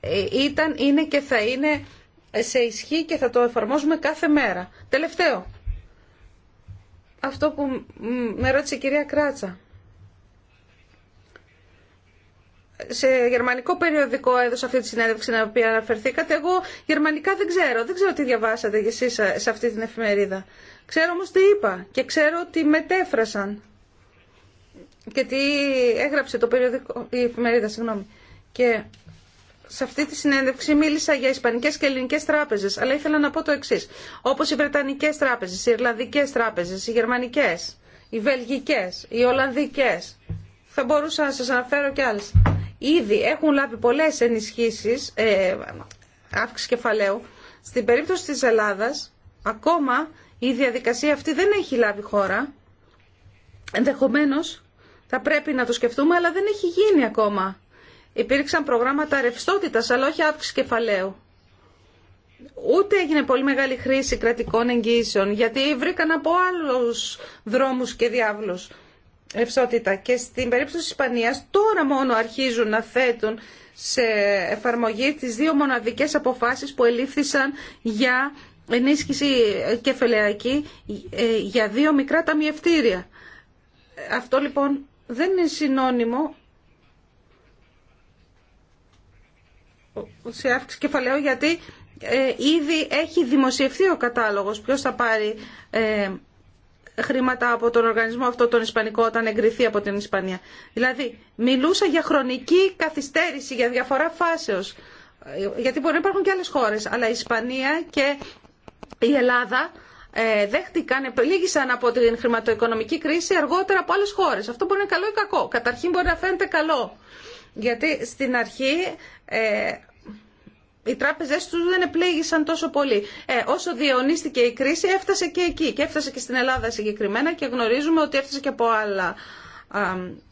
ε, ήταν, είναι και θα είναι σε ισχύ και θα το εφαρμόζουμε κάθε μέρα. Τελευταίο, αυτό που με ρώτησε η κυρία Κράτσα. σε γερμανικό περιοδικό έδωσα αυτή τη συνέντευξη στην οποία αναφερθήκατε. Εγώ γερμανικά δεν ξέρω. Δεν ξέρω τι διαβάσατε εσεί εσείς σε αυτή την εφημερίδα. Ξέρω όμως τι είπα και ξέρω τι μετέφρασαν και τι έγραψε το περιοδικό, η εφημερίδα, συγγνώμη. Και σε αυτή τη συνέντευξη μίλησα για ισπανικέ και ελληνικέ τράπεζε, αλλά ήθελα να πω το εξή. Όπω οι βρετανικέ τράπεζε, οι ιρλανδικέ τράπεζε, οι γερμανικέ, οι βελγικέ, οι ολλανδικέ, θα μπορούσα να σα αναφέρω κι άλλε. Ήδη έχουν λάβει πολλέ ενισχύσει, ε, αύξηση κεφαλαίου. Στην περίπτωση τη Ελλάδα, ακόμα η διαδικασία αυτή δεν έχει λάβει χώρα. Ενδεχομένω θα πρέπει να το σκεφτούμε, αλλά δεν έχει γίνει ακόμα Υπήρξαν προγράμματα ρευστότητα, αλλά όχι αύξηση κεφαλαίου. Ούτε έγινε πολύ μεγάλη χρήση κρατικών εγγύσεων, γιατί βρήκαν από άλλους δρόμους και διάβλου ρευστότητα. Και στην περίπτωση τη Ισπανίας τώρα μόνο αρχίζουν να θέτουν σε εφαρμογή τις δύο μοναδικές αποφάσεις που ελήφθησαν για ενίσχυση κεφαλαϊκή ε, για δύο μικρά ταμιευτήρια. Αυτό λοιπόν δεν είναι συνώνυμο σε αύξηση κεφαλαίου γιατί ε, ήδη έχει δημοσιευθεί ο κατάλογος ποιος θα πάρει ε, χρήματα από τον οργανισμό αυτό τον Ισπανικό όταν εγκριθεί από την Ισπανία. Δηλαδή μιλούσα για χρονική καθυστέρηση, για διαφορά φάσεως. Ε, γιατί μπορεί να υπάρχουν και άλλες χώρες, αλλά η Ισπανία και η Ελλάδα δέχτηκαν, επελήγησαν από την χρηματοοικονομική κρίση αργότερα από άλλες χώρες. Αυτό μπορεί να είναι καλό ή κακό. Καταρχήν μπορεί να φαίνεται καλό. Γιατί στην αρχή οι τράπεζές τους δεν επλήγησαν τόσο πολύ. Ε, όσο διαιωνίστηκε η κρίση έφτασε και εκεί και έφτασε και στην Ελλάδα συγκεκριμένα και γνωρίζουμε ότι έφτασε και από άλλα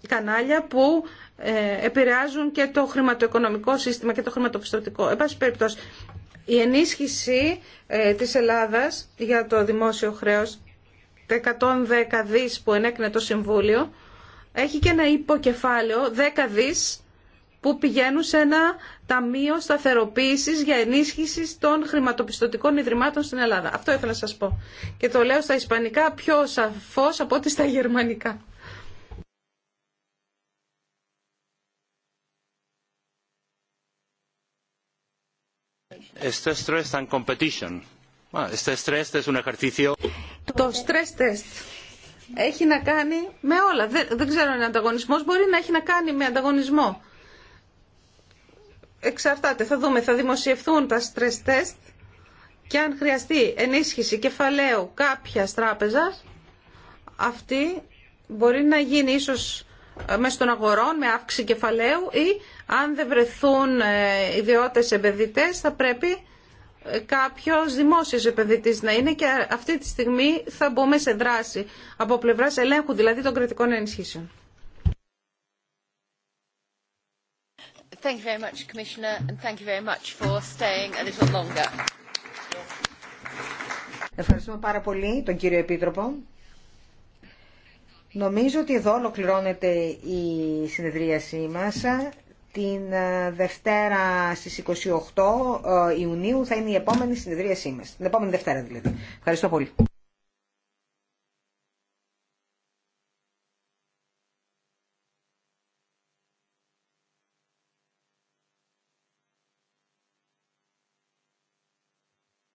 κανάλια που ε, επηρεάζουν και το χρηματοοικονομικό σύστημα και το χρηματοπιστωτικό. Εν πάση περιπτώσει, η ενίσχυση ε, της Ελλάδας για το δημόσιο χρέος, τα 110 δις που ενέκνε το Συμβούλιο, έχει και ένα υποκεφάλαιο 10 δις που πηγαίνουν σε ένα ταμείο σταθεροποίηση για ενίσχυση των χρηματοπιστωτικών ιδρυμάτων στην Ελλάδα. Αυτό ήθελα να σας πω. Και το λέω στα ισπανικά πιο σαφώς από ό,τι στα γερμανικά. Stress and competition. un ejercicio. Το stress test έχει να κάνει με όλα. Δεν, ξέρω αν είναι ανταγωνισμός μπορεί να έχει να κάνει με ανταγωνισμό εξαρτάται, θα δούμε, θα δημοσιευθούν τα stress test και αν χρειαστεί ενίσχυση κεφαλαίου κάποια τράπεζας, αυτή μπορεί να γίνει ίσως ε, μέσω των αγορών με αύξηση κεφαλαίου ή αν δεν βρεθούν ε, ιδιώτες επενδυτές θα πρέπει ε, κάποιος δημόσιος επενδυτής να είναι και αυτή τη στιγμή θα μπούμε σε δράση από πλευράς ελέγχου δηλαδή των κρατικών ενισχύσεων. Ευχαριστούμε πάρα πολύ τον κύριο Επίτροπο. Νομίζω ότι εδώ ολοκληρώνεται η συνεδρίασή μας. Την ε, Δευτέρα στις 28 ε, Ιουνίου θα είναι η επόμενη συνεδρίασή μας. Την επόμενη Δευτέρα δηλαδή. Ευχαριστώ πολύ.